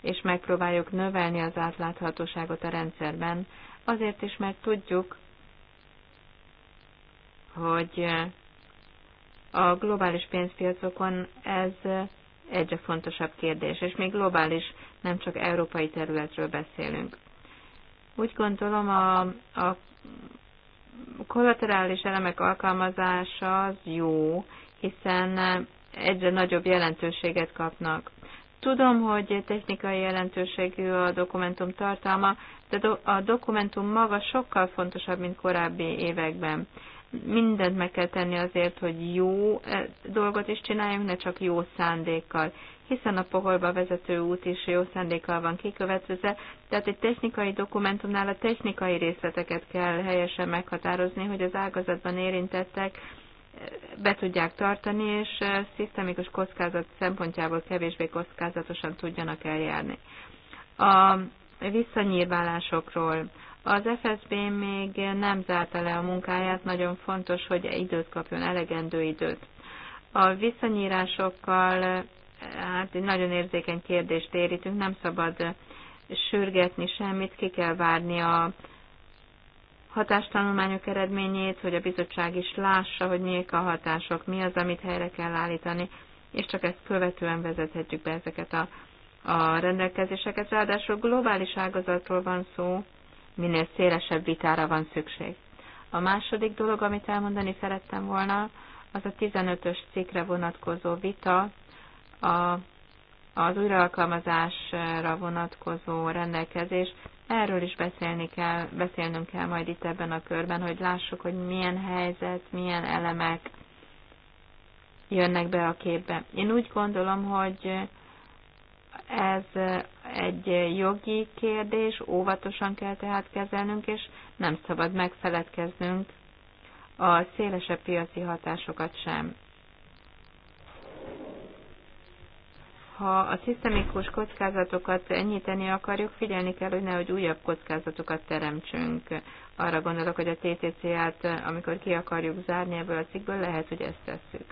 és megpróbáljuk növelni az átláthatóságot a rendszerben, azért is, mert tudjuk, hogy a globális pénzpiacokon ez egyre fontosabb kérdés, és még globális, nem csak európai területről beszélünk. Úgy gondolom a, a kollaterális elemek alkalmazása az jó, hiszen egyre nagyobb jelentőséget kapnak. Tudom, hogy technikai jelentőségű a dokumentum tartalma, de a dokumentum maga sokkal fontosabb, mint korábbi években. Mindent meg kell tenni azért, hogy jó eh, dolgot is csináljunk, ne csak jó szándékkal hiszen a poholba vezető út is jó szándékkal van kikövetőze, tehát egy technikai dokumentumnál a technikai részleteket kell helyesen meghatározni, hogy az ágazatban érintettek eh, be tudják tartani, és eh, szisztemikus kockázat szempontjából kevésbé kockázatosan tudjanak eljárni. A visszanyírválásokról. Az FSB még nem zárta le a munkáját, nagyon fontos, hogy időt kapjon, elegendő időt. A visszanyírásokkal hát egy nagyon érzékeny kérdést érítünk, nem szabad sürgetni semmit, ki kell várni a hatástanulmányok eredményét, hogy a bizottság is lássa, hogy miek a hatások, mi az, amit helyre kell állítani, és csak ezt követően vezethetjük be ezeket a, a rendelkezéseket. Ráadásul globális ágazatról van szó, minél szélesebb vitára van szükség. A második dolog, amit elmondani szerettem volna, az a 15-ös cikkre vonatkozó vita, a, az újraalkalmazásra vonatkozó rendelkezés, erről is beszélni kell, beszélnünk kell majd itt ebben a körben, hogy lássuk, hogy milyen helyzet, milyen elemek jönnek be a képbe. Én úgy gondolom, hogy ez egy jogi kérdés, óvatosan kell tehát kezelnünk, és nem szabad megfeledkeznünk a szélesebb piaci hatásokat sem. ha a szisztemikus kockázatokat enyhíteni akarjuk, figyelni kell, hogy nehogy újabb kockázatokat teremtsünk. Arra gondolok, hogy a TTC-át, amikor ki akarjuk zárni ebből a cikkből, lehet, hogy ezt tesszük.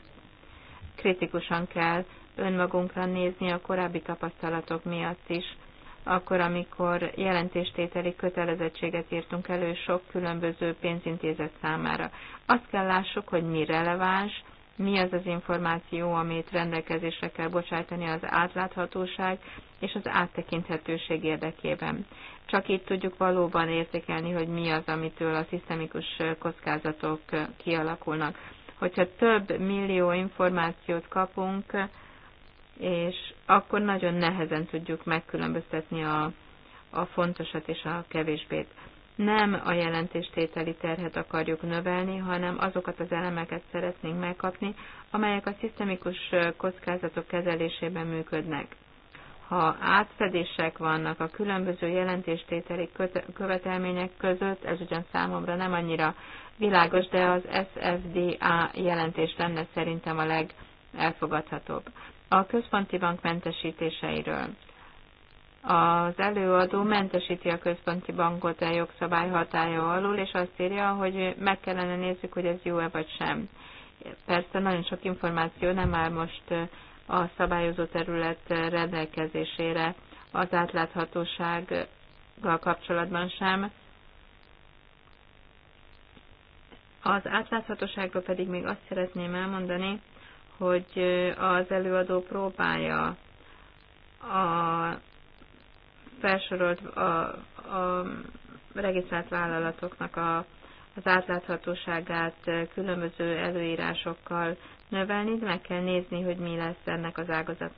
Kritikusan kell önmagunkra nézni a korábbi tapasztalatok miatt is, akkor, amikor jelentéstételi kötelezettséget írtunk elő sok különböző pénzintézet számára. Azt kell lássuk, hogy mi releváns, mi az az információ, amit rendelkezésre kell bocsájtani az átláthatóság és az áttekinthetőség érdekében. Csak így tudjuk valóban értékelni, hogy mi az, amitől a szisztemikus kockázatok kialakulnak. Hogyha több millió információt kapunk, és akkor nagyon nehezen tudjuk megkülönböztetni a, a fontosat és a kevésbét nem a jelentéstételi terhet akarjuk növelni, hanem azokat az elemeket szeretnénk megkapni, amelyek a szisztemikus kockázatok kezelésében működnek. Ha átfedések vannak a különböző jelentéstételi követelmények között, ez ugyan számomra nem annyira világos, de az SSDA jelentés lenne szerintem a legelfogadhatóbb. A központi bank mentesítéseiről. Az előadó mentesíti a központi bankot a e jogszabály hatája alul, és azt írja, hogy meg kellene nézzük, hogy ez jó-e vagy sem. Persze nagyon sok információ nem áll most a szabályozó terület rendelkezésére az átláthatósággal kapcsolatban sem. Az átláthatóságra pedig még azt szeretném elmondani, hogy az előadó próbálja a felsorolt a, a regisztrált vállalatoknak a, az átláthatóságát különböző előírásokkal növelni, de meg kell nézni, hogy mi lesz ennek az ágazat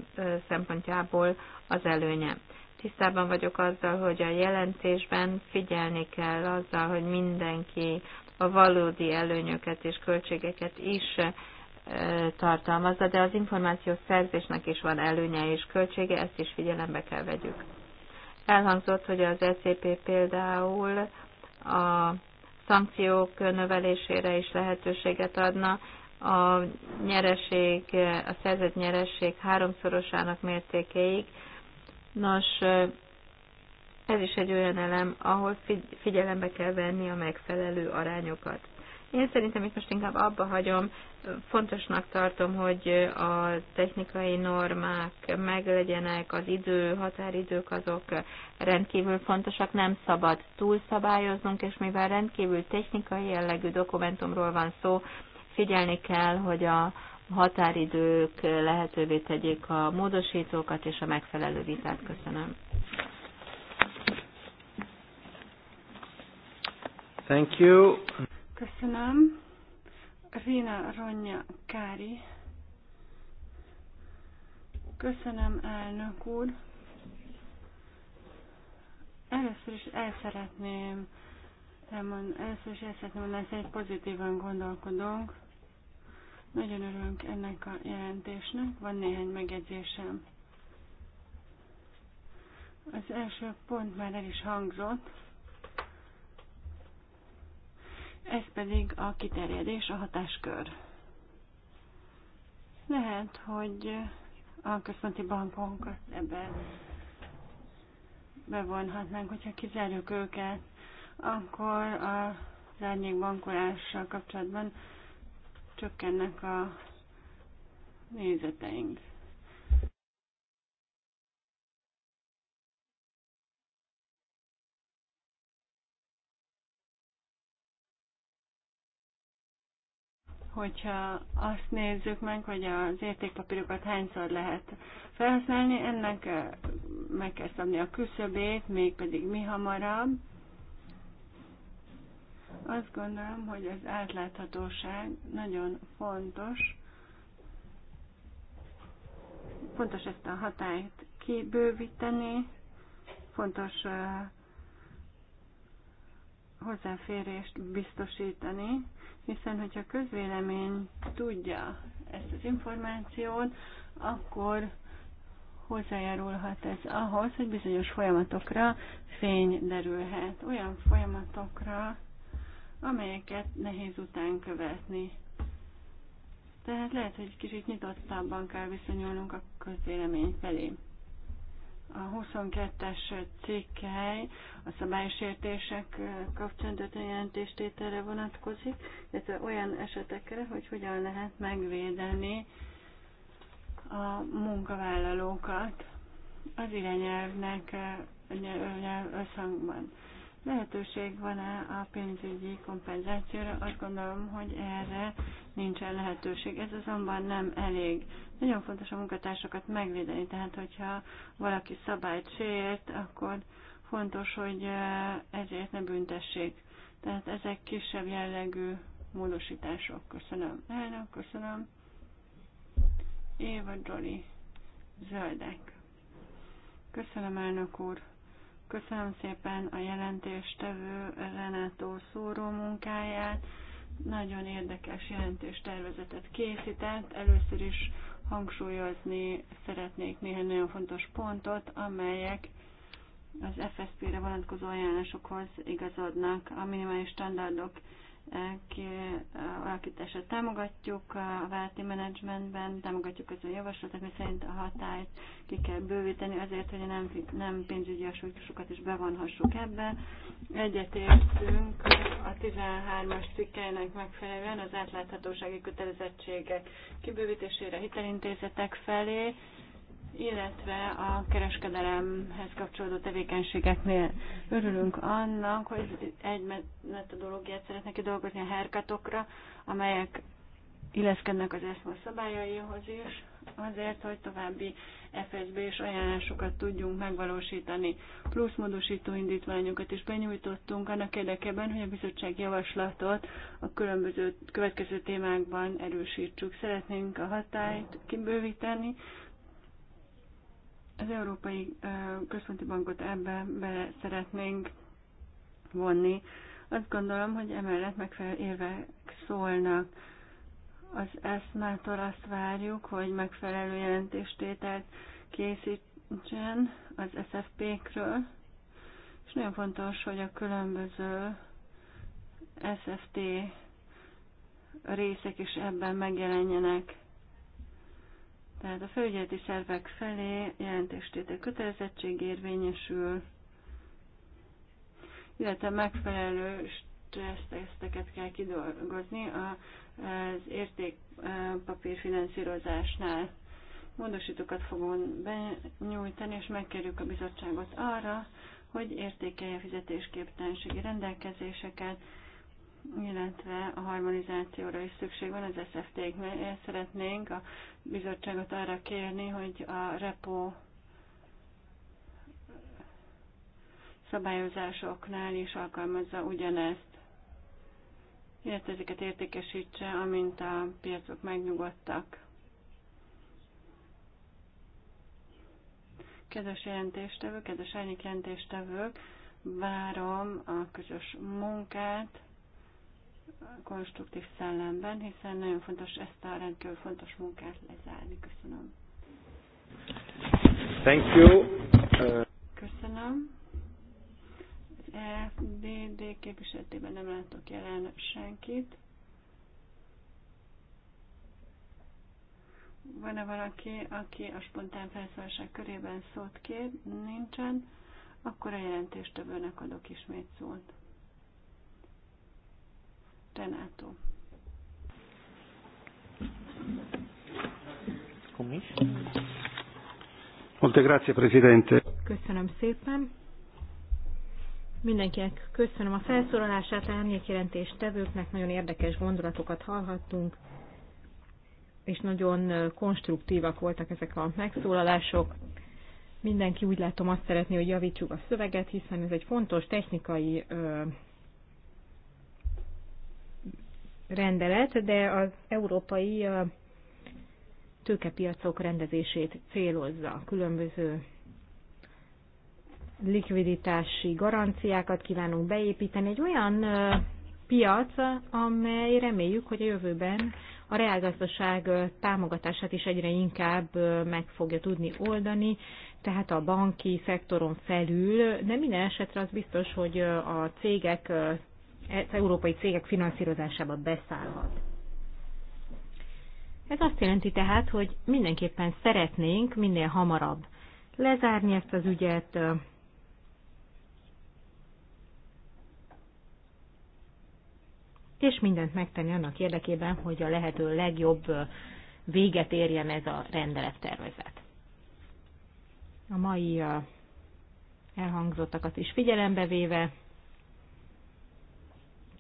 szempontjából az előnye. Tisztában vagyok azzal, hogy a jelentésben figyelni kell azzal, hogy mindenki a valódi előnyöket és költségeket is tartalmazza, de az információ szerzésnek is van előnye és költsége, ezt is figyelembe kell vegyük. Elhangzott, hogy az ECP például a szankciók növelésére is lehetőséget adna, a nyereség, a szerzett nyereség háromszorosának mértékéig. Nos, ez is egy olyan elem, ahol figyelembe kell venni a megfelelő arányokat. Én szerintem itt most inkább abba hagyom, fontosnak tartom, hogy a technikai normák meglegyenek, az idő, határidők azok rendkívül fontosak, nem szabad túlszabályoznunk, és mivel rendkívül technikai jellegű dokumentumról van szó, figyelni kell, hogy a határidők lehetővé tegyék a módosítókat és a megfelelő vitát. Köszönöm. Thank you. Köszönöm. Rina Ronja Kári. Köszönöm, elnök úr. Először is el szeretném elmond, először is el szeretném mondani, hogy pozitívan gondolkodunk. Nagyon örülünk ennek a jelentésnek. Van néhány megjegyzésem. Az első pont már el is hangzott. Ez pedig a kiterjedés, a hatáskör. Lehet, hogy a központi bankokat ebbe bevonhatnánk, hogyha kizárjuk őket, akkor a bankolással kapcsolatban csökkennek a nézeteink. hogyha azt nézzük meg, hogy az értékpapírokat hányszor lehet felhasználni, ennek eh, meg kell szabni a küszöbét, mégpedig mi hamarabb. Azt gondolom, hogy az átláthatóság nagyon fontos. Fontos ezt a hatályt kibővíteni, fontos eh, hozzáférést biztosítani hiszen hogyha a közvélemény tudja ezt az információt, akkor hozzájárulhat ez ahhoz, hogy bizonyos folyamatokra fény derülhet. Olyan folyamatokra, amelyeket nehéz után követni. Tehát lehet, hogy kicsit nyitottabban kell viszonyulnunk a közvélemény felé. A 22-es cikkely a szabálysértések kapcsán jelentéstételre vonatkozik, illetve olyan esetekre, hogy hogyan lehet megvédeni a munkavállalókat az irányelvnek összhangban. Lehetőség van-e a pénzügyi kompenzációra? Azt gondolom, hogy erre nincsen lehetőség. Ez azonban nem elég. Nagyon fontos a munkatársakat megvédeni, tehát hogyha valaki szabályt sért, akkor fontos, hogy ezért ne büntessék. Tehát ezek kisebb jellegű módosítások. Köszönöm. Elnök, köszönöm. Éva Jolly, zöldek. Köszönöm, elnök úr. Köszönöm szépen a jelentéstevő Renátó szóró munkáját. Nagyon érdekes jelentéstervezetet készített. Először is hangsúlyozni szeretnék néhány nagyon fontos pontot, amelyek az FSP-re vonatkozó ajánlásokhoz igazodnak. A minimális standardok alakítását támogatjuk a válti menedzsmentben, támogatjuk az a javaslatot, mi szerint a hatályt ki kell bővíteni azért, hogy nem, nem pénzügyi aspektusokat is bevonhassuk ebbe. Egyetértünk a 13-as cikkeinek megfelelően az átláthatósági kötelezettségek kibővítésére hitelintézetek felé, illetve a kereskedelemhez kapcsolódó tevékenységeknél örülünk annak, hogy egy metodológiát szeretnek kidolgozni a herkatokra, amelyek illeszkednek az ESMO szabályaihoz is, azért, hogy további FSB és ajánlásokat tudjunk megvalósítani. Plusz módosító indítványokat is benyújtottunk annak érdekében, hogy a bizottság javaslatot a különböző következő témákban erősítsük. Szeretnénk a hatályt kibővíteni, az Európai Központi Bankot ebbe be szeretnénk vonni. Azt gondolom, hogy emellett megfelelő érvek szólnak. Az eszmától azt várjuk, hogy megfelelő jelentéstételt készítsen az SFP-kről, és nagyon fontos, hogy a különböző SFT részek is ebben megjelenjenek. Tehát a felügyeleti szervek felé jelentéstéte kötelezettség érvényesül, illetve megfelelő stresszteszteket kell kidolgozni az finanszírozásnál. Módosítókat fogunk benyújtani, és megkerüljük a bizottságot arra, hogy értékelje fizetésképtelenségi rendelkezéseket, illetve a harmonizációra is szükség van az SFT-knél. Szeretnénk a bizottságot arra kérni, hogy a repo szabályozásoknál is alkalmazza ugyanezt, illetve ezeket értékesítse, amint a piacok megnyugodtak. Kedves jelentéstevők, kedves árnyék jelentéstevők, várom a közös munkát, konstruktív szellemben, hiszen nagyon fontos ezt a rendkívül fontos munkát lezárni. Köszönöm. Thank you. Köszönöm. Az EFDD képviseletében nem látok jelen senkit. Van-e valaki, aki a spontán felszólások körében szót kér? Nincsen. Akkor a többőnek adok ismét szót. Renato. Molte grazie, Presidente. Köszönöm szépen. Mindenkinek köszönöm a felszólalását, árnyékjelentés tevőknek, nagyon érdekes gondolatokat hallhattunk, és nagyon konstruktívak voltak ezek a megszólalások. Mindenki úgy látom azt szeretné, hogy javítsuk a szöveget, hiszen ez egy fontos technikai rendelet, de az európai tőkepiacok rendezését célozza. Különböző likviditási garanciákat kívánunk beépíteni. Egy olyan piac, amely reméljük, hogy a jövőben a reálgazdaság támogatását is egyre inkább meg fogja tudni oldani, tehát a banki szektoron felül, de minden esetre az biztos, hogy a cégek az európai cégek finanszírozásába beszállhat. Ez azt jelenti tehát, hogy mindenképpen szeretnénk minél hamarabb lezárni ezt az ügyet, és mindent megtenni annak érdekében, hogy a lehető legjobb véget érjen ez a rendelettervezet. A mai elhangzottakat is figyelembe véve,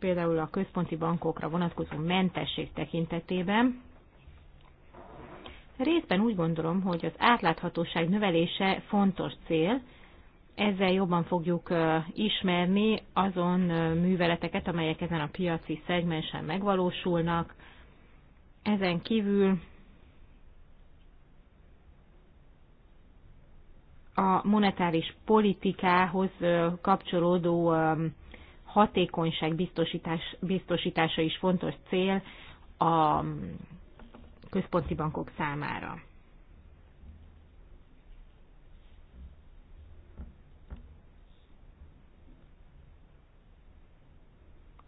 például a központi bankokra vonatkozó mentesség tekintetében. Részben úgy gondolom, hogy az átláthatóság növelése fontos cél, ezzel jobban fogjuk ismerni azon műveleteket, amelyek ezen a piaci szegmensen megvalósulnak. Ezen kívül a monetáris politikához kapcsolódó hatékonyság biztosítás, biztosítása is fontos cél a központi bankok számára.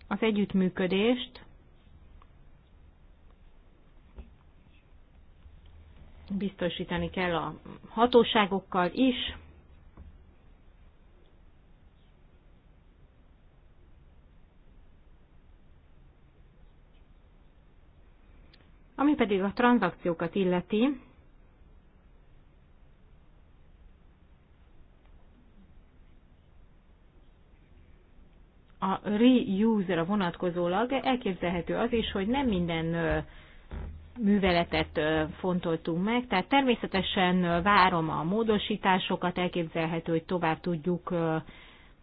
Az együttműködést biztosítani kell a hatóságokkal is, Ami pedig a tranzakciókat illeti, a reuse-ra vonatkozólag elképzelhető az is, hogy nem minden műveletet fontoltunk meg, tehát természetesen várom a módosításokat, elképzelhető, hogy tovább tudjuk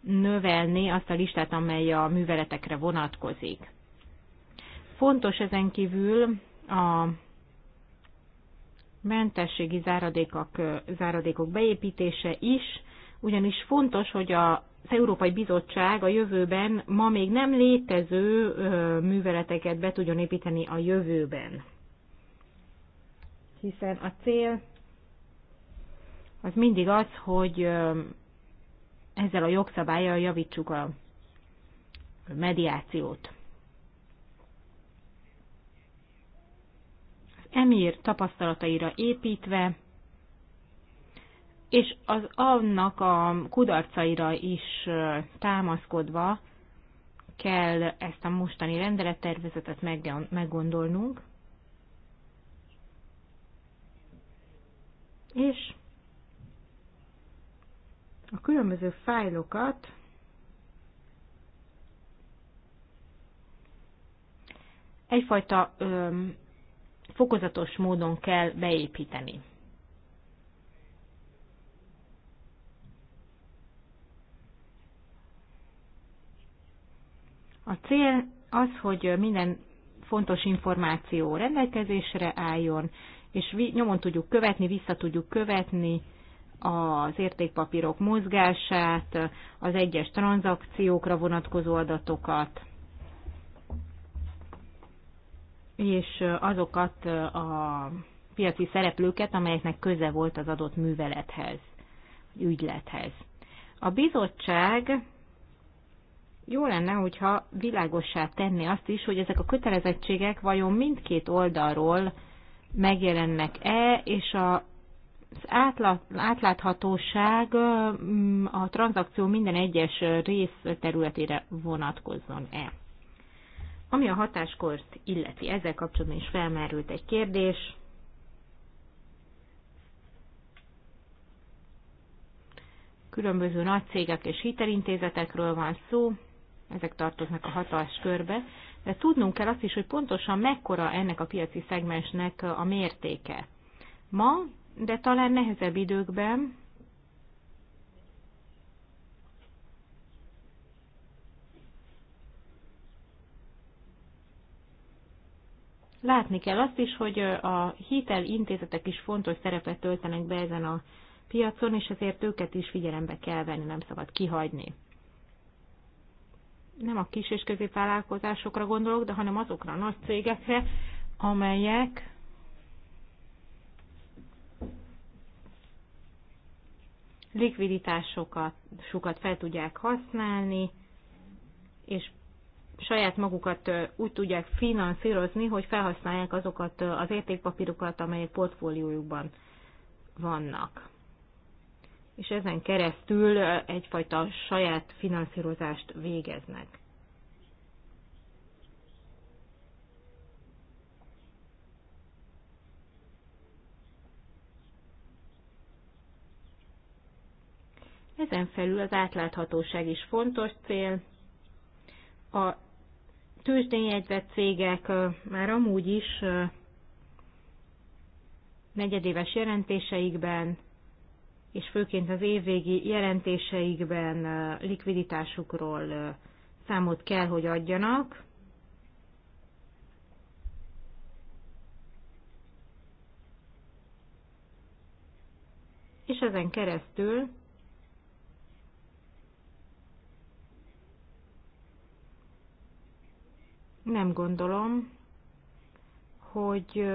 növelni azt a listát, amely a műveletekre vonatkozik. Fontos ezen kívül a mentességi záradékok, záradékok beépítése is, ugyanis fontos, hogy a az Európai Bizottság a jövőben ma még nem létező műveleteket be tudjon építeni a jövőben. Hiszen a cél az mindig az, hogy ezzel a jogszabályjal javítsuk a mediációt. emír tapasztalataira építve, és az annak a kudarcaira is támaszkodva kell ezt a mostani rendelettervezetet meggondolnunk. És a különböző fájlokat egyfajta fokozatos módon kell beépíteni. A cél az, hogy minden fontos információ rendelkezésre álljon, és nyomon tudjuk követni, vissza tudjuk követni az értékpapírok mozgását, az egyes tranzakciókra vonatkozó adatokat és azokat a piaci szereplőket, amelyeknek köze volt az adott művelethez, ügylethez. A bizottság jó lenne, hogyha világossá tenni azt is, hogy ezek a kötelezettségek vajon mindkét oldalról megjelennek-e, és a az átláthatóság a tranzakció minden egyes rész területére vonatkozzon-e. Ami a hatáskort illeti, ezzel kapcsolatban is felmerült egy kérdés. Különböző nagy cégek és hitelintézetekről van szó, ezek tartoznak a hatáskörbe, de tudnunk kell azt is, hogy pontosan mekkora ennek a piaci szegmensnek a mértéke. Ma, de talán nehezebb időkben Látni kell azt is, hogy a hitelintézetek is fontos szerepet töltenek be ezen a piacon, és ezért őket is figyelembe kell venni, nem szabad kihagyni. Nem a kis és középvállalkozásokra gondolok, de hanem azokra a nagy cégekre, amelyek likviditásokat sukat fel tudják használni, és saját magukat úgy tudják finanszírozni, hogy felhasználják azokat az értékpapírokat, amelyek portfóliójukban vannak. És ezen keresztül egyfajta saját finanszírozást végeznek. Ezen felül az átláthatóság is fontos cél. A tőzsdén jegyzett cégek már amúgy is negyedéves jelentéseikben, és főként az évvégi jelentéseikben likviditásukról számot kell, hogy adjanak. És ezen keresztül nem gondolom, hogy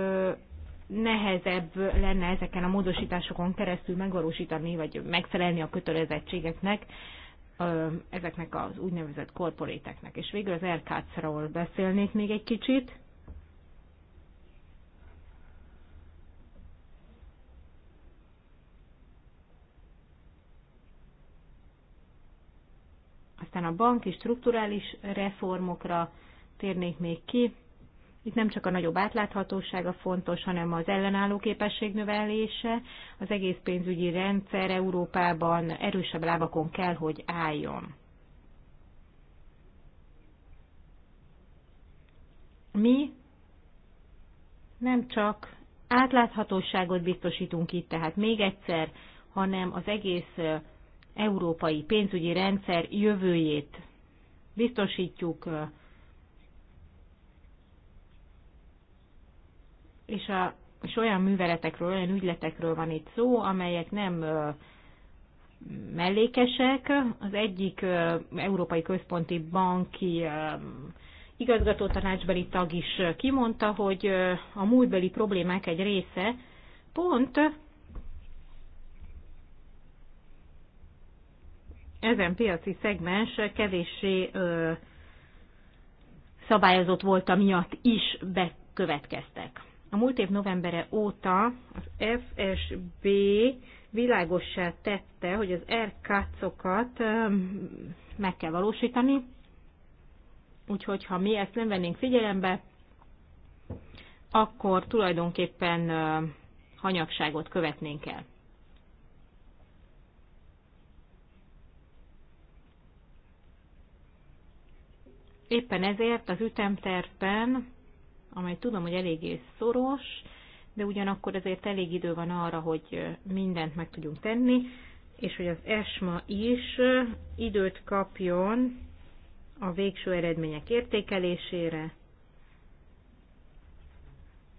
nehezebb lenne ezeken a módosításokon keresztül megvalósítani, vagy megfelelni a kötelezettségeknek, ezeknek az úgynevezett korporéteknek. És végül az RKC-ról beszélnék még egy kicsit. Aztán a banki strukturális reformokra térnék még ki. Itt nem csak a nagyobb átláthatósága fontos, hanem az ellenálló képesség növelése. Az egész pénzügyi rendszer Európában erősebb lábakon kell, hogy álljon. Mi nem csak átláthatóságot biztosítunk itt, tehát még egyszer, hanem az egész európai pénzügyi rendszer jövőjét biztosítjuk és, a, és olyan műveletekről, olyan ügyletekről van itt szó, amelyek nem mellékesek. Az egyik Európai Központi Banki igazgató tanácsbeli tag is kimondta, hogy a múltbeli problémák egy része pont ezen piaci szegmens kevéssé szabályozott volt, miatt is bekövetkeztek. A múlt év novembere óta az FSB világossá tette, hogy az erkácokat meg kell valósítani, úgyhogy ha mi ezt nem vennénk figyelembe, akkor tulajdonképpen hanyagságot követnénk el. Éppen ezért az ütemtervben amely tudom, hogy eléggé szoros, de ugyanakkor azért elég idő van arra, hogy mindent meg tudjunk tenni, és hogy az ESMA is időt kapjon a végső eredmények értékelésére,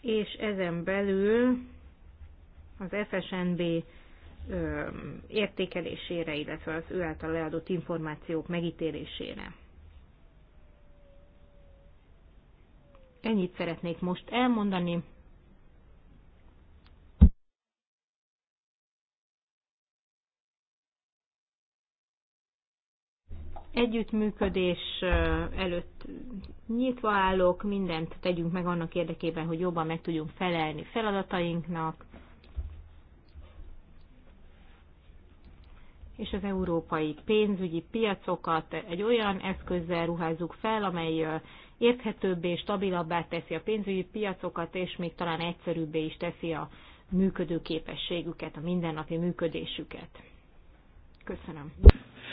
és ezen belül az FSNB értékelésére, illetve az ő által leadott információk megítélésére. Ennyit szeretnék most elmondani. Együttműködés előtt nyitva állok, mindent tegyünk meg annak érdekében, hogy jobban meg tudjunk felelni feladatainknak, és az európai pénzügyi piacokat egy olyan eszközzel ruházzuk fel, amely érthetőbbé, stabilabbá teszi a pénzügyi piacokat, és még talán egyszerűbbé is teszi a működő képességüket, a mindennapi működésüket. Köszönöm.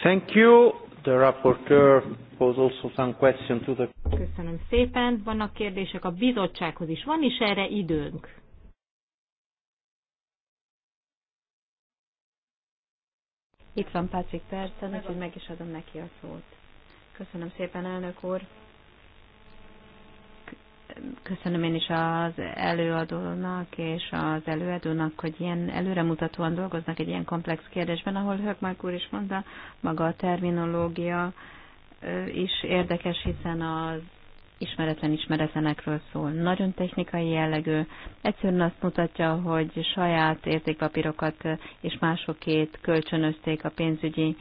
Thank you. The rapporteur posed also some question to the... Köszönöm szépen. Vannak kérdések a bizottsághoz is. Van is erre időnk? Itt van Pácik Percen, úgyhogy meg is adom neki a szót. Köszönöm szépen, elnök úr köszönöm én is az előadónak és az előadónak, hogy ilyen előremutatóan dolgoznak egy ilyen komplex kérdésben, ahol Hökmark úr is mondta, maga a terminológia is érdekes, hiszen az ismeretlen ismeretlenekről szól. Nagyon technikai jellegű. Egyszerűen azt mutatja, hogy saját értékpapírokat és másokét kölcsönözték a pénzügyi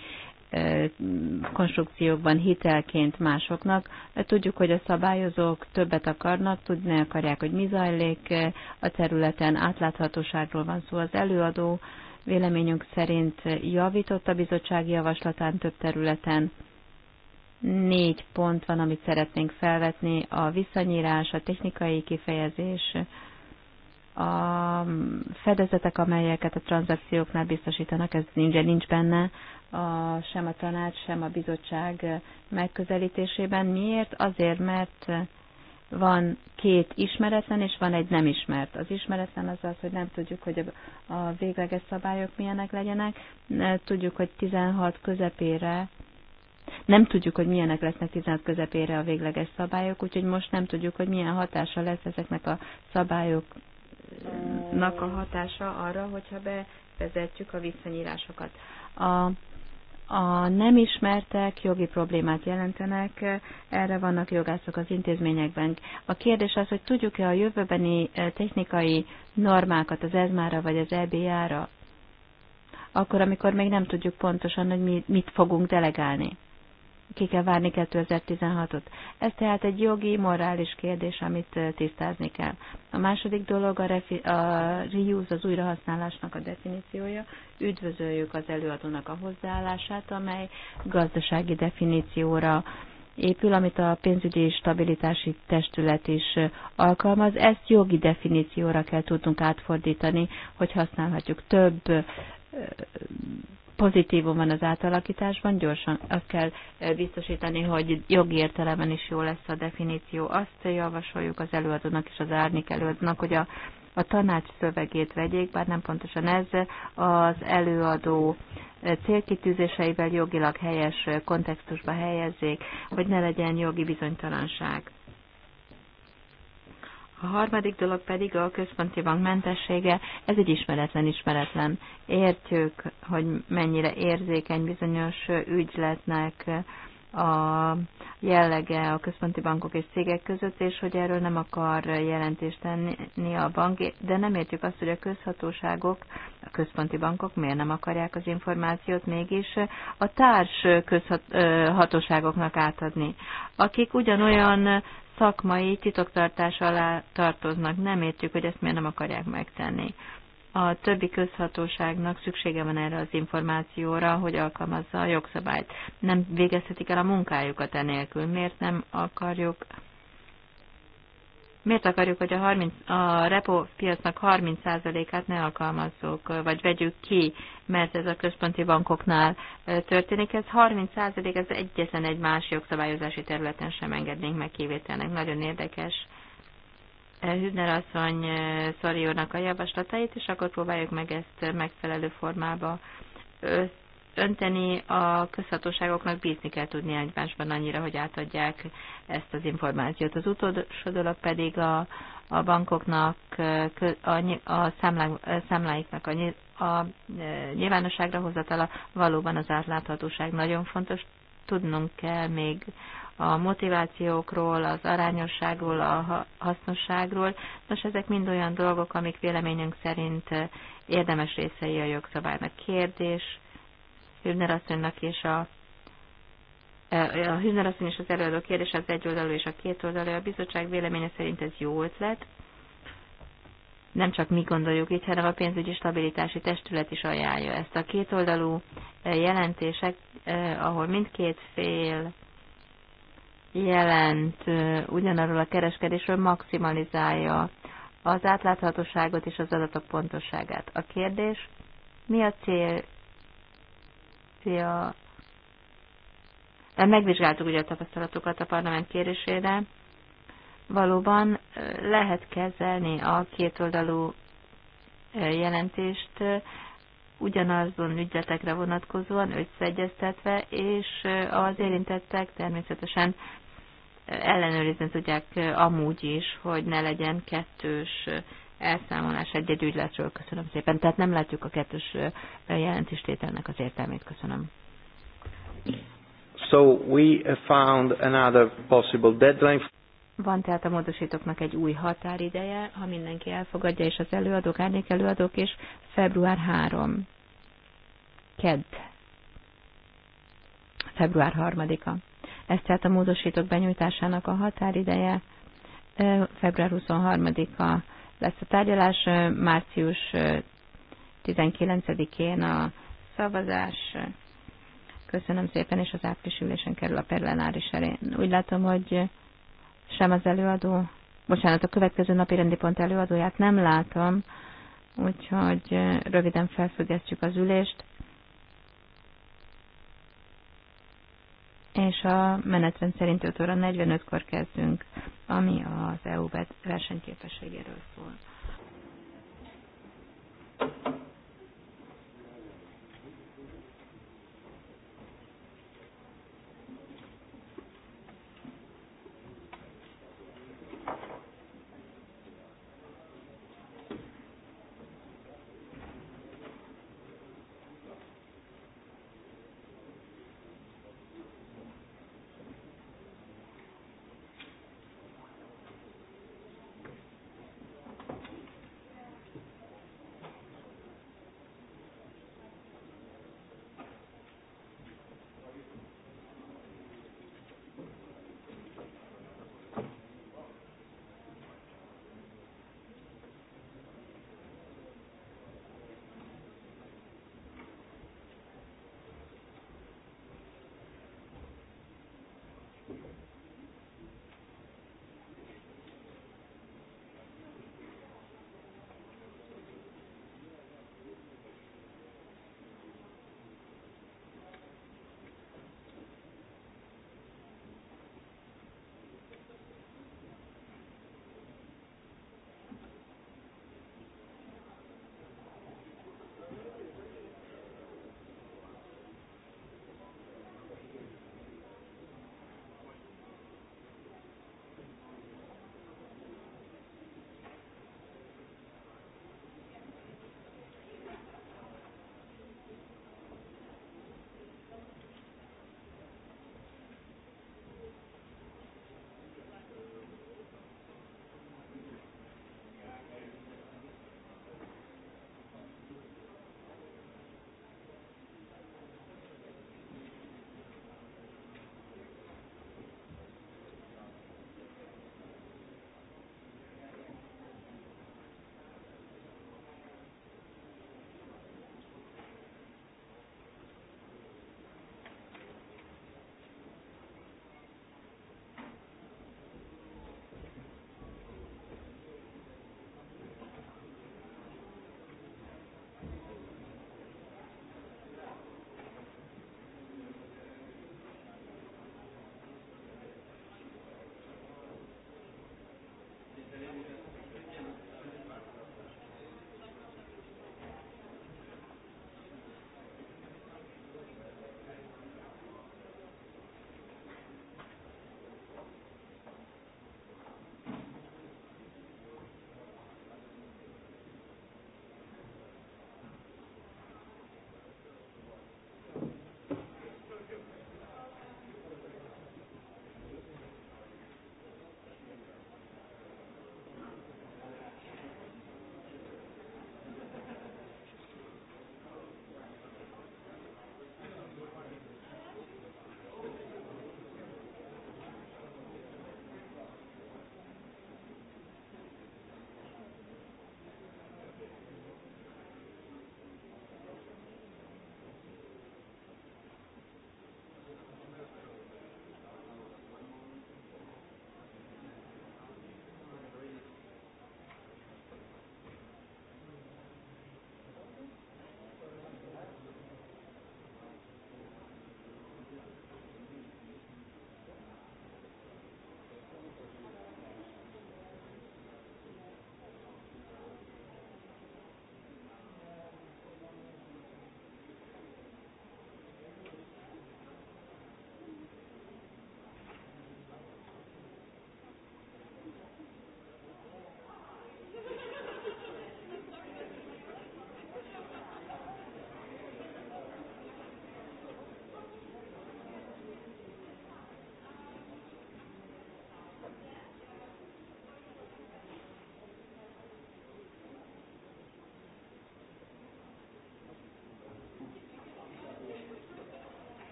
konstrukciókban hitelként másoknak. Tudjuk, hogy a szabályozók többet akarnak, tudni akarják, hogy mi zajlik a területen, átláthatóságról van szó. Az előadó véleményünk szerint javított a bizottsági javaslatán több területen. Négy pont van, amit szeretnénk felvetni, a visszanyírás, a technikai kifejezés, a fedezetek, amelyeket a tranzakcióknál biztosítanak, ez nincs, nincs benne, a, sem a tanács, sem a bizottság megközelítésében. Miért? Azért, mert van két ismeretlen, és van egy nem ismert. Az ismeretlen az az, hogy nem tudjuk, hogy a végleges szabályok milyenek legyenek. Tudjuk, hogy 16 közepére nem tudjuk, hogy milyenek lesznek 16 közepére a végleges szabályok, úgyhogy most nem tudjuk, hogy milyen hatása lesz ezeknek a szabályoknak a hatása arra, hogyha bevezetjük a visszanyírásokat. A a nem ismertek jogi problémát jelentenek, erre vannak jogászok az intézményekben. A kérdés az, hogy tudjuk-e a jövőbeni eh, technikai normákat az ezmára vagy az EBA-ra, akkor, amikor még nem tudjuk pontosan, hogy mit fogunk delegálni ki kell várni 2016-ot. Ez tehát egy jogi, morális kérdés, amit tisztázni kell. A második dolog a, refi- a reuse, az újrahasználásnak a definíciója. Üdvözöljük az előadónak a hozzáállását, amely gazdasági definícióra épül, amit a pénzügyi stabilitási testület is alkalmaz. Ezt jogi definícióra kell tudnunk átfordítani, hogy használhatjuk több pozitívum van az átalakításban, gyorsan azt kell e, biztosítani, hogy jogi értelemben is jó lesz a definíció. Azt javasoljuk az előadónak és az árnyék előadónak, hogy a, a tanács szövegét vegyék, bár nem pontosan ez, az előadó e, célkitűzéseivel jogilag helyes kontextusba helyezzék, hogy ne legyen jogi bizonytalanság. A harmadik dolog pedig a központi bank mentessége, ez egy ismeretlen ismeretlen. Értjük, hogy mennyire érzékeny bizonyos ügyletnek a jellege a központi bankok és cégek között, és hogy erről nem akar jelentést tenni a bank, de nem értjük azt, hogy a közhatóságok, a központi bankok miért nem akarják az információt mégis a társ közhatóságoknak átadni, akik ugyanolyan szakmai titoktartás alá tartoznak. Nem értjük, hogy ezt miért nem akarják megtenni. A többi közhatóságnak szüksége van erre az információra, hogy alkalmazza a jogszabályt. Nem végezhetik el a munkájukat enélkül. Miért nem akarjuk Miért akarjuk, hogy a, 30, a repo piacnak 30%-át ne alkalmazzuk, vagy vegyük ki, mert ez a központi bankoknál történik. Ez 30% ez egyetlen egy más jogszabályozási területen sem engednénk meg kivételnek. Nagyon érdekes Hübner asszony Szoriónak a javaslatait, és akkor próbáljuk meg ezt megfelelő formába önteni, a közhatóságoknak bízni kell tudni egymásban annyira, hogy átadják ezt az információt. Az utolsó dolog pedig a, a bankoknak, a, a számlá, számláiknak a, a e, nyilvánosságra hozatala valóban az átláthatóság nagyon fontos. Tudnunk kell még a motivációkról, az arányosságról, a hasznosságról. Nos, ezek mind olyan dolgok, amik véleményünk szerint érdemes részei a jogszabálynak. Kérdés, Hübner asszonynak és a e, a Hübner asszony és az előadó kérdés az egy oldalú és a kétoldalú. A bizottság véleménye szerint ez jó ötlet. Nem csak mi gondoljuk így, hanem a pénzügyi stabilitási testület is ajánlja ezt. A kétoldalú e, jelentések, e, ahol mindkét fél jelent ugyanarról a kereskedésről, maximalizálja az átláthatóságot és az adatok pontosságát. A kérdés, mi a cél francia megvizsgáltuk ugye a tapasztalatokat a parlament kérésére, valóban lehet kezelni a kétoldalú jelentést ugyanazon ügyletekre vonatkozóan összeegyeztetve, és az érintettek természetesen ellenőrizni tudják amúgy is, hogy ne legyen kettős elszámolás egy-egy ügyletről. Köszönöm szépen. Tehát nem látjuk a kettős jelentéstételnek az értelmét. Köszönöm. So we found another possible deadline. Van tehát a módosítóknak egy új határideje, ha mindenki elfogadja, és az előadók, árnyék előadók is, február 3. Kedd. Február 3-a. Ez tehát a módosítók benyújtásának a határideje, február 23-a lesz a tárgyalás. Március 19-én a szavazás. Köszönöm szépen, és az április ülésen kerül a perlenári serén. Úgy látom, hogy sem az előadó, bocsánat, a következő napi rendi pont előadóját nem látom, úgyhogy röviden felfüggesztjük az ülést. és a menetrend szerint 5 óra 45-kor kezdünk, ami az EU versenyképességéről szól. Thank you.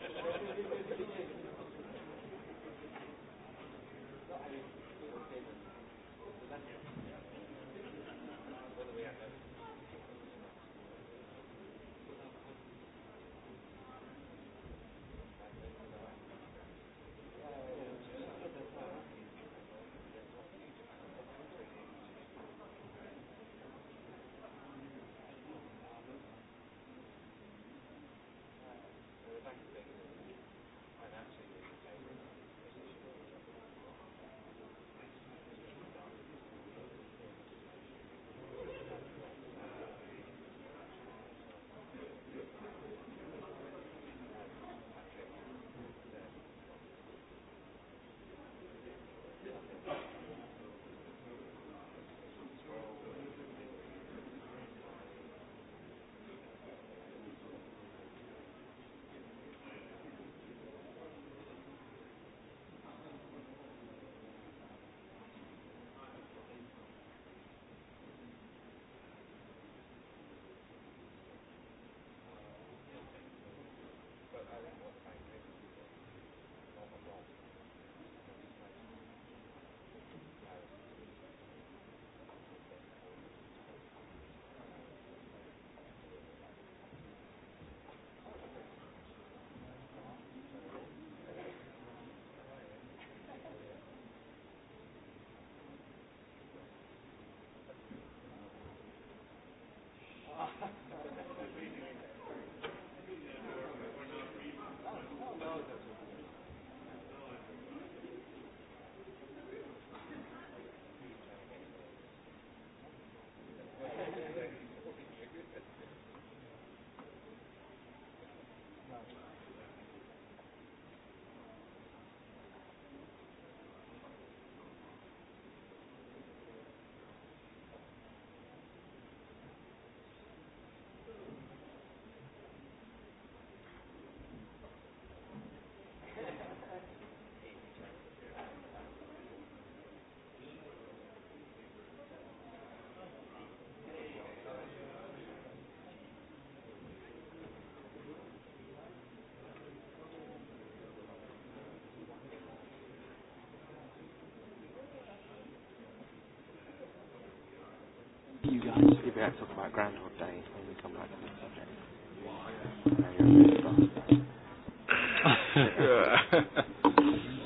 Thank you. you guys. You'll be able to talk about Groundhog Day when we come back to this subject.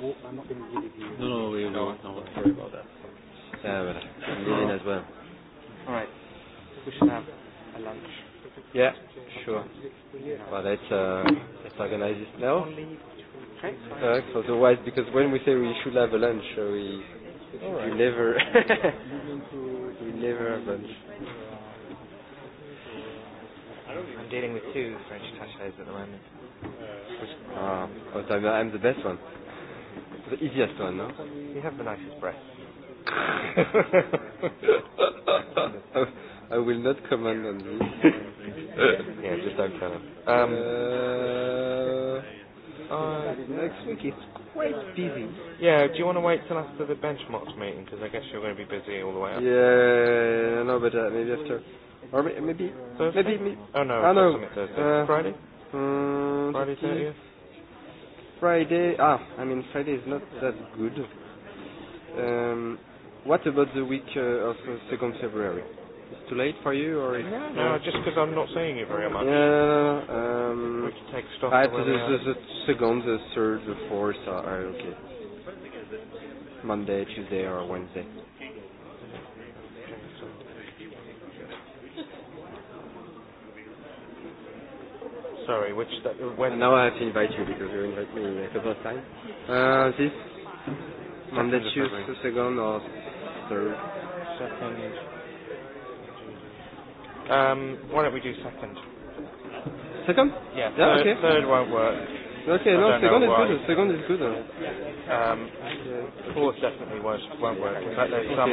I'm not going to give you. No, no, we don't. no, don't worry about that. Yeah, but I'm leaving as well. All right. We should have a lunch. Yeah, sure. Well, let's, uh, let's organize this now. Okay. Uh, otherwise, because when we say we should have a lunch, uh, we, right. we never. *laughs* liver and I'm dealing with two French attachés at the moment. uh, ah, I'm, I'm the best one. The easiest one, no? You have the nicest breath. *laughs* I will not comment on this. yeah, just don't tell him. Um, uh, uh next week it's Wait. Yeah, do you want to wait till after the benchmarks meeting? Because I guess you're going to be busy all the way up. Yeah, I know but uh, Maybe after. Or maybe. Thursday? Maybe. maybe oh, no. I know. Thursday. Uh, Friday? Um, Friday 30th? Friday. Ah, I mean, Friday is not that good. Um, what about the week uh, of 2nd uh, February? too late for you, or? Is, no, no, just because I'm not saying it very much. Yeah, um, we can take stock. I, have there's a second, the uh, uh, uh, third, the fourth. Uh, okay. Monday, Tuesday, or Wednesday. Sorry, which that, when? Now I have to invite you because you invite me a couple of times. Uh, this Monday, Tuesday, second or third. Second. Um, why don't we do second? Second? Yeah. yeah third, okay. Third won't work. Okay, I no, second is good. Second is good. Um, yeah. fourth definitely won't, won't work. In fact, there's okay. some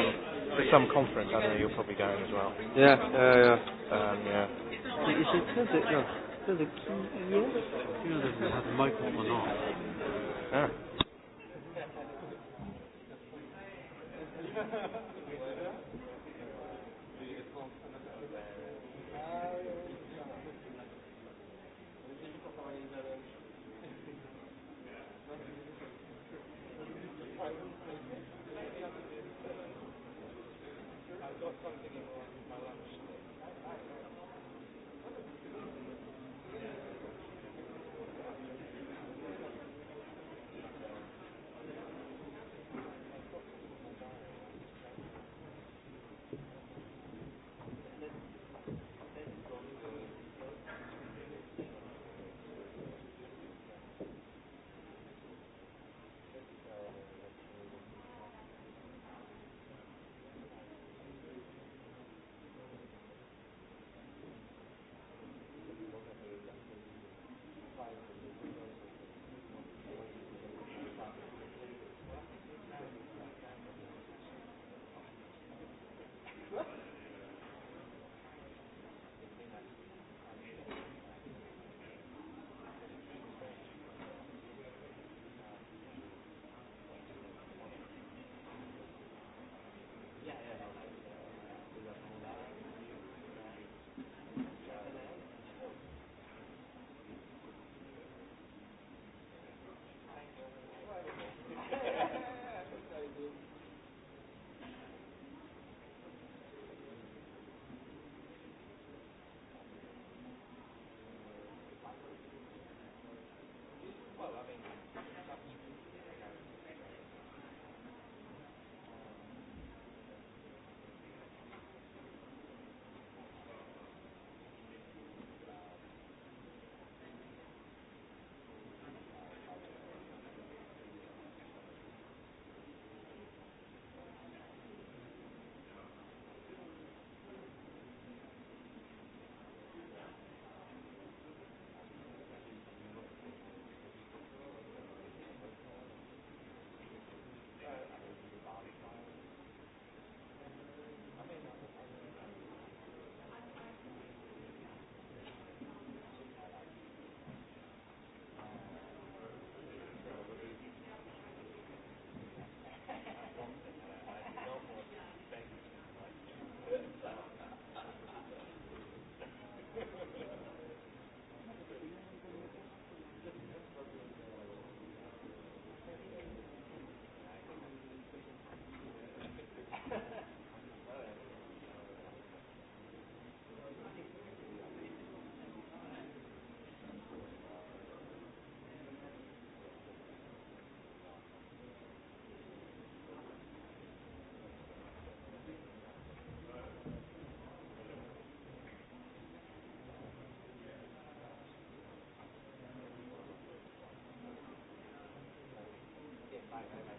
there's some conference. I know you're probably going as well. Yeah. Yeah. Yeah. Um, yeah. Is it third? No. Third the key here. You know, they have the microphone on Yeah. Bye, bye, bye.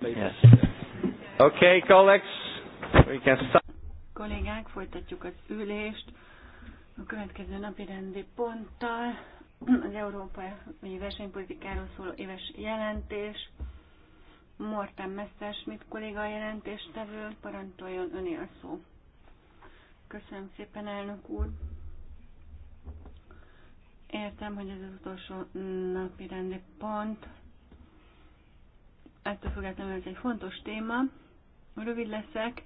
Yes. Okay, colleagues, we can start. Kollégák, folytatjuk az ülést. A következő napi rendi ponttal az Európai Versenypolitikáról szóló éves jelentés. Morten Messerschmidt kolléga a jelentéstevő, parancsoljon öné a szó. Köszönöm szépen, elnök úr. Értem, hogy ez az utolsó napi rendi pont, ettől függetlenül ez egy fontos téma. Rövid leszek,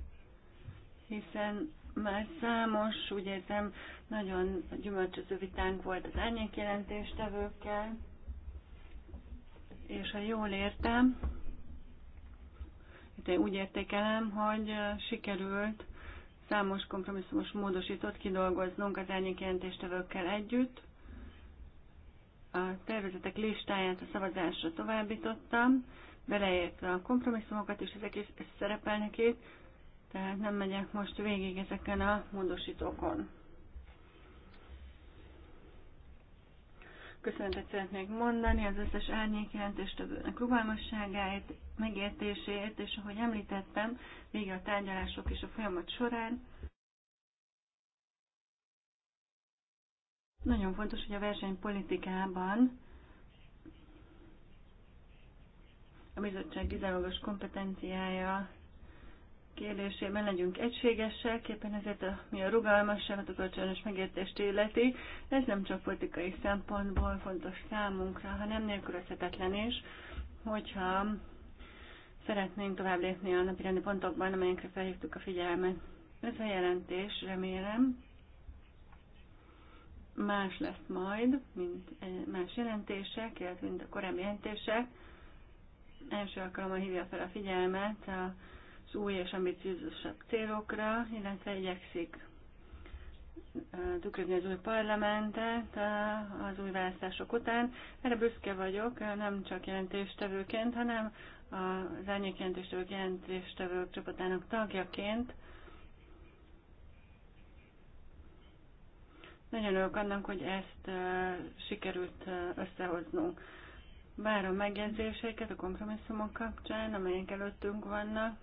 hiszen már számos, úgy érzem, nagyon gyümölcsöző vitánk volt az árnyékjelentéstevőkkel, és ha jól értem, itt én úgy értékelem, hogy sikerült számos kompromisszumos módosított kidolgoznunk az árnyékjelentéstevőkkel együtt. A tervezetek listáját a szavazásra továbbítottam, beleértve a kompromisszumokat, és ezek is szerepelnek itt, tehát nem megyek most végig ezeken a módosítókon. Köszönetet szeretnék mondani az összes árnyék jelentéstevőnek rugalmasságáért, megértéséért, és ahogy említettem, végig a tárgyalások és a folyamat során. Nagyon fontos, hogy a versenypolitikában bizottság kizárólagos kompetenciája kérdésében legyünk egységesek, éppen ezért a, mi a rugalmasság, a kölcsönös megértést illeti. Ez nem csak politikai szempontból fontos számunkra, hanem nélkülözhetetlen is, hogyha szeretnénk tovább lépni a rendi pontokban, amelyekre felhívtuk a figyelmet. Ez a jelentés, remélem, más lesz majd, mint eh, más jelentések, illetve mint a korábbi jelentések első alkalommal hívja fel a figyelmet az új és ambiciózusabb célokra, illetve igyekszik tükrözni az új parlamentet az új választások után. Erre büszke vagyok, nem csak jelentéstevőként, hanem az árnyék jelentéstevők, jelentéstevők csapatának tagjaként. Nagyon örülök annak, hogy ezt sikerült összehoznunk. Bár a megjegyzéseiket a kompromisszumok kapcsán, amelyek előttünk vannak,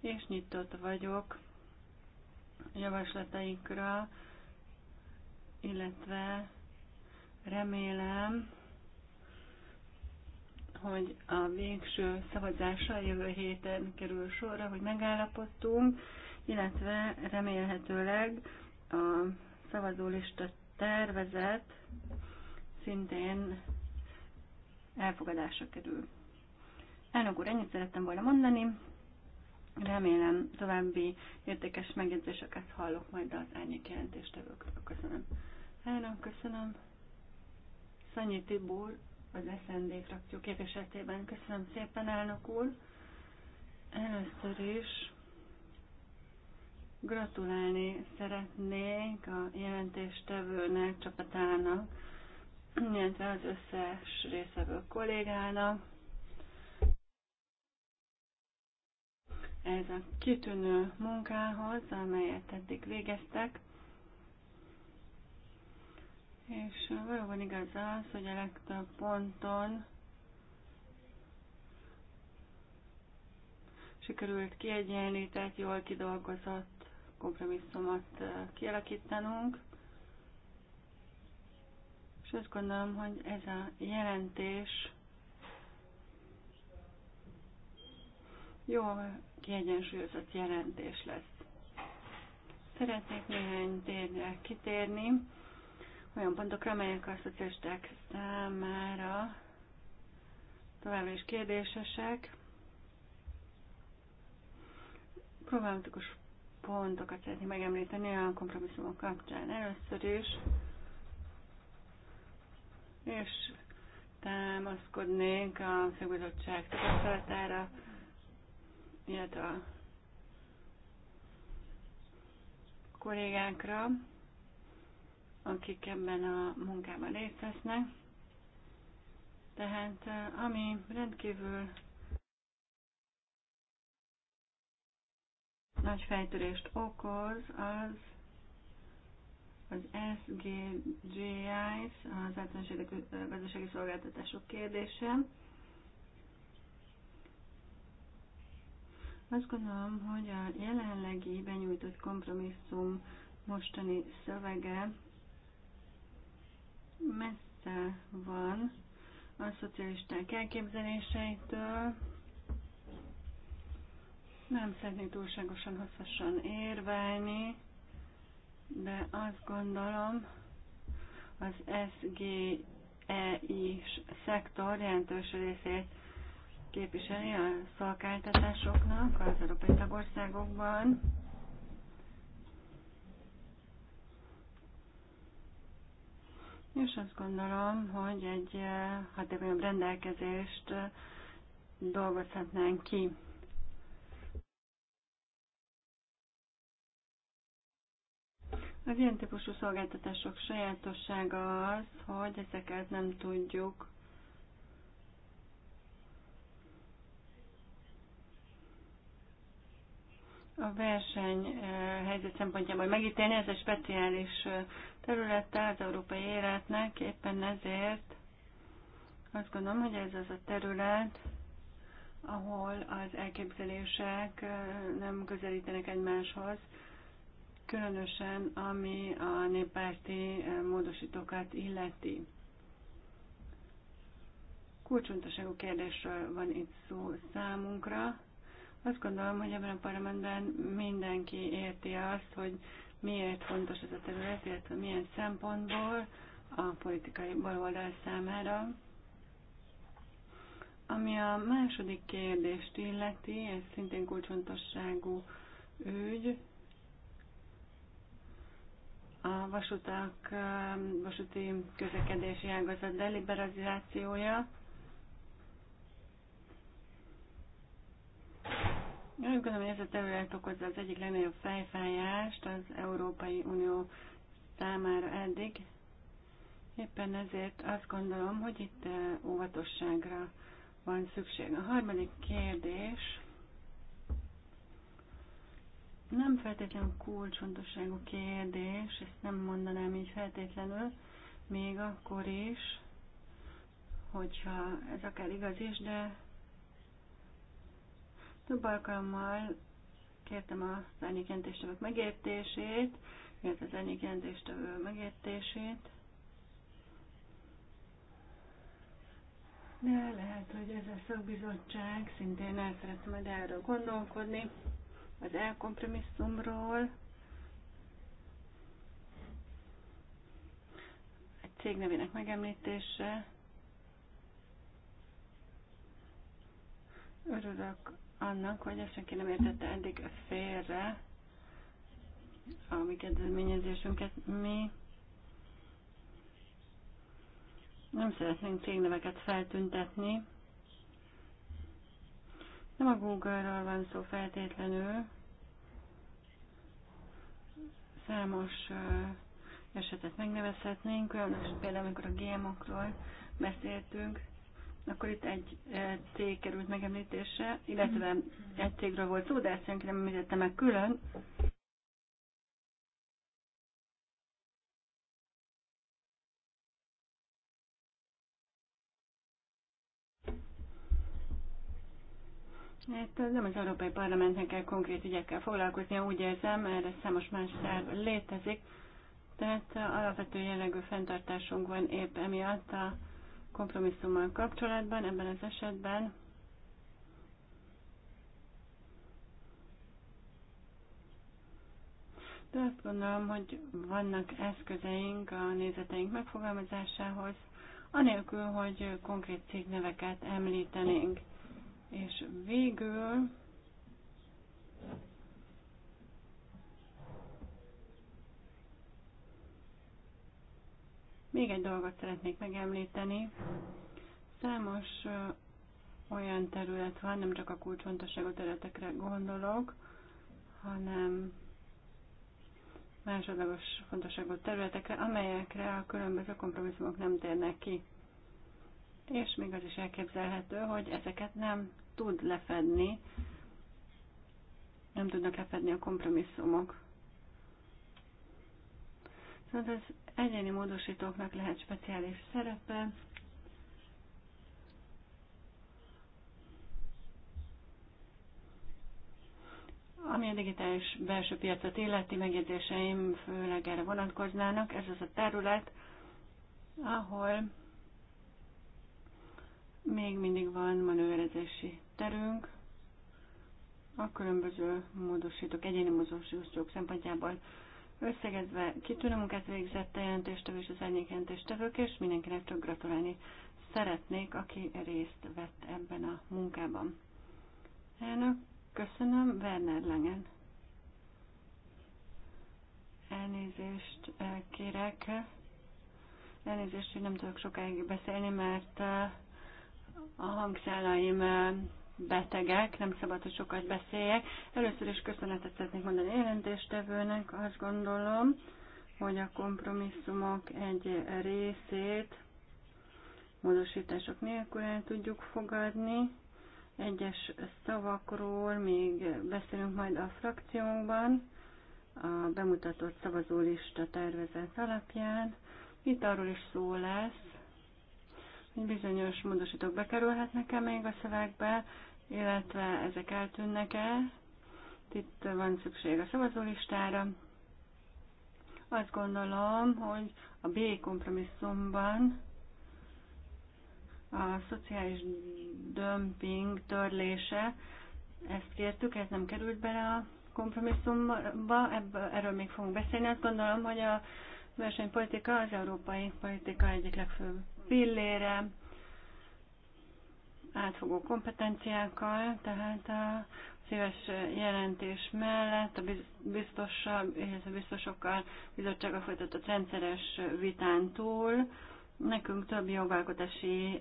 és nyitott vagyok javaslataikra, illetve remélem, hogy a végső szavazással jövő héten kerül sorra, hogy megállapodtunk, illetve remélhetőleg a szavazólista tervezet szintén elfogadásra kerül. Elnök úr, ennyit szerettem volna mondani. Remélem további értékes megjegyzéseket hallok majd az árnyék jelentéstevőkről. Köszönöm. Elnök, köszönöm. Szanyi Tibor, az SND frakció képviseletében. Köszönöm szépen, elnök úr. Először is gratulálni szeretnék a jelentéstevőnek, csapatának illetve az összes részevő kollégának. Ez a kitűnő munkához, amelyet eddig végeztek, és valóban igaz az, hogy a legtöbb ponton sikerült kiegyenlített, jól kidolgozott kompromisszumot eh, kialakítanunk. És azt gondolom, hogy ez a jelentés jó kiegyensúlyozott jelentés lesz. Szeretnék néhány térre kitérni, olyan pontokra, amelyek a szocialisták számára továbbra is kérdésesek. Problematikus pontokat szeretnék megemlíteni a kompromisszumok kapcsán. Először is és támaszkodnénk a szakbizottság tapasztalatára, illetve a kollégánkra, akik ebben a munkában részt vesznek. Tehát eh, ami rendkívül nagy fejtörést okoz, az az SGGIs, az általános gazdasági szolgáltatások kérdése. Azt gondolom, hogy a jelenlegi benyújtott kompromisszum mostani szövege messze van a szocialisták elképzeléseitől. Nem szeretnék túlságosan hosszasan érvelni, de azt gondolom, az SGEI szektor jelentős részét képviseli a szolgáltatásoknak az európai tagországokban. És azt gondolom, hogy egy eh, hatékonyabb rendelkezést eh, dolgozhatnánk ki. Az ilyen típusú szolgáltatások sajátossága az, hogy ezeket nem tudjuk a verseny eh, helyzet szempontjából megítélni, ez egy speciális eh, területe az európai életnek, éppen ezért azt gondolom, hogy ez az a terület, ahol az elképzelések eh, nem közelítenek egymáshoz, különösen ami a néppárti eh, módosítókat illeti. Kulcsontosságú kérdésről van itt szó számunkra. Azt gondolom, hogy ebben a parlamentben mindenki érti azt, hogy miért fontos ez a terület, illetve milyen szempontból a politikai baloldal számára. Ami a második kérdést illeti, ez szintén kulcsontosságú ügy, a vasutak, um, vasúti közlekedési ágazat deliberalizációja. Én úgy gondolom, hogy ez a terület okozza az egyik legnagyobb fejfájást az Európai Unió számára eddig. Éppen ezért azt gondolom, hogy itt uh, óvatosságra van szükség. A harmadik kérdés nem feltétlenül kulcsfontosságú kérdés, ezt nem mondanám így feltétlenül, még akkor is, hogyha ez akár igaz is, de több alkalommal kértem a árnyékjelentéstevők megértését, illetve az árnyékjelentéstevő megértését, de lehet, hogy ez a szakbizottság szintén el szeretne majd erről gondolkodni az elkompromisszumról, egy cég nevének megemlítése. Örülök annak, hogy ezt senki nem értette eddig félre a mi kedvezményezésünket. Mi nem szeretnénk cégneveket feltüntetni, nem a google ről van szó feltétlenül. Számos esetet megnevezhetnénk, különösen például, amikor a gmo beszéltünk, akkor itt egy cég került megemlítésre, illetve egy cégről volt szó, de ezt senki nem említette meg külön. Hát nem az Európai Parlamentnek kell konkrét ügyekkel foglalkoznia, úgy érzem, erre számos más szerv létezik. Tehát alapvető jellegű fenntartásunk van épp emiatt a kompromisszummal kapcsolatban, ebben az esetben. De azt gondolom, hogy vannak eszközeink a nézeteink megfogalmazásához, anélkül, hogy konkrét cégneveket említenénk. És végül még egy dolgot szeretnék megemlíteni. Számos olyan terület van, nem csak a kulcsfontosságú területekre gondolok, hanem másodlagos fontosságú területekre, amelyekre a különböző kompromisszumok nem térnek ki. És még az is elképzelhető, hogy ezeket nem tud lefedni, nem tudnak lefedni a kompromisszumok. Szóval az egyéni módosítóknak lehet speciális szerepe, Ami a digitális belső piacot illeti megjegyzéseim főleg erre vonatkoznának, ez az a terület, ahol még mindig van manőverezési terünk, a különböző módosítók, egyéni módosítók szempontjából összegezve kitűnő munkát végzett a jelentéstevő és az árnyék és mindenkinek csak gratulálni szeretnék, aki részt vett ebben a munkában. Elnök, köszönöm, Werner Langen. Elnézést eh, kérek. Elnézést, hogy nem tudok sokáig beszélni, mert eh, a hangszálaim eh, betegek, nem szabad, hogy sokat beszéljek. Először is köszönetet szeretnék mondani a jelentéstevőnek, azt gondolom, hogy a kompromisszumok egy részét módosítások nélkül el tudjuk fogadni. Egyes szavakról még beszélünk majd a frakciónkban, a bemutatott szavazólista tervezet alapján. Itt arról is szó lesz, Bizonyos módosítók bekerülhetnek-e még a szövegbe, illetve ezek eltűnnek-e. Itt van szükség a szavazólistára. Azt gondolom, hogy a B kompromisszumban a szociális dömping törlése, ezt kértük, ez nem került bele a kompromisszumba, ebből, erről még fogunk beszélni. Azt gondolom, hogy a versenypolitika az európai politika egyik legfőbb pillére, átfogó kompetenciákkal, tehát a szíves jelentés mellett a biztosabb a biztosokkal, bizottsága folytatott rendszeres vitán túl nekünk több jogalkotási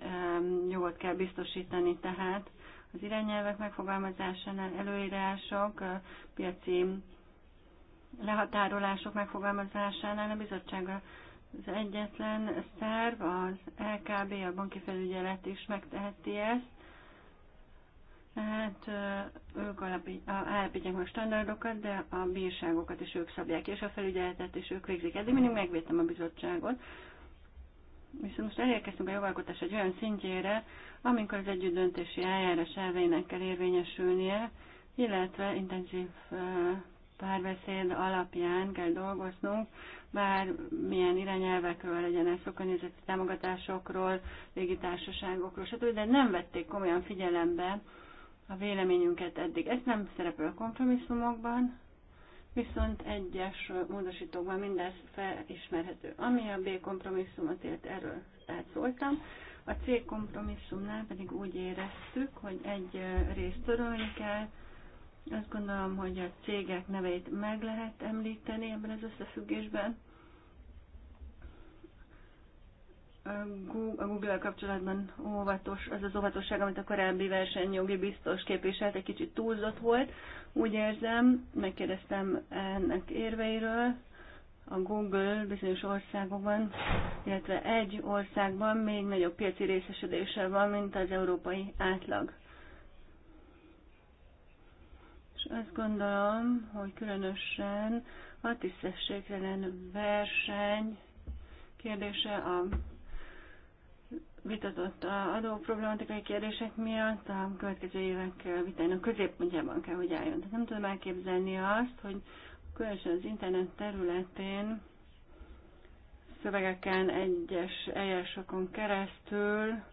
jogot kell biztosítani, tehát az irányelvek megfogalmazásánál előírások, piaci lehatárolások megfogalmazásánál a bizottsága az egyetlen szerv, az LKB, a banki felügyelet is megteheti ezt. Tehát ők állapítják meg standardokat, de a bírságokat is ők szabják, és a felügyeletet is ők végzik. Eddig mindig megvédtem a bizottságot. Viszont most elérkeztünk a jogalkotás egy olyan szintjére, amikor az döntési eljárás elveinek kell érvényesülnie, illetve intenzív párbeszéd alapján kell dolgoznunk bármilyen irányelvekről legyen ez, környezeti támogatásokról, légitársaságokról, stb., de nem vették komolyan figyelembe a véleményünket eddig. Ez nem szerepel a kompromisszumokban, viszont egyes módosítókban mindez felismerhető. Ami a B kompromisszumot élt, erről szóltam. A C kompromisszumnál pedig úgy éreztük, hogy egy részt törölni kell, azt gondolom, hogy a cégek neveit meg lehet említeni ebben az összefüggésben. A Google-el kapcsolatban óvatos, az az óvatosság, amit a korábbi versenyjogi biztos képviselt, egy kicsit túlzott volt. Úgy érzem, megkérdeztem ennek érveiről, a Google bizonyos országokban, illetve egy országban még nagyobb piaci részesedése van, mint az európai átlag azt gondolom, hogy különösen a tisztességtelen verseny kérdése a vitatott adó problematikai kérdések miatt a következő évek vitáinak középpontjában kell, hogy álljon. Tehát nem tudom elképzelni azt, hogy különösen az internet területén szövegeken, egyes eljárásokon keresztül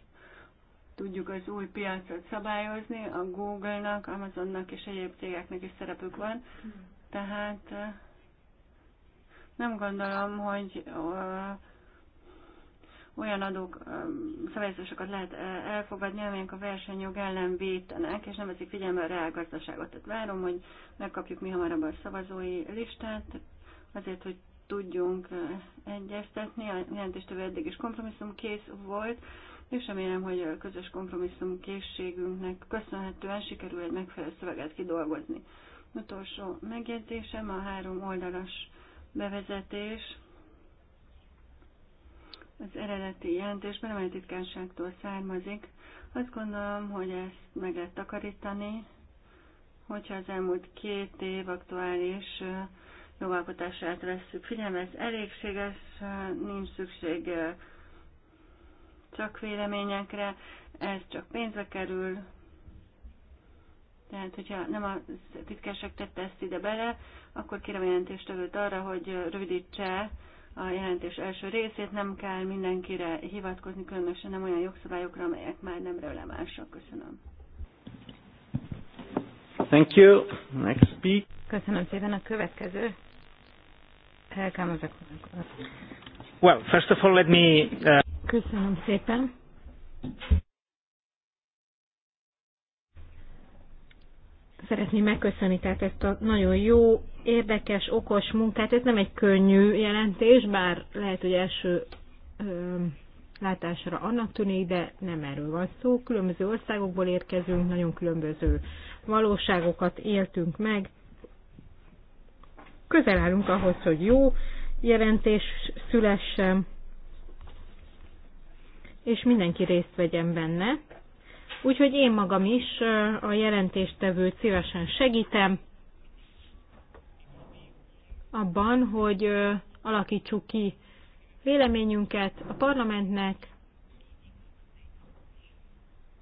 tudjuk az új piacot szabályozni, a Google-nak, Amazonnak és egyéb cégeknek is szerepük van. Tehát nem gondolom, hogy olyan adók, szabályozásokat lehet elfogadni, amelyek a versenyjog ellen vétenek, és nem veszik figyelembe a reálgazdaságot. Tehát várom, hogy megkapjuk mi hamarabb a szavazói listát, azért, hogy tudjunk egyeztetni. A jelentéstevő eddig is kompromisszum kész volt, és remélem, hogy a közös kompromisszum készségünknek köszönhetően sikerül egy megfelelő szöveget kidolgozni. Utolsó megjegyzésem a három oldalas bevezetés. Az eredeti jelentésben, amely a titkárságtól származik, azt gondolom, hogy ezt meg lehet takarítani, hogyha az elmúlt két év aktuális jogalkotását veszük figyelembe, ez elégséges, nincs szükség szakvéleményekre, ez csak pénzbe kerül, tehát, hogyha nem a titkárság tette ezt ide bele, akkor kérem a jelentéstevőt arra, hogy rövidítse a jelentés első részét, nem kell mindenkire hivatkozni, különösen nem olyan jogszabályokra, amelyek már nem relevánsak. Köszönöm. Thank you. Next speak. Köszönöm szépen a következő. Well, first of all, let me... Uh... Köszönöm szépen. Szeretném megköszönni tehát ezt a nagyon jó, érdekes, okos munkát. Ez nem egy könnyű jelentés, bár lehet, hogy első ö, látásra annak tűnik, de nem erről van szó. Különböző országokból érkezünk, nagyon különböző valóságokat éltünk meg. Közel állunk ahhoz, hogy jó jelentés szülessen és mindenki részt vegyen benne. Úgyhogy én magam is a jelentéstevőt szívesen segítem abban, hogy alakítsuk ki véleményünket a parlamentnek.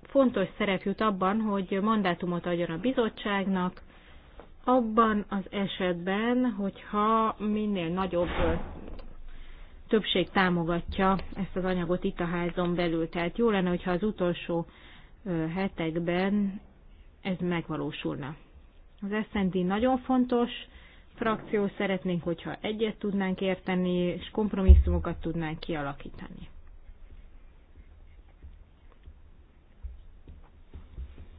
Fontos szerep jut abban, hogy mandátumot adjon a bizottságnak, abban az esetben, hogyha minél nagyobb többség támogatja ezt az anyagot itt a házon belül. Tehát jó lenne, hogyha az utolsó hetekben ez megvalósulna. Az SND nagyon fontos frakció, szeretnénk, hogyha egyet tudnánk érteni, és kompromisszumokat tudnánk kialakítani.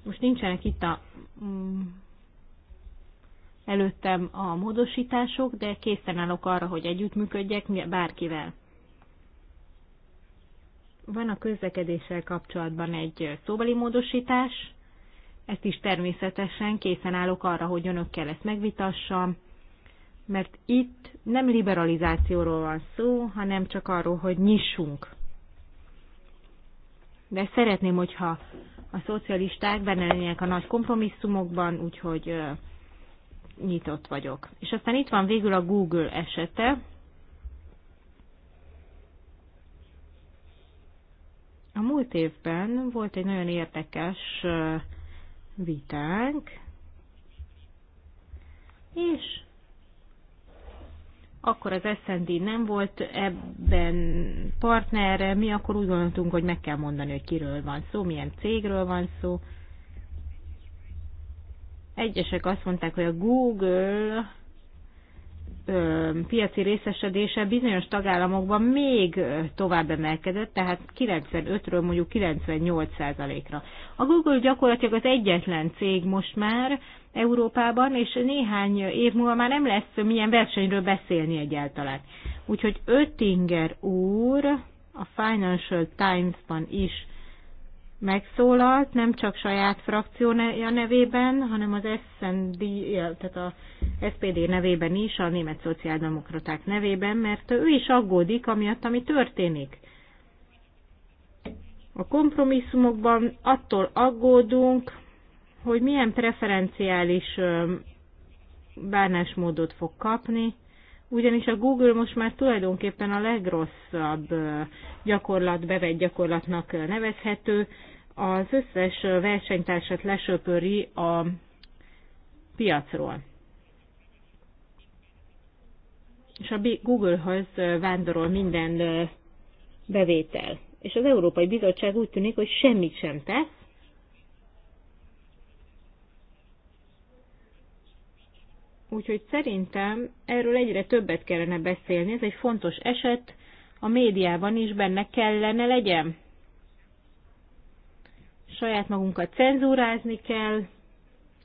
Most nincsenek itt a mm, előttem a módosítások, de készen állok arra, hogy együttműködjek bárkivel. Van a közlekedéssel kapcsolatban egy szóbeli módosítás, ezt is természetesen készen állok arra, hogy önökkel ezt megvitassam, mert itt nem liberalizációról van szó, hanem csak arról, hogy nyissunk. De szeretném, hogyha a szocialisták benne lennének a nagy kompromisszumokban, úgyhogy nyitott vagyok. És aztán itt van végül a Google esete. A múlt évben volt egy nagyon érdekes vitánk, és akkor az SND nem volt ebben partnerre, mi akkor úgy gondoltunk, hogy meg kell mondani, hogy kiről van szó, milyen cégről van szó, Egyesek azt mondták, hogy a Google ö, piaci részesedése bizonyos tagállamokban még tovább emelkedett, tehát 95-ről mondjuk 98%-ra. A Google gyakorlatilag az egyetlen cég most már Európában, és néhány év múlva már nem lesz milyen versenyről beszélni egyáltalán. Úgyhogy Öttinger úr a Financial Times-ban is megszólalt, nem csak saját frakciója nevében, hanem az SND, tehát a SPD nevében is, a német szociáldemokraták nevében, mert ő is aggódik amiatt, ami történik. A kompromisszumokban attól aggódunk, hogy milyen preferenciális bánásmódot fog kapni, ugyanis a Google most már tulajdonképpen a legrosszabb gyakorlat, bevett gyakorlatnak nevezhető, az összes versenytársat lesöpöri a piacról. És a google hoz vándorol minden bevétel. És az Európai Bizottság úgy tűnik, hogy semmit sem tesz, Úgyhogy szerintem erről egyre többet kellene beszélni, ez egy fontos eset, a médiában is benne kellene legyen saját magunkat cenzúrázni kell,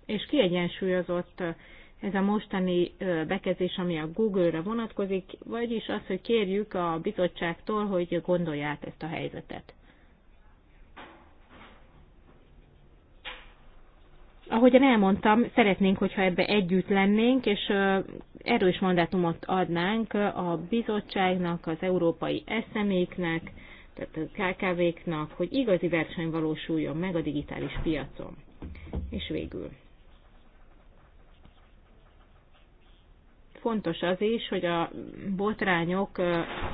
és kiegyensúlyozott ez a mostani bekezdés, ami a google re vonatkozik, vagyis az, hogy kérjük a bizottságtól, hogy gondolját ezt a helyzetet. Ahogyan elmondtam, szeretnénk, hogyha ebbe együtt lennénk, és erős mandátumot adnánk a bizottságnak, az európai eszeméknek, tehát a KKV-knak, hogy igazi verseny valósuljon meg a digitális piacon. És végül. Fontos az is, hogy a botrányok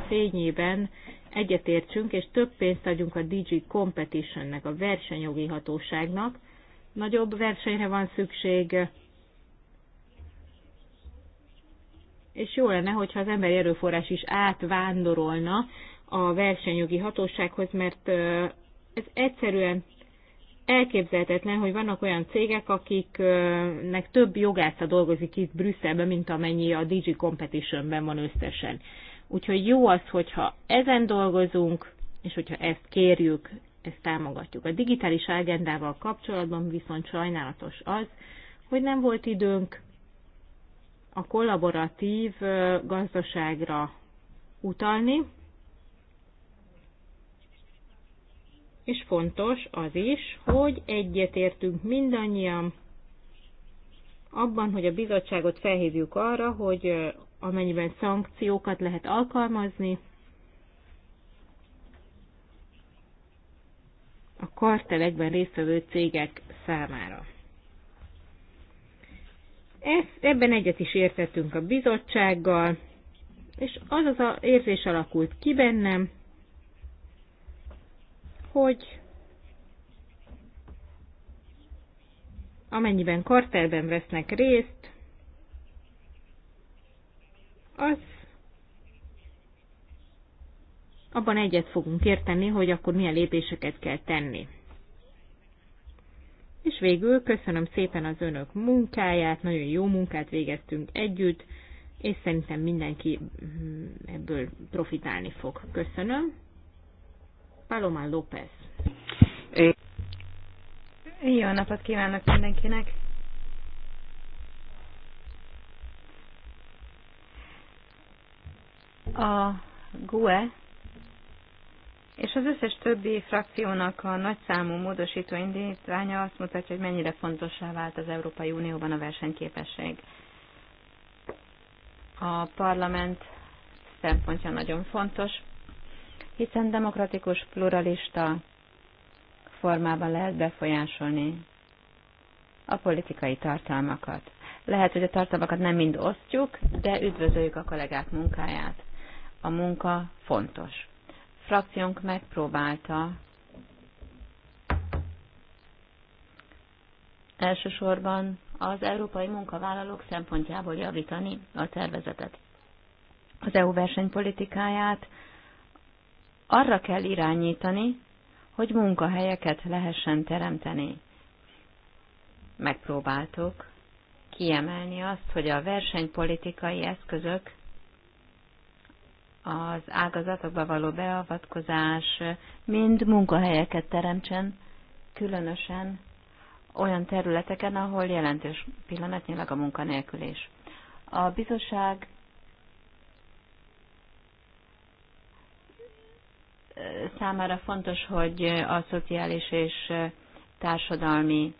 fényében egyetértsünk, és több pénzt adjunk a Competition-nek, a versenyjogi hatóságnak. Nagyobb versenyre van szükség, és jó lenne, hogyha az emberi erőforrás is átvándorolna a versenyjogi hatósághoz, mert ez egyszerűen elképzelhetetlen, hogy vannak olyan cégek, akiknek több jogásza dolgozik itt Brüsszelben, mint amennyi a DG Competitionben van összesen. Úgyhogy jó az, hogyha ezen dolgozunk, és hogyha ezt kérjük, ezt támogatjuk. A digitális agendával kapcsolatban viszont sajnálatos az, hogy nem volt időnk a kollaboratív gazdaságra utalni, és fontos az is, hogy egyetértünk mindannyian abban, hogy a bizottságot felhívjuk arra, hogy amennyiben szankciókat lehet alkalmazni, a kartelekben résztvevő cégek számára. Ezt, ebben egyet is értettünk a bizottsággal, és az az a érzés alakult ki bennem, hogy amennyiben kartelben vesznek részt, az abban egyet fogunk érteni, hogy akkor milyen lépéseket kell tenni. És végül köszönöm szépen az önök munkáját, nagyon jó munkát végeztünk együtt, és szerintem mindenki mm, ebből profitálni fog. Köszönöm. Paloma López. Jó napot kívánok mindenkinek! A GUE és az összes többi frakciónak a nagyszámú módosító indítványa azt mutatja, hogy mennyire fontossá vált az Európai Unióban a versenyképesség. A parlament szempontja nagyon fontos, hiszen demokratikus, pluralista formában lehet befolyásolni a politikai tartalmakat. Lehet, hogy a tartalmakat nem mind osztjuk, de üdvözöljük a kollégák munkáját. A munka fontos. A frakciónk megpróbálta elsősorban az európai munkavállalók szempontjából javítani a tervezetet. Az EU versenypolitikáját arra kell irányítani, hogy munkahelyeket lehessen teremteni. Megpróbáltuk kiemelni azt, hogy a versenypolitikai eszközök az ágazatokba való beavatkozás mind munkahelyeket teremtsen, különösen olyan területeken, ahol jelentős pillanatnyilag a munkanélkülés. A bizottság számára fontos, hogy a szociális és társadalmi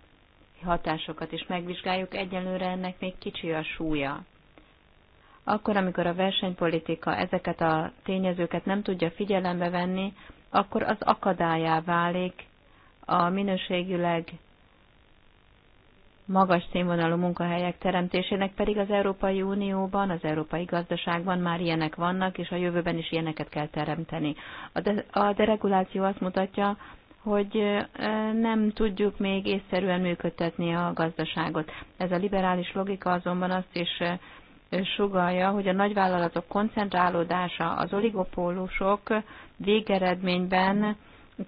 hatásokat is megvizsgáljuk, egyelőre ennek még kicsi a súlya. Akkor, amikor a versenypolitika ezeket a tényezőket nem tudja figyelembe venni, akkor az akadályá válik a minőségileg magas színvonalú munkahelyek teremtésének, pedig az Európai Unióban, az európai gazdaságban már ilyenek vannak, és a jövőben is ilyeneket kell teremteni. A, de, a dereguláció azt mutatja, hogy nem tudjuk még észszerűen működtetni a gazdaságot. Ez a liberális logika azonban azt is sugalja, hogy a nagyvállalatok koncentrálódása, az oligopólusok végeredményben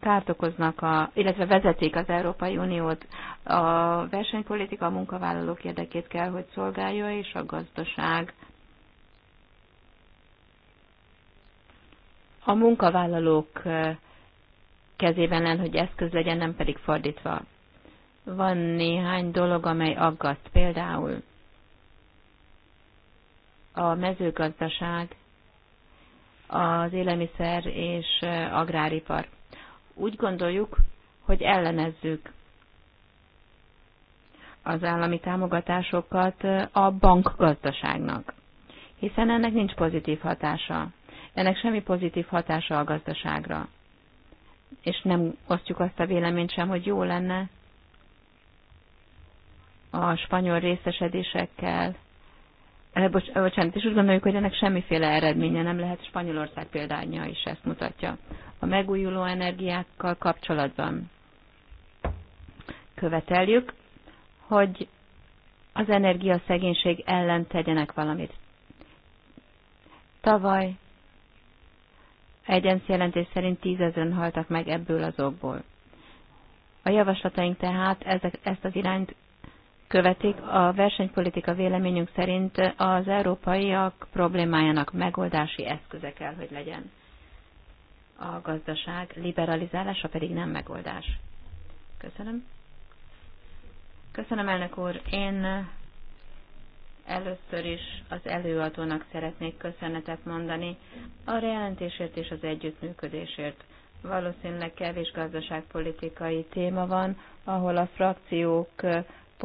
kárt okoznak, a, illetve vezetik az Európai Uniót. A versenypolitika a munkavállalók érdekét kell, hogy szolgálja, és a gazdaság. A munkavállalók kezében lenne, hogy eszköz legyen, nem pedig fordítva. Van néhány dolog, amely aggaszt. Például a mezőgazdaság, az élelmiszer és agráripar úgy gondoljuk, hogy ellenezzük az állami támogatásokat a bankgazdaságnak, hiszen ennek nincs pozitív hatása. Ennek semmi pozitív hatása a gazdaságra. És nem osztjuk azt a véleményt sem, hogy jó lenne a spanyol részesedésekkel Eh, eh, bocsánat, és úgy gondoljuk, hogy ennek semmiféle eredménye nem lehet. Spanyolország példánya is ezt mutatja. A megújuló energiákkal kapcsolatban követeljük, hogy az energiaszegénység ellen tegyenek valamit. Tavaly egyenc jelentés szerint tízezren haltak meg ebből az okból. A javaslataink tehát ezek, ezt az irányt követik, a versenypolitika véleményünk szerint az európaiak problémájának megoldási eszköze kell, hogy legyen. A gazdaság liberalizálása pedig nem megoldás. Köszönöm. Köszönöm, elnök úr. Én először is az előadónak szeretnék köszönetet mondani a jelentésért és az együttműködésért. Valószínűleg kevés gazdaságpolitikai téma van, ahol a frakciók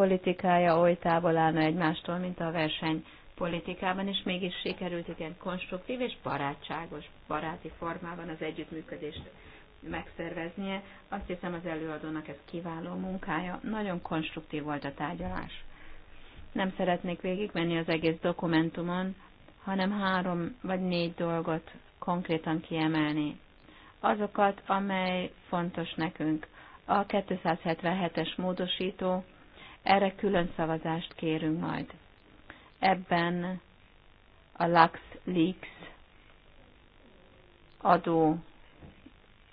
politikája oly távol állna egymástól, mint a verseny politikában, és mégis sikerült igen konstruktív és barátságos, baráti formában az együttműködést megszerveznie. Azt hiszem az előadónak ez kiváló munkája, nagyon konstruktív volt a tárgyalás. Nem szeretnék végigmenni az egész dokumentumon, hanem három vagy négy dolgot konkrétan kiemelni. Azokat, amely fontos nekünk. A 277-es módosító, erre külön szavazást kérünk majd. Ebben a lux, Leaks adó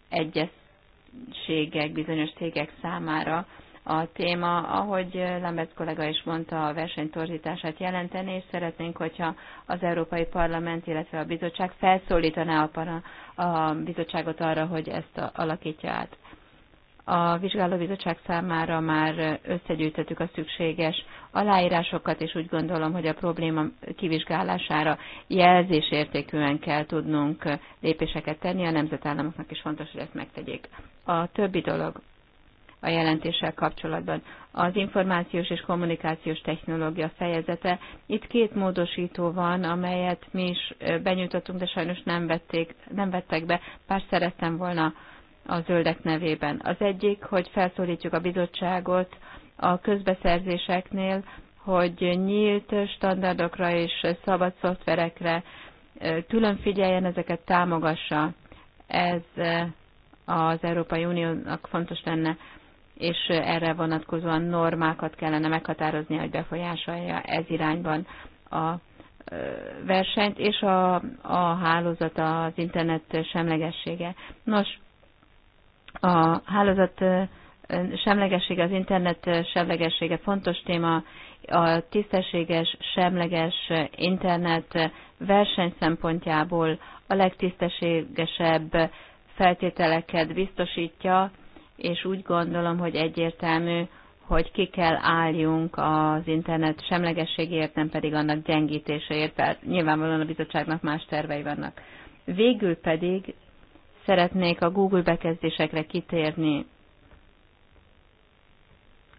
egyességek, bizonyos cégek számára a téma, ahogy Lambert kollega is mondta, a versenytorzítását jelenteni, és szeretnénk, hogyha az Európai Parlament, illetve a bizottság felszólítaná a, para, a bizottságot arra, hogy ezt alakítja át. A vizsgálóbizottság számára már összegyűjtöttük a szükséges aláírásokat, és úgy gondolom, hogy a probléma kivizsgálására jelzésértékűen kell tudnunk lépéseket tenni, a nemzetállamoknak is fontos, hogy ezt megtegyék. A többi dolog a jelentéssel kapcsolatban. Az információs és kommunikációs technológia fejezete. Itt két módosító van, amelyet mi is benyújtottunk, de sajnos nem, vették, nem vettek be, Pár szerettem volna a zöldek nevében. Az egyik, hogy felszólítjuk a bizottságot a közbeszerzéseknél, hogy nyílt standardokra és szabad szoftverekre külön figyeljen, ezeket támogassa. Ez az Európai Uniónak fontos lenne, és erre vonatkozóan normákat kellene meghatározni, hogy befolyásolja ez irányban a versenyt, és a, a hálózat, az internet semlegessége. Nos, a hálózat semlegessége, az internet semlegessége fontos téma, a tisztességes, semleges internet verseny szempontjából a legtisztességesebb feltételeket biztosítja, és úgy gondolom, hogy egyértelmű, hogy ki kell álljunk az internet semlegességért, nem pedig annak gyengítéséért, tehát nyilvánvalóan a bizottságnak más tervei vannak. Végül pedig szeretnék a Google bekezdésekre kitérni.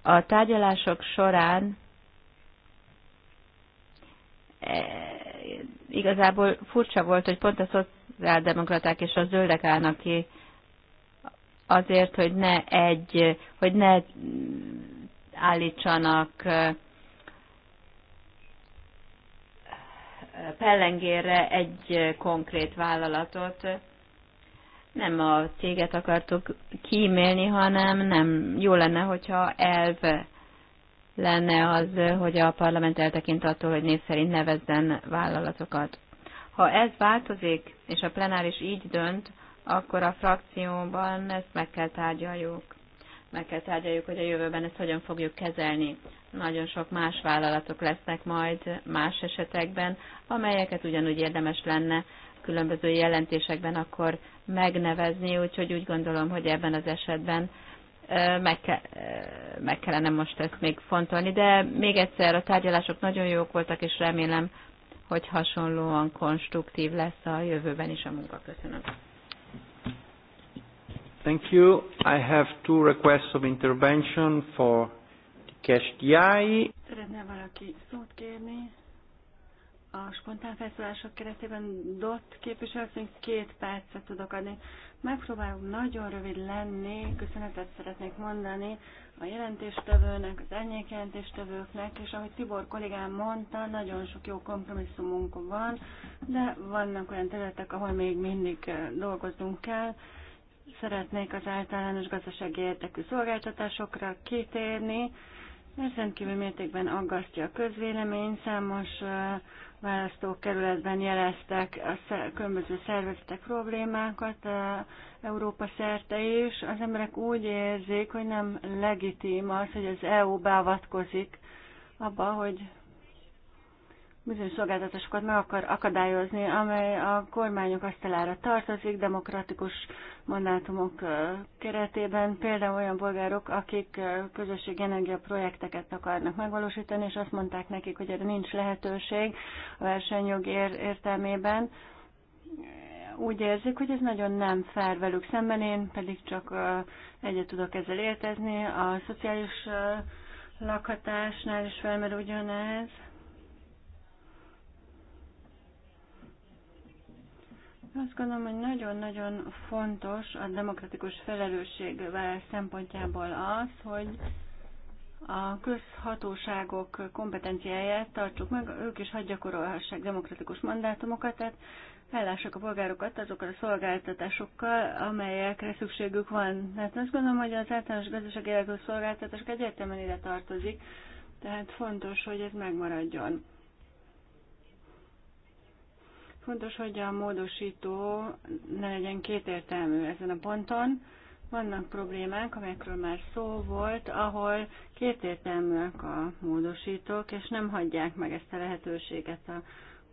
A tárgyalások során e, igazából furcsa volt, hogy pont a szociáldemokraták és a zöldek állnak ki azért, hogy ne egy, hogy ne állítsanak e, pellengére egy konkrét vállalatot nem a céget akartuk kímélni, hanem nem jó lenne, hogyha elv lenne az, hogy a parlament eltekint attól, hogy név szerint nevezzen vállalatokat. Ha ez változik, és a plenáris így dönt, akkor a frakcióban ezt meg kell tárgyaljuk. Meg kell tárgyaljuk, hogy a jövőben ezt hogyan fogjuk kezelni. Nagyon sok más vállalatok lesznek majd más esetekben, amelyeket ugyanúgy érdemes lenne különböző jelentésekben akkor megnevezni, úgyhogy úgy gondolom, hogy ebben az esetben meg, ke, meg kellene most ezt még fontolni, de még egyszer a tárgyalások nagyon jók voltak, és remélem, hogy hasonlóan konstruktív lesz a jövőben is a munka. Köszönöm. Thank you. I have two requests of intervention for Kesdiai. Szeretne valaki szót kérni? a spontán felszólások keretében DOT képviselőknek két percet tudok adni. Megpróbálok nagyon rövid lenni, köszönetet szeretnék mondani a jelentéstevőnek, az elnyék jelentéstevőknek, és ahogy Tibor kollégám mondta, nagyon sok jó kompromisszumunk van, de vannak olyan területek, ahol még mindig eh, dolgozunk kell. Szeretnék az általános gazdasági értekű szolgáltatásokra kitérni, ez rendkívül mértékben aggasztja a közvélemény, számos eh, választókerületben jeleztek a különböző szervezetek problémákat eh, Európa szerte is. Az emberek úgy érzik, hogy nem legitim az, hogy az EU beavatkozik abba, hogy bizonyos szolgáltatásokat meg akar akadályozni, amely a kormányok asztalára tartozik demokratikus mandátumok keretében, például olyan bolgárok, akik közösségi energiaprojekteket akarnak megvalósítani, és azt mondták nekik, hogy erre nincs lehetőség a versenyjog ér- értelmében. Úgy érzik, hogy ez nagyon nem fair velük szemben, én pedig csak egyet tudok ezzel értezni. A szociális lakhatásnál is felmerül ugyanez Azt gondolom, hogy nagyon-nagyon fontos a demokratikus felelősség szempontjából az, hogy a közhatóságok kompetenciáját tartsuk meg, ők is hagy gyakorolhassák demokratikus mandátumokat, tehát ellássák a polgárokat azokkal a szolgáltatásokkal, amelyekre szükségük van. Tehát azt gondolom, hogy az általános gazdasági szolgáltatások egyértelműen ide tartozik, tehát fontos, hogy ez megmaradjon. Fontos, hogy a módosító ne legyen kétértelmű ezen a ponton. Vannak problémák, amelyekről már szó volt, ahol kétértelműek a módosítók, és nem hagyják meg ezt a lehetőséget a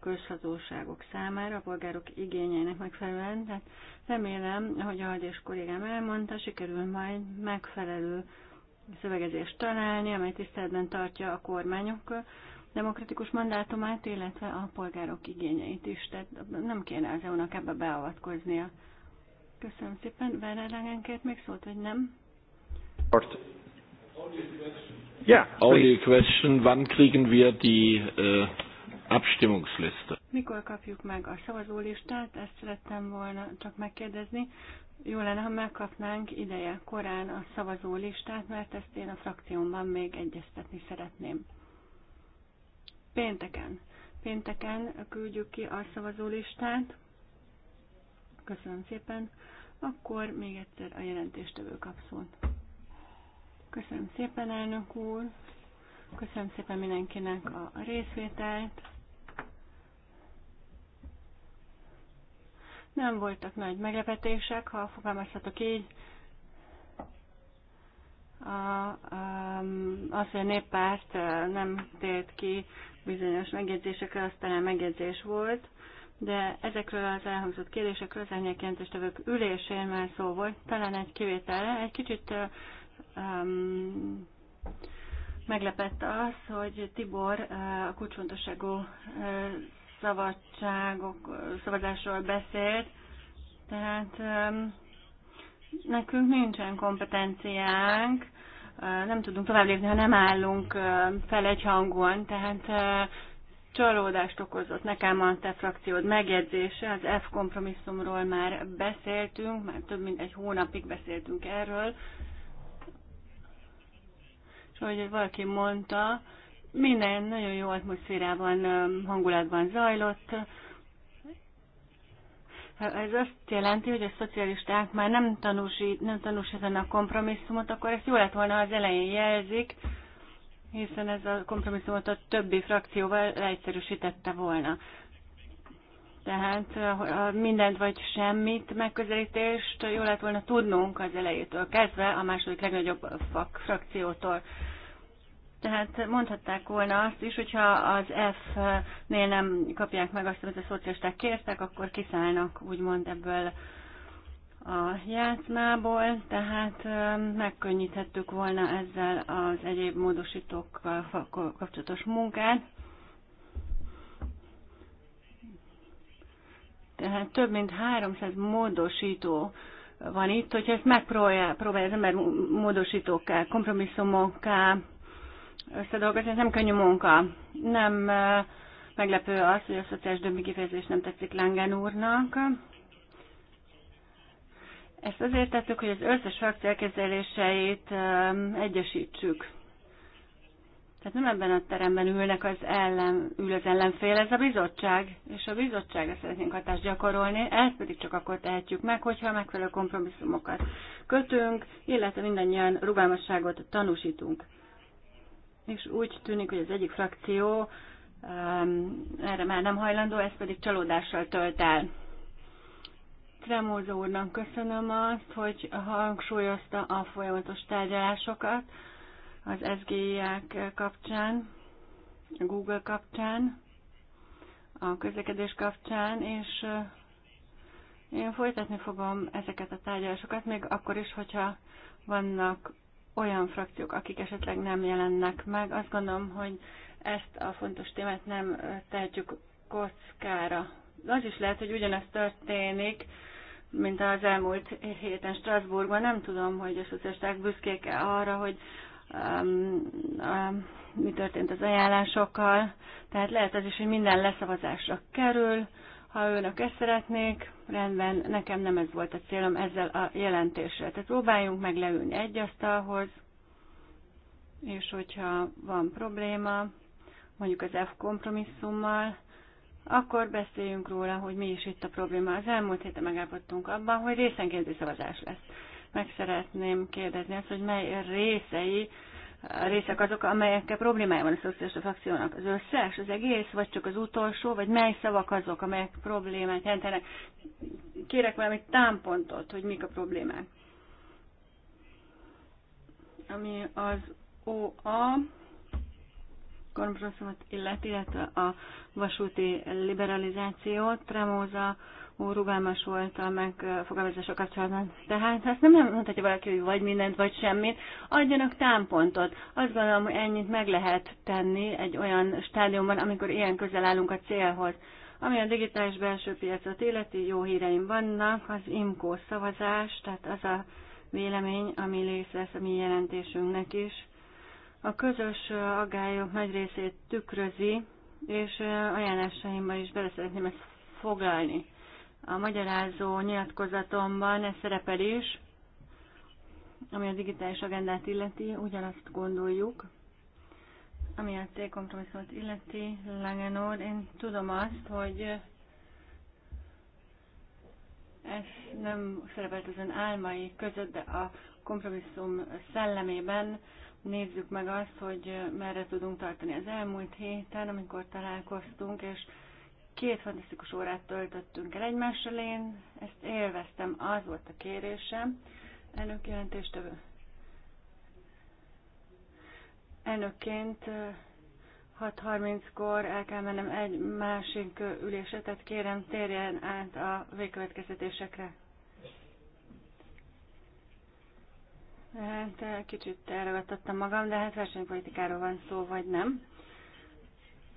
közhatóságok számára, a polgárok igényeinek megfelelően. Tehát remélem, ahogy a hagyás kollégám elmondta, sikerül majd megfelelő szövegezést találni, amely tiszteletben tartja a kormányok demokratikus mandátumát, illetve a polgárok igényeit is. Tehát nem kéne az EU-nak ebbe beavatkoznia. Köszönöm szépen. Werner kért még szólt, vagy nem? Ja, only question, wann kriegen wir die uh, Abstimmungsliste? Mikor kapjuk meg a szavazólistát? Ezt szerettem volna csak megkérdezni. Jó lenne, ha megkapnánk ideje korán a szavazólistát, mert ezt én a frakciómban még egyeztetni szeretném. Pénteken. Pénteken küldjük ki a szavazólistát. Köszönöm szépen. Akkor még egyszer a jelentéstevő kap szót. Köszönöm szépen, elnök úr. Köszönöm szépen mindenkinek a részvételt. Nem voltak nagy meglepetések, ha fogalmazhatok így. A, a az, hogy a néppárt nem tért ki bizonyos megjegyzésekre, az talán megjegyzés volt, de ezekről az elhangzott kérdésekről az tevők ülésén már szó volt, talán egy kivételre. Egy kicsit um, meglepett az, hogy Tibor a kulcsfontosságú szabadságok, szabadásról beszélt, tehát um, nekünk nincsen kompetenciánk, nem tudunk tovább lépni, ha nem állunk fel egy hangon. Tehát csalódást okozott nekem a te frakciód megjegyzése, az F kompromisszumról már beszéltünk, már több mint egy hónapig beszéltünk erről, és ahogy valaki mondta, minden nagyon jó atmoszférában, hangulatban zajlott, ez azt jelenti, hogy a szocialisták már nem, tanúsít, nem a kompromisszumot, akkor ezt jó lett volna, az elején jelzik, hiszen ez a kompromisszumot a többi frakcióval leegyszerűsítette volna. Tehát eh, mindent vagy semmit megközelítést jó lett volna tudnunk az elejétől kezdve, a második legnagyobb frakciótól. Tehát mondhatták volna azt is, hogyha az F-nél nem kapják meg azt, amit a szocialisták kértek, akkor kiszállnak úgymond ebből a játszmából, tehát megkönnyíthettük volna ezzel az egyéb módosítókkal kapcsolatos munkát. Tehát több mint 300 módosító van itt, hogyha ezt megpróbálja az ember módosítókká, kompromisszumokká összedolgozni, ez nem könnyű munka. Nem meglepő az, hogy a szociális dömbi kifejezés nem tetszik Langen úrnak. Ezt azért tettük, hogy az összes frakció elképzeléseit egyesítsük. Tehát nem ebben a teremben ülnek az ellen, ül az ellenfél, ez a bizottság, és a bizottságra szeretnénk hatást gyakorolni, ezt pedig csak akkor tehetjük meg, hogyha megfelelő kompromisszumokat kötünk, illetve mindannyian rugalmasságot tanúsítunk és úgy tűnik, hogy az egyik frakció um, erre már nem hajlandó, ez pedig csalódással tölt el. Tremózó úrnak köszönöm azt, hogy hangsúlyozta a folyamatos tárgyalásokat az sgi ek kapcsán, a Google kapcsán, a közlekedés kapcsán, és uh, én folytatni fogom ezeket a tárgyalásokat, még akkor is, hogyha vannak olyan frakciók, akik esetleg nem jelennek meg. Azt gondolom, hogy ezt a fontos témát nem tehetjük kockára. Az is lehet, hogy ugyanezt történik, mint az elmúlt héten Strasbourgban. Nem tudom, hogy a szociálisták büszkék -e arra, hogy um, um, mi történt az ajánlásokkal. Tehát lehet az is, hogy minden leszavazásra kerül, ha önök ezt szeretnék, rendben, nekem nem ez volt a célom ezzel a jelentéssel. Tehát próbáljunk meg leülni egy asztalhoz, és hogyha van probléma, mondjuk az F kompromisszummal, akkor beszéljünk róla, hogy mi is itt a probléma. Az elmúlt héten megállapodtunk abban, hogy részenkénti szavazás lesz. Meg szeretném kérdezni azt, hogy mely részei részek azok, amelyekkel problémája van a szocialista frakciónak. Az összes, az egész, vagy csak az utolsó, vagy mely szavak azok, amelyek problémát jelentenek. Kérek valami támpontot, hogy mik a problémák. Ami az OA, kompromisszumot illeti, illetve a vasúti liberalizációt, Tremóza rugalmas volt a megfogalmazása kapcsolatban. Tehát ezt nem mondhatja valaki, hogy vagy mindent, vagy semmit. Adjanak támpontot. Azt gondolom, hogy ennyit meg lehet tenni egy olyan stádiumban, amikor ilyen közel állunk a célhoz. Ami a digitális belső piacot illeti, jó híreim vannak, az IMCO szavazás, tehát az a vélemény, ami lész lesz a mi jelentésünknek is. A közös aggályok nagy részét tükrözi, és ajánlásaimban is bele szeretném ezt foglalni. A magyarázó nyilatkozatomban ez szerepel is, ami a digitális agendát illeti, ugyanazt gondoljuk, ami a T-kompromisszumot illeti, Langen úr, én tudom azt, hogy ez nem szerepelt az ön álmai között, de a kompromisszum szellemében nézzük meg azt, hogy merre tudunk tartani. Az elmúlt héten, amikor találkoztunk, és Két fantasztikus órát töltöttünk el egymással, én ezt élveztem, az volt a kérésem. Elnök jelentéstevő. Elnökként 6.30-kor el kell mennem egy másik ülésre, tehát kérem térjen át a végkövetkeztetésekre. Hát kicsit elragadtattam magam, de hát versenypolitikáról van szó, vagy nem.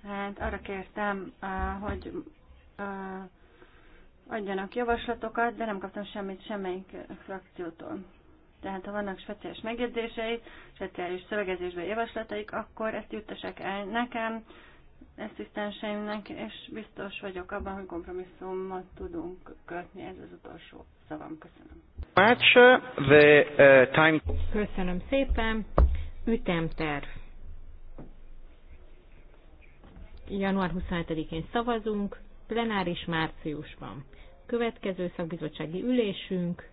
Hát arra kértem, hogy adjanak javaslatokat, de nem kaptam semmit semmelyik frakciótól. Tehát ha vannak speciális megjegyzései, speciális szövegezésbe javaslataik, akkor ezt juttassák el nekem, asszisztenseimnek, és biztos vagyok abban, hogy kompromisszumot tudunk kötni. Ez az utolsó szavam. Köszönöm. Uh, uh, Köszönöm szépen. Ütemterv január 27-én szavazunk, plenáris márciusban. Következő szakbizottsági ülésünk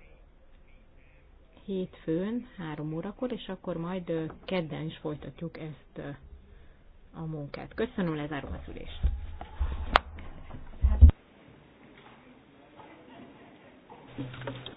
hétfőn, három órakor, és akkor majd kedden is folytatjuk ezt a munkát. Köszönöm, lezárom az ülést. Thank you.